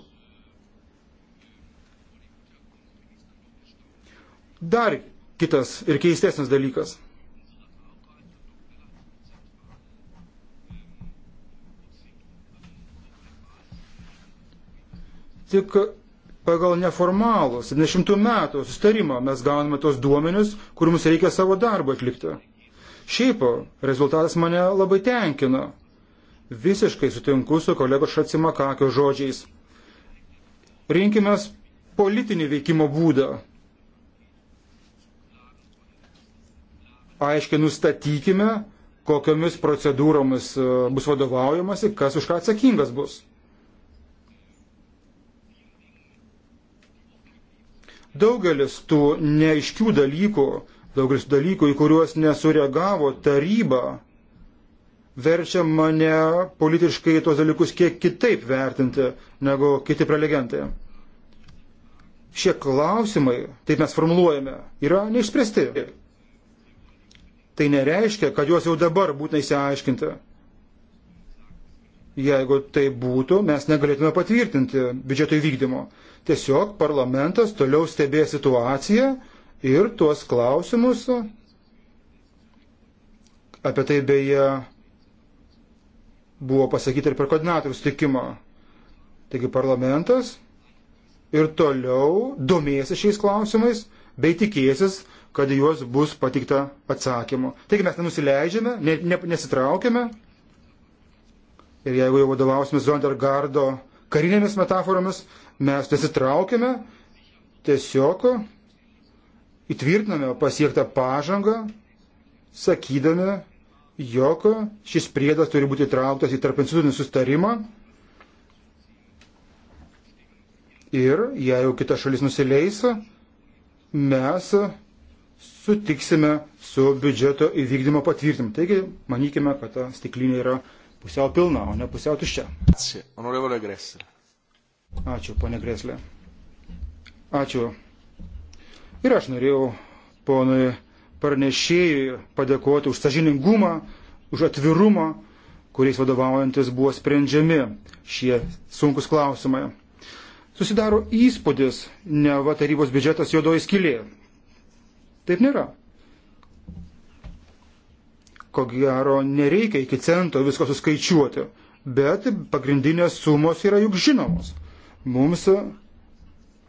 Dar kitas ir keistesnis dalykas. Tik pagal neformalų 70 metų sustarimą mes gauname tos duomenius, kur mums reikia savo darbą atlikti. Šiaip rezultatas mane labai tenkina. Visiškai sutinku su kolego Šacimakakio žodžiais. Rinkimės politinį veikimo būdą. Aiškiai nustatykime, kokiomis procedūromis e, bus vadovaujamasi, kas už ką atsakingas bus. Daugelis tų neaiškių dalykų, daugelis dalykų, į kuriuos nesureagavo taryba, verčia mane politiškai tuos dalykus kiek kitaip vertinti negu kiti prelegentai. Šie klausimai, taip mes formuluojame, yra neišspręsti. Tai nereiškia, kad juos jau dabar būtina įsiaiškinti Jeigu tai būtų, mes negalėtume patvirtinti biudžeto įvykdymo. Tiesiog parlamentas toliau stebėjo situaciją ir tuos klausimus, apie tai beje buvo pasakyta ir per koordinatorių sutikimą. Taigi parlamentas ir toliau domėsi šiais klausimais bei tikėsis, kad juos bus patikta atsakymu. Taigi mes nenusileidžiame, ne, ne, nesitraukiame Ir jeigu jau vadovausime Zondergardo karinėmis metaforomis, mes nesitraukime, tiesiog įtvirtiname pasiektą pažangą, sakydami, jog šis priedas turi būti įtrauktas į tarpinstitutinį sustarimą. Ir jei jau kita šalis nusileis, mes sutiksime su biudžeto įvykdymo patvirtinimu. Taigi, manykime, kad ta stiklinė yra pusiau pilną, o ne pusiau tuščią. Ačiū, ponė Greslė. Ačiū. Ir aš norėjau ponui pranešėjui padėkoti už sažiningumą, už atvirumą, kuriais vadovaujantis buvo sprendžiami šie sunkus klausimai. Susidaro įspūdis, ne va tarybos biudžetas juodoji skylė. Taip nėra ko gero nereikia iki cento visko suskaičiuoti, bet pagrindinės sumos yra juk žinomos. Mums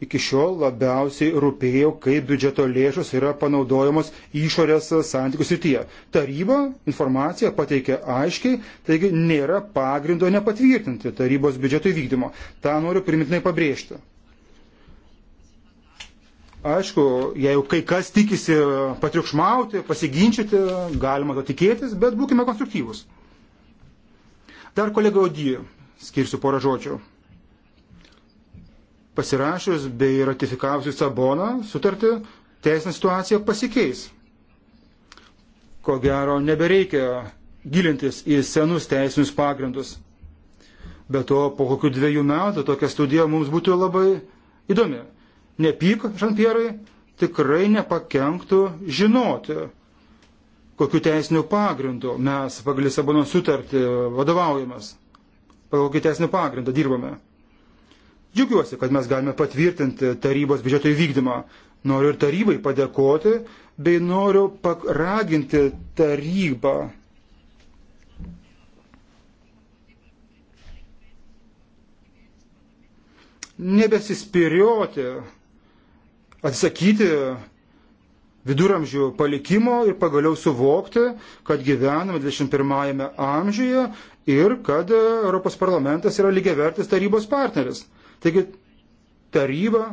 iki šiol labiausiai rūpėjo, kaip biudžeto lėšos yra panaudojamos išorės santykių srityje. Taryba informaciją pateikė aiškiai, taigi nėra pagrindo nepatvirtinti tarybos biudžeto įvykdymo. Ta noriu primiktinai pabrėžti. Aišku, jeigu kai kas tikisi patriukšmauti, pasiginčyti, galima to tikėtis, bet būkime konstruktyvus. Dar kolega Odį skirsiu porą žodžių. Pasirašius bei ratifikavusius Saboną sutartį, teisinė situacija pasikeis. Ko gero, nebereikia gilintis į senus teisinius pagrindus. Be to, po kokių dviejų metų tokia studija mums būtų labai įdomi nepyk, Žanpierai, tikrai nepakenktų žinoti, kokiu teisiniu pagrindu mes pagal Lisabono sutartį vadovaujamės, pagal kokį teisinį pagrindą dirbame. Džiugiuosi, kad mes galime patvirtinti tarybos biudžeto įvykdymą. Noriu ir tarybai padėkoti, bei noriu paraginti tarybą nebesispirioti atsisakyti viduramžių palikimo ir pagaliau suvokti, kad gyvename 21-ame amžiuje ir kad Europos parlamentas yra lygiavertis tarybos partneris. Taigi taryba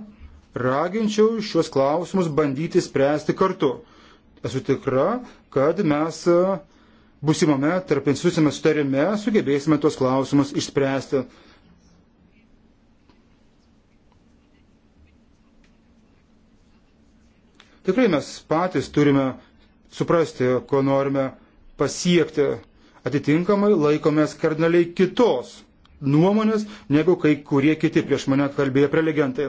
raginčiau šios klausimus bandyti spręsti kartu. Esu tikra, kad mes busimame tarp institucijame sutarime sugebėsime tuos klausimus išspręsti. Tikrai mes patys turime suprasti, ko norime pasiekti. Atitinkamai laikomės kardinaliai kitos nuomonės, negu kai kurie kiti prieš mane kalbėjo prelegentai.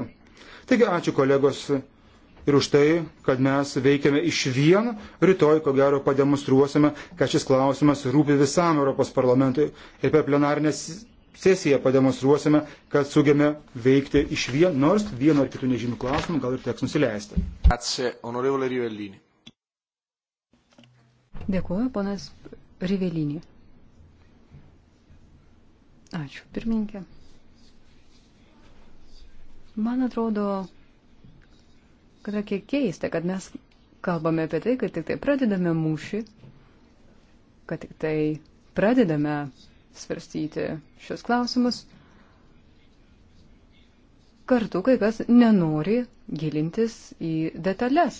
Taigi ačiū kolegos ir už tai, kad mes veikiame iš vien, rytoj ko gero pademonstruosime, kad šis klausimas rūpi visam Europos parlamentui ir per plenarinės sesiją pademonstruosime, kad sugėme veikti iš vien, nors vieno ar kitų nežymių klausimų gal ir teks nusileisti. Atsė, honorevole Rivelinį. Dėkuoju, ponas Rivelinį. Ačiū, pirmininkė. Man atrodo, kad yra kiek keista, kad mes kalbame apie tai, kad tik tai pradedame mūšį, kad tik tai pradedame svarstyti šios klausimus. Kartu kai kas nenori gilintis į detalės,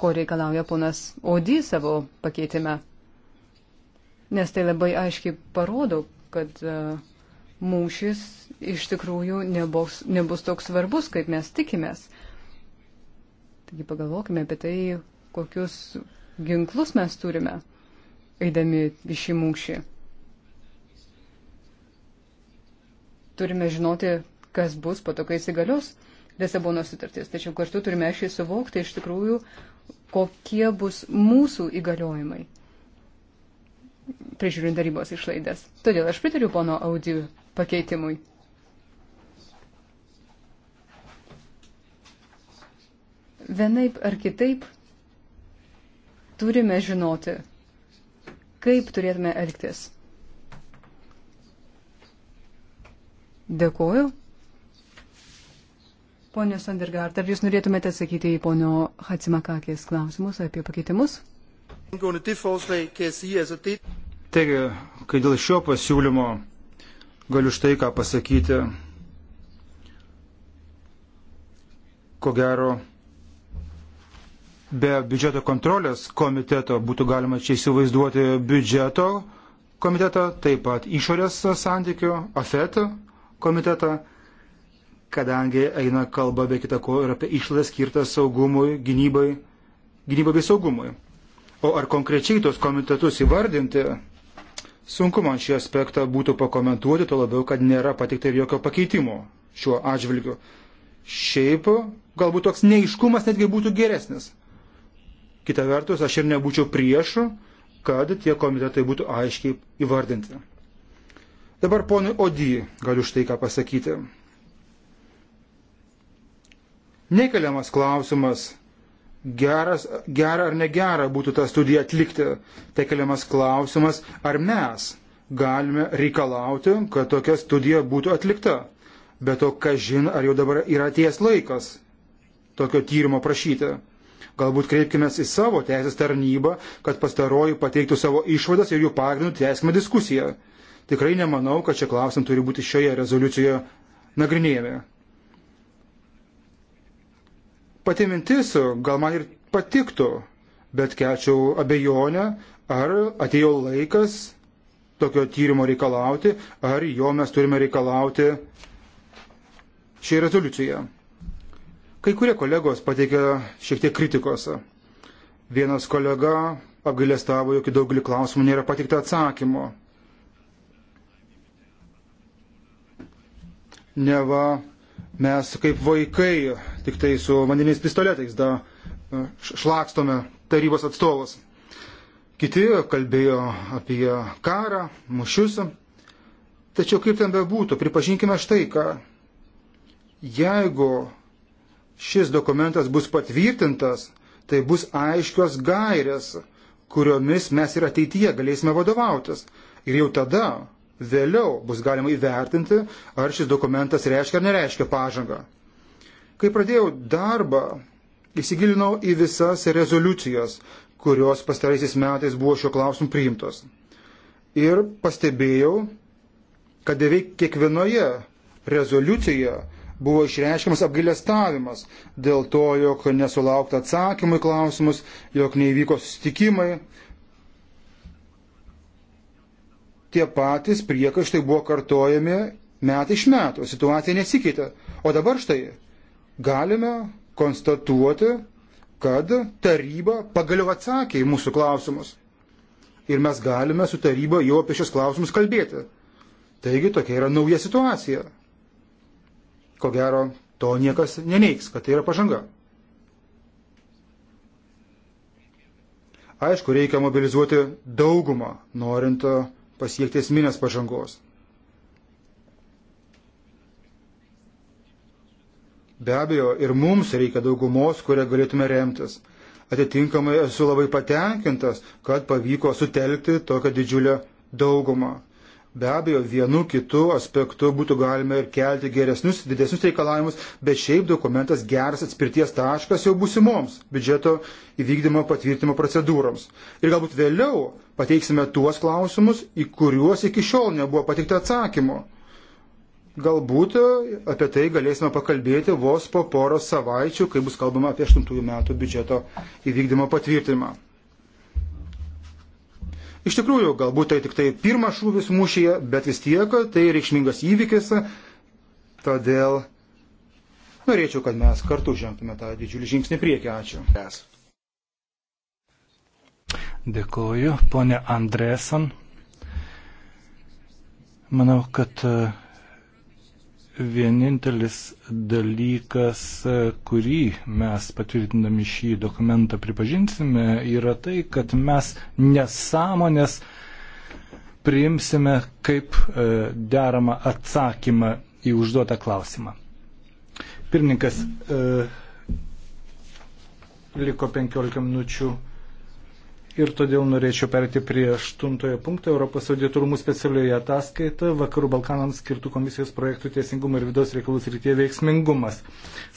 ko reikalauja ponas Odi savo pakeitime. Nes tai labai aiškiai parodo, kad e, mūšis iš tikrųjų nebus, nebus toks svarbus, kaip mes tikimės. Taigi pagalvokime apie tai, kokius ginklus mes turime, eidami į šį mūšį. turime žinoti, kas bus po to, kai įsigalios Lisabono sutartis. Tačiau kartu turime šį suvokti iš tikrųjų, kokie bus mūsų įgaliojimai prižiūrint darybos išlaidas. Todėl aš pritariu pono Audi pakeitimui. Vienaip ar kitaip turime žinoti, kaip turėtume elgtis. Dėkuoju. Pone Sandergaard, ar jūs norėtumėte atsakyti į ponio Hatsimakakės klausimus apie pakeitimus? Taigi, kai dėl šio pasiūlymo galiu štai ką pasakyti, ko gero, be biudžeto kontrolės komiteto būtų galima čia įsivaizduoti biudžeto komitetą, taip pat išorės santykių, afetą komitetą, kadangi eina kalba be kita ko ir apie išlaidas skirtas saugumui, gynybai, gynybai bei saugumui. O ar konkrečiai tos komitetus įvardinti, sunku man šį aspektą būtų pakomentuoti, to labiau, kad nėra patikta ir jokio pakeitimo šiuo atžvilgiu. Šiaip galbūt toks neiškumas netgi būtų geresnis. Kita vertus, aš ir nebūčiau priešų, kad tie komitetai būtų aiškiai įvardinti. Dabar ponui Odijui galiu štai ką pasakyti. Nekeliamas klausimas, geras, gera ar negera būtų tą studiją atlikti. Tai keliamas klausimas, ar mes galime reikalauti, kad tokia studija būtų atlikta. Bet to, ką žin, ar jau dabar yra ties laikas tokio tyrimo prašyti. Galbūt kreipkime į savo teisės tarnybą, kad pastaroji pateiktų savo išvadas ir jų pagrindų tęskime diskusiją tikrai nemanau, kad šie klausimai turi būti šioje rezoliucijoje nagrinėjami. Pati mintis gal man ir patiktų, bet kečiau abejonę, ar atėjo laikas tokio tyrimo reikalauti, ar jo mes turime reikalauti šioje rezoliucijoje. Kai kurie kolegos pateikė šiek tiek kritikos. Vienas kolega apgailestavo, jog į daugelį klausimų nėra pateikta atsakymo. neva mes kaip vaikai tik tai su vandeniais pistoletais da e, šlakstome tarybos atstovus. Kiti kalbėjo apie karą, mušius. Tačiau kaip ten bebūtų, pripažinkime štai ką. Jeigu šis dokumentas bus patvirtintas, tai bus aiškios gairės, kuriomis mes ir ateityje galėsime vadovautis. Ir jau tada vėliau bus galima įvertinti, ar šis dokumentas reiškia ar nereiškia pažangą. Kai pradėjau darbą, įsigilinau į visas rezoliucijas, kurios pastaraisiais metais buvo šio klausimu priimtos. Ir pastebėjau, kad beveik kiekvienoje rezoliucijoje buvo išreiškiamas apgailestavimas dėl to, jog nesulaukta atsakymų į klausimus, jog neįvyko sustikimai, tie patys priekaištai buvo kartojami metai iš metų, situacija nesikeitė. O dabar štai galime konstatuoti, kad taryba pagaliau atsakė į mūsų klausimus. Ir mes galime su taryba jau apie šios klausimus kalbėti. Taigi tokia yra nauja situacija. Ko gero, to niekas neneiks, kad tai yra pažanga. Aišku, reikia mobilizuoti daugumą, norint pasiekti esminės pažangos. Be abejo, ir mums reikia daugumos, kurią galėtume remtis. Atitinkamai esu labai patenkintas, kad pavyko sutelkti tokią didžiulę daugumą. Be abejo, vienu kitu aspektu būtų galima ir kelti geresnius, didesnius reikalavimus, bet šiaip dokumentas geras atspirties taškas jau busimoms biudžeto įvykdymo patvirtimo procedūroms. Ir galbūt vėliau pateiksime tuos klausimus, į kuriuos iki šiol nebuvo pateikta atsakymo. Galbūt e, apie tai galėsime pakalbėti vos po poros savaičių, kai bus kalbama apie 8 metų biudžeto įvykdymo patvirtinimą. Iš tikrųjų, galbūt tai tik tai pirmas šūvis mūšyje, bet vis tiek tai reikšmingas įvykis. Todėl norėčiau, kad mes kartu žengtume tą didžiulį žingsnį priekį. Ačiū. Yes. Dėkuoju, ponė Andresan. Manau, kad vienintelis dalykas, kurį mes patvirtindami šį dokumentą pripažinsime, yra tai, kad mes nesąmonės priimsime kaip e, deramą atsakymą į užduotą klausimą. Pirmininkas, e, liko 15 minučių Ir todėl norėčiau perėti prie aštuntojo punkto Europos audito rūmų specialioje ataskaita Vakarų Balkanams skirtų komisijos projektų teisingumo ir vidaus reikalų srityje veiksmingumas.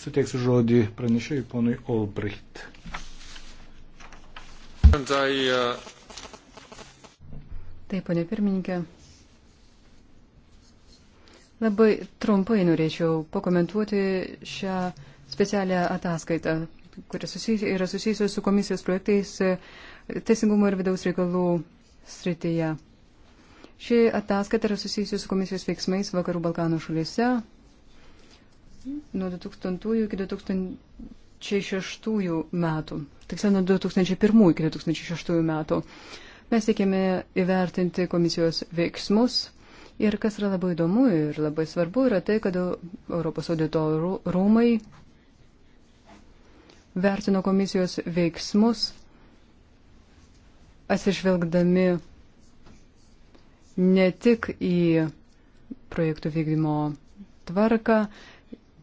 Suteiksiu žodį pranešėjui ponui Olbricht. Taip, ponė pirmininkė. Labai trumpai norėčiau pakomentuoti šią specialią ataskaitą, kuri susijusi, yra susijusi su komisijos projektais teisingumo ir vidaus reikalų srityje. Ši ataskaita yra susijusi su komisijos veiksmais Vakarų Balkanų šalyse nuo 2000 iki 2006 metų. Tiksliau, nuo 2001 iki 2006 metų. Mes tikėme įvertinti komisijos veiksmus ir kas yra labai įdomu ir labai svarbu yra tai, kad Europos audito rūmai vertino komisijos veiksmus atsižvelgdami ne tik į projektų vykdymo tvarką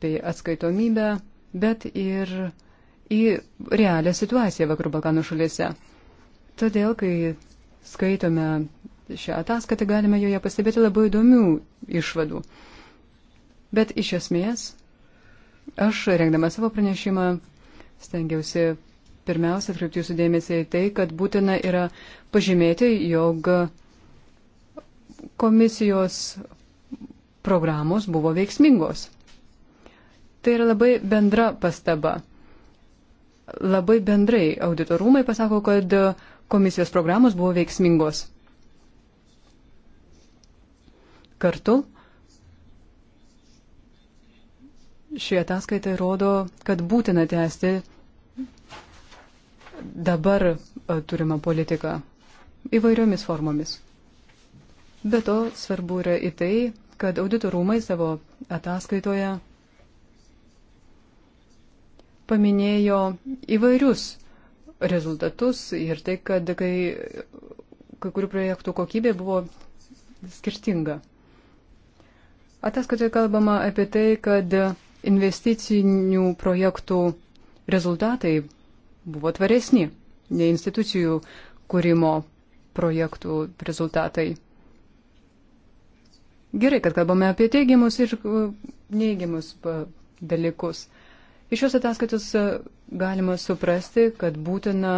bei atskaitomybę, bet ir į realią situaciją Vakarų Balkanų šalyse. Todėl, kai skaitome šią ataskaitą, galime joje pastebėti labai įdomių išvadų. Bet iš esmės, aš rengdama savo pranešimą stengiausi pirmiausia atkreipti jūsų dėmesį į tai, kad būtina yra pažymėti, jog komisijos programos buvo veiksmingos. Tai yra labai bendra pastaba. Labai bendrai auditorumai pasako, kad komisijos programos buvo veiksmingos. Kartu ši ataskaita rodo, kad būtina tęsti dabar e, turimą politiką įvairiomis formomis. Be to svarbu yra į tai, kad audito rūmai savo ataskaitoje paminėjo įvairius rezultatus ir tai, kad kai, kai kurių projektų kokybė buvo skirtinga. Ataskaitoje kalbama apie tai, kad investicinių projektų rezultatai buvo tvaresni nei institucijų kūrimo projektų rezultatai. Gerai, kad kalbame apie teigiamus ir e, neigiamus e, dalykus. Iš šios ataskaitos e, galima suprasti, kad būtina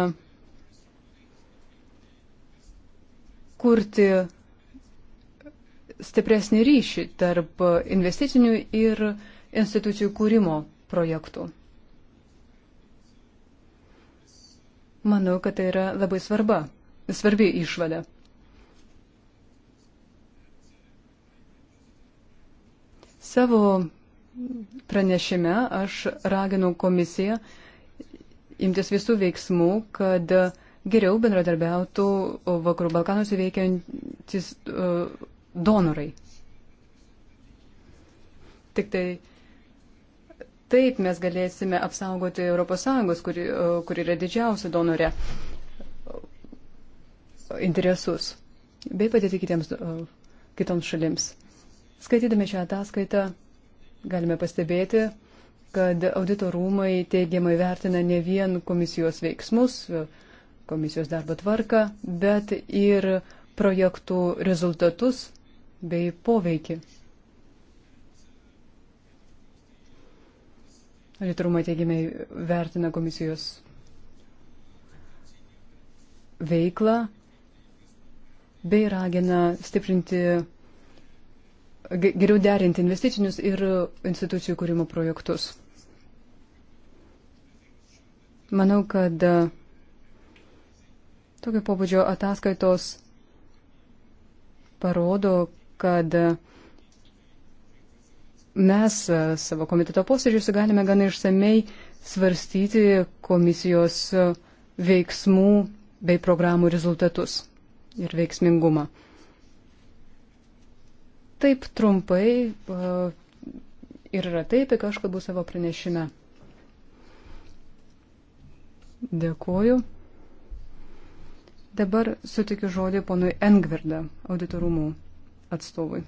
kurti stipresnį ryšį tarp investicinių ir institucijų kūrimo projektų. Manau, kad tai yra labai svarba, svarbi išvada. Savo pranešime aš raginau komisiją imtis visų veiksmų, kad geriau bendradarbiautų Vakarų Balkanuose veikiantis uh, donorai. Tik tai taip mes galėsime apsaugoti ES, kuri, e, kuri yra didžiausia donorė, e, interesus, bei padėti kitiems, e, kitoms šalims. Skaitydami šią ataskaitą galime pastebėti, kad audito rūmai teigiamai vertina ne vien komisijos veiksmus, komisijos darbo tvarką, bet ir projektų rezultatus bei poveikį. Auditorumai teigiamai vertina komisijos veiklą bei ragina stiprinti, geriau derinti investicinius ir institucijų kūrimo projektus. Manau, kad tokio pobūdžio ataskaitos parodo, kad mes e, savo komiteto posėdžiuose galime gana išsamei svarstyti komisijos e, veiksmų bei programų rezultatus ir veiksmingumą. Taip trumpai e, ir yra taip, apie ką aš kalbu savo pranešime. Dėkuoju. Dabar sutikiu žodį ponui Engverdą, auditorumų atstovui.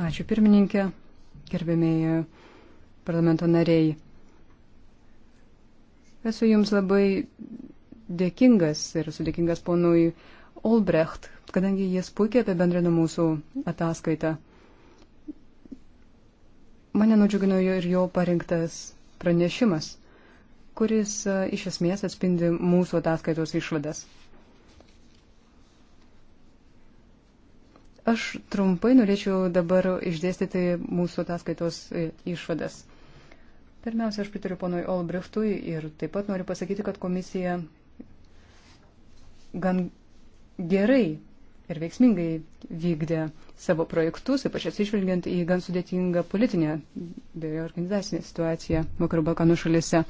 Ačiū pirmininkė, gerbėmėjai parlamento nariai. Esu Jums labai dėkingas ir esu dėkingas ponui Olbrecht, kadangi jis puikiai apibendrino mūsų ataskaitą. Mane nudžiugino ir jo parinktas pranešimas, kuris e, iš esmės atspindi mūsų ataskaitos išvadas. Aš trumpai norėčiau dabar išdėstyti mūsų ataskaitos e, išvadas. Pirmiausia, aš pritariu ponui Olbrichtui ir taip pat noriu pasakyti, kad komisija gan gerai ir veiksmingai vykdė savo projektus, ypač atsižvelgiant į gan sudėtingą politinę bei organizacinę situaciją Vakarų Balkanų šalise.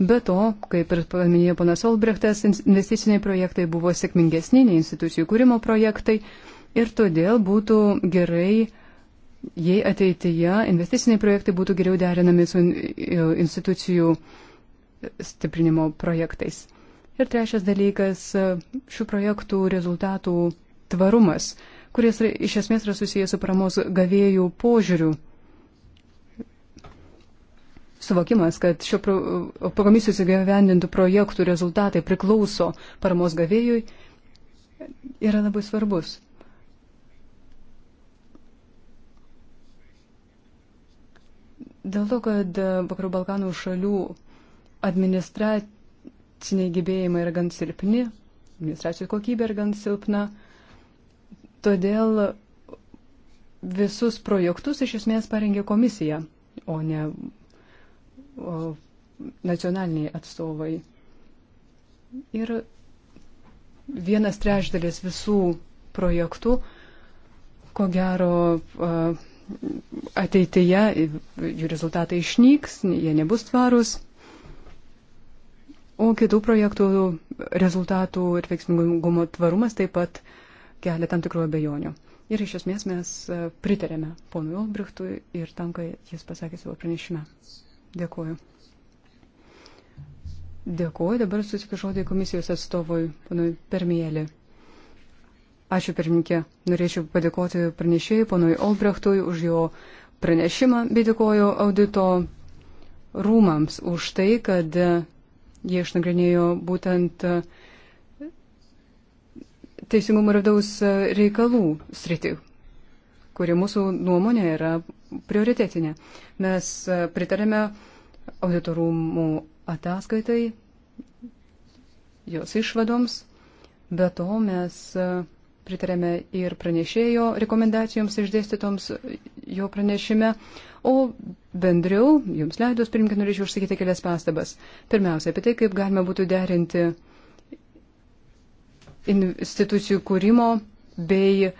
Be to, kaip ir paminėjo ponas Olbrechtas, investiciniai projektai buvo sėkmingesni nei institucijų kūrimo projektai. Ir todėl būtų gerai, jei ateityje investiciniai projektai būtų geriau derinami su e, institucijų stiprinimo projektais. Ir trečias dalykas - šių projektų rezultatų tvarumas, kuris iš esmės yra susijęs su paramos gavėjų požiūriu. Suvokimas, kad šio pro, komisijos įgyvendintų projektų rezultatai priklauso paramos gavėjui, yra labai svarbus. Dėl to, kad e, vakarų Balkanų šalių administraciniai gebėjimai yra gan silpni, administracijos kokybė yra gan silpna, todėl visus projektus iš esmės parengė komisija, o ne o, nacionaliniai atstovai. Ir vienas trečdalis visų projektų, ko gero, uh, ateityje jų rezultatai išnyks, jie nebus tvarūs. O kitų projektų rezultatų ir veiksmingumo tvarumas taip pat kelia tam tikrų abejonių. Ir iš esmės mes e, pritarėme ponui Olbrichtui ir tam, kai jis pasakė savo pranešime. Dėkuoju. Dėkuoju, dabar susikažodį komisijos atstovui, ponui Permėlį. Ačiū pirmininkė. Norėčiau padėkoti pranešėjai, ponui Olbrechtui, už jo pranešimą, bei dėkoju audito rūmams už tai, kad jie išnagrinėjo būtent teisingumo ir vidaus reikalų sritį, kuri mūsų nuomonė yra prioritetinė. Mes pritarėme auditorumų ataskaitai, jos išvadoms, be to mes pritarėme ir pranešėjo rekomendacijoms išdėstytoms jo pranešime, o bendriau, jums leidus, pirmininkai, norėčiau užsakyti kelias pastabas. Pirmiausia, apie tai, kaip galima būtų derinti institucijų kūrimo bei e,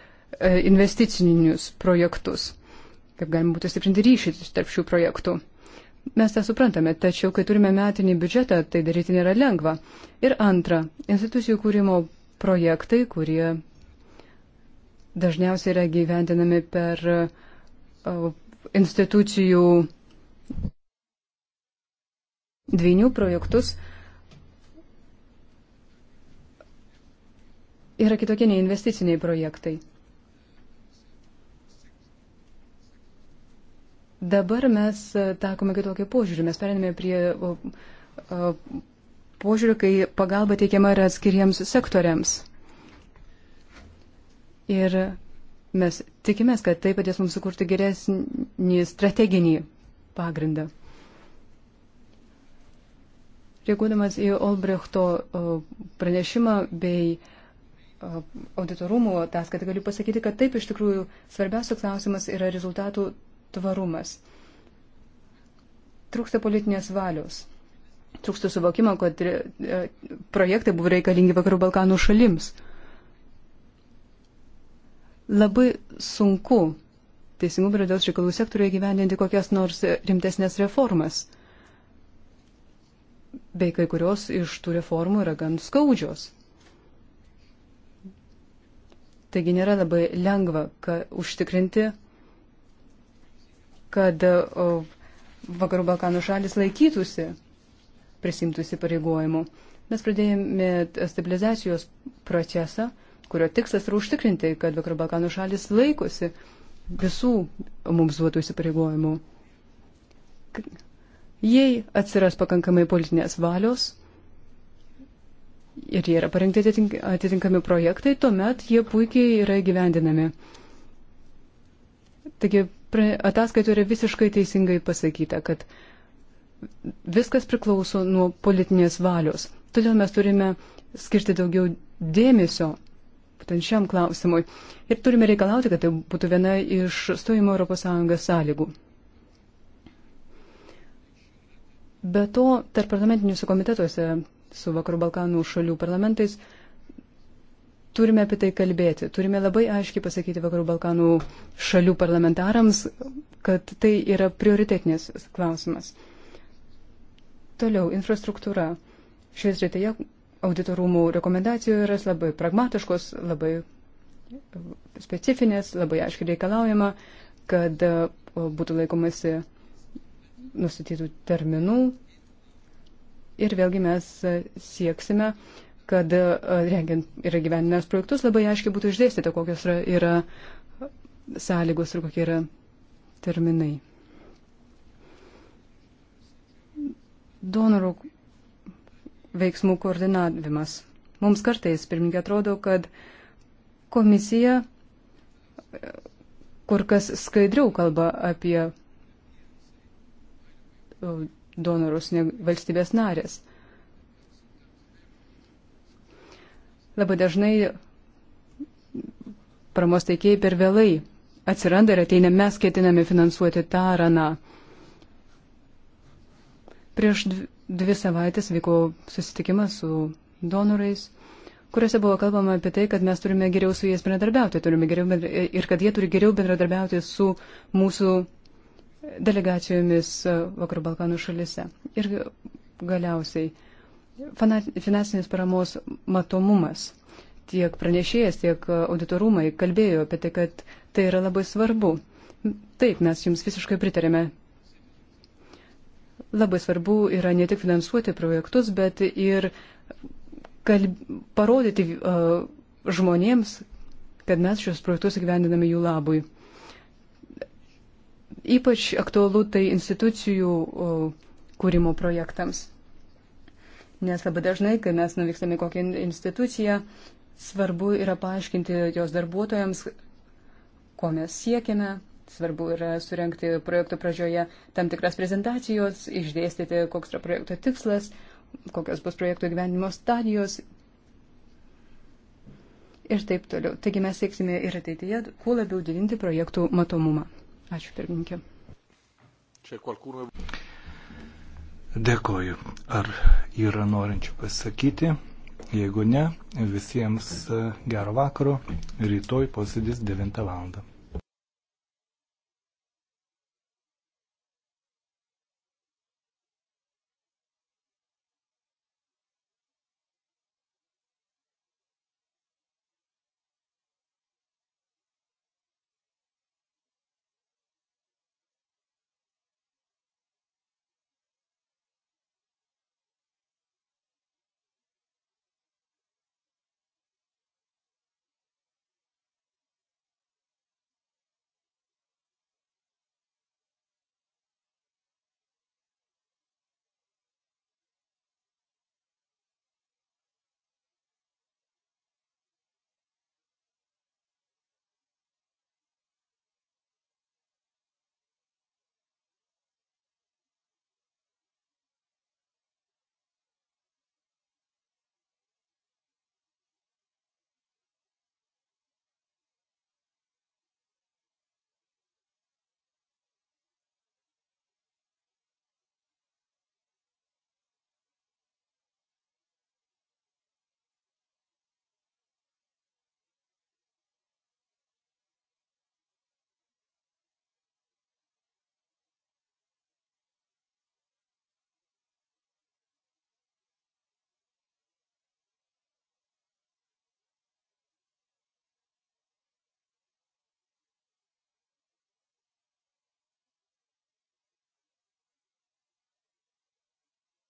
investicinius projektus, kaip galima būtų stiprinti ryšį tarp šių projektų. Mes tą suprantame, tačiau kai turime metinį biudžetą, tai daryti nėra lengva. Ir antra, institucijų kūrimo projektai, kurie dažniausiai yra gyventinami per e, institucijų dvinių projektus, yra kitokie nei investiciniai projektai. Dabar mes e, takome kitokį požiūrį. Mes perėmėme prie požiūrių, kai pagalba teikiama yra atskiriems sektoriams. Ir mes tikimės, kad tai padės mums sukurti geresnį strateginį pagrindą. Reaguodamas į Olbrechto pranešimą bei auditorumų ataskaitą, galiu pasakyti, kad taip iš tikrųjų svarbiausias klausimas yra rezultatų tvarumas. Trūksta politinės valios. Trūksta suvokimo, kad e, projektai buvo reikalingi Vakarų Balkanų šalims labai sunku teisingumo ir vidaus reikalų sektoriuje gyvendinti kokias nors rimtesnės reformas. Bei kai kurios iš tų reformų yra gan skaudžios. Taigi nėra labai lengva ka, užtikrinti, kad o, vakarų Balkanų šalis laikytųsi prisimtųsi pareigojimų. Mes pradėjome stabilizacijos procesą kurio tikslas yra užtikrinti, kad Vakarų Balkanų šalis laikosi visų mums duotų įsipareigojimų. Jei atsiras pakankamai politinės valios ir jie yra parengti atitinkami projektai, tuomet jie puikiai yra gyvendinami. Taigi ataskaitoje yra visiškai teisingai pasakyta, kad viskas priklauso nuo politinės valios. Todėl mes turime skirti daugiau dėmesio būtent šiam klausimui. Ir turime reikalauti, kad tai būtų viena iš stojimo ES sąlygų. Be to, tarp parlamentiniuose komitetuose su Vakarų Balkanų šalių parlamentais turime apie tai kalbėti. Turime labai aiškiai pasakyti Vakarų Balkanų šalių parlamentarams, kad tai yra prioritetinis klausimas. Toliau, infrastruktūra. Šioje srityje auditorumų rekomendacijų yra labai pragmatiškos, labai specifinės, labai aiškiai reikalaujama, kad e, būtų laikomasi nustatytų terminų. Ir vėlgi mes e, sieksime, kad e, rengiant ir gyveninės projektus labai aiškiai būtų išdėstyta, kokios yra, yra sąlygos ir kokie yra terminai. Donorų veiksmų koordinavimas. Mums kartais, pirmininkė, atrodo, kad komisija e, kur kas skaidriau kalba apie e, donorus valstybės narės. Labai dažnai paramos teikėjai per vėlai atsiranda ir ateina mes ketiname finansuoti tą raną. Prieš dvi, dvi savaitės vyko susitikimas su donorais, kuriuose buvo kalbama apie tai, kad mes turime geriau su jais bendradarbiauti turime geriau, ir kad jie turi geriau bendradarbiauti su mūsų delegacijomis e, Vakarų Balkanų šalise. Ir galiausiai finansinės paramos matomumas. Tiek pranešėjas, tiek auditorumai kalbėjo apie tai, kad tai yra labai svarbu. Taip, mes jums visiškai pritarėme Labai svarbu yra ne tik finansuoti projektus, bet ir kalb... parodyti uh, žmonėms, kad mes šios projektus įgyvendiname jų labui. Ypač aktualu tai institucijų uh, kūrimo projektams. Nes labai dažnai, kai mes nuvykstame kokią instituciją, svarbu yra paaiškinti jos darbuotojams, ko mes siekiame, Svarbu yra surenkti projekto pradžioje tam tikras prezentacijos, išdėstyti, koks yra projekto tikslas, kokios bus projekto gyvenimo stadijos ir taip toliau. Taigi mes sieksime ir ateityje kuo labiau didinti projektų matomumą. Ačiū, pirmininkė. Dėkoju. Ar yra norinčių pasakyti? Jeigu ne, visiems e, gero vakaro. Rytoj posėdis 9 val.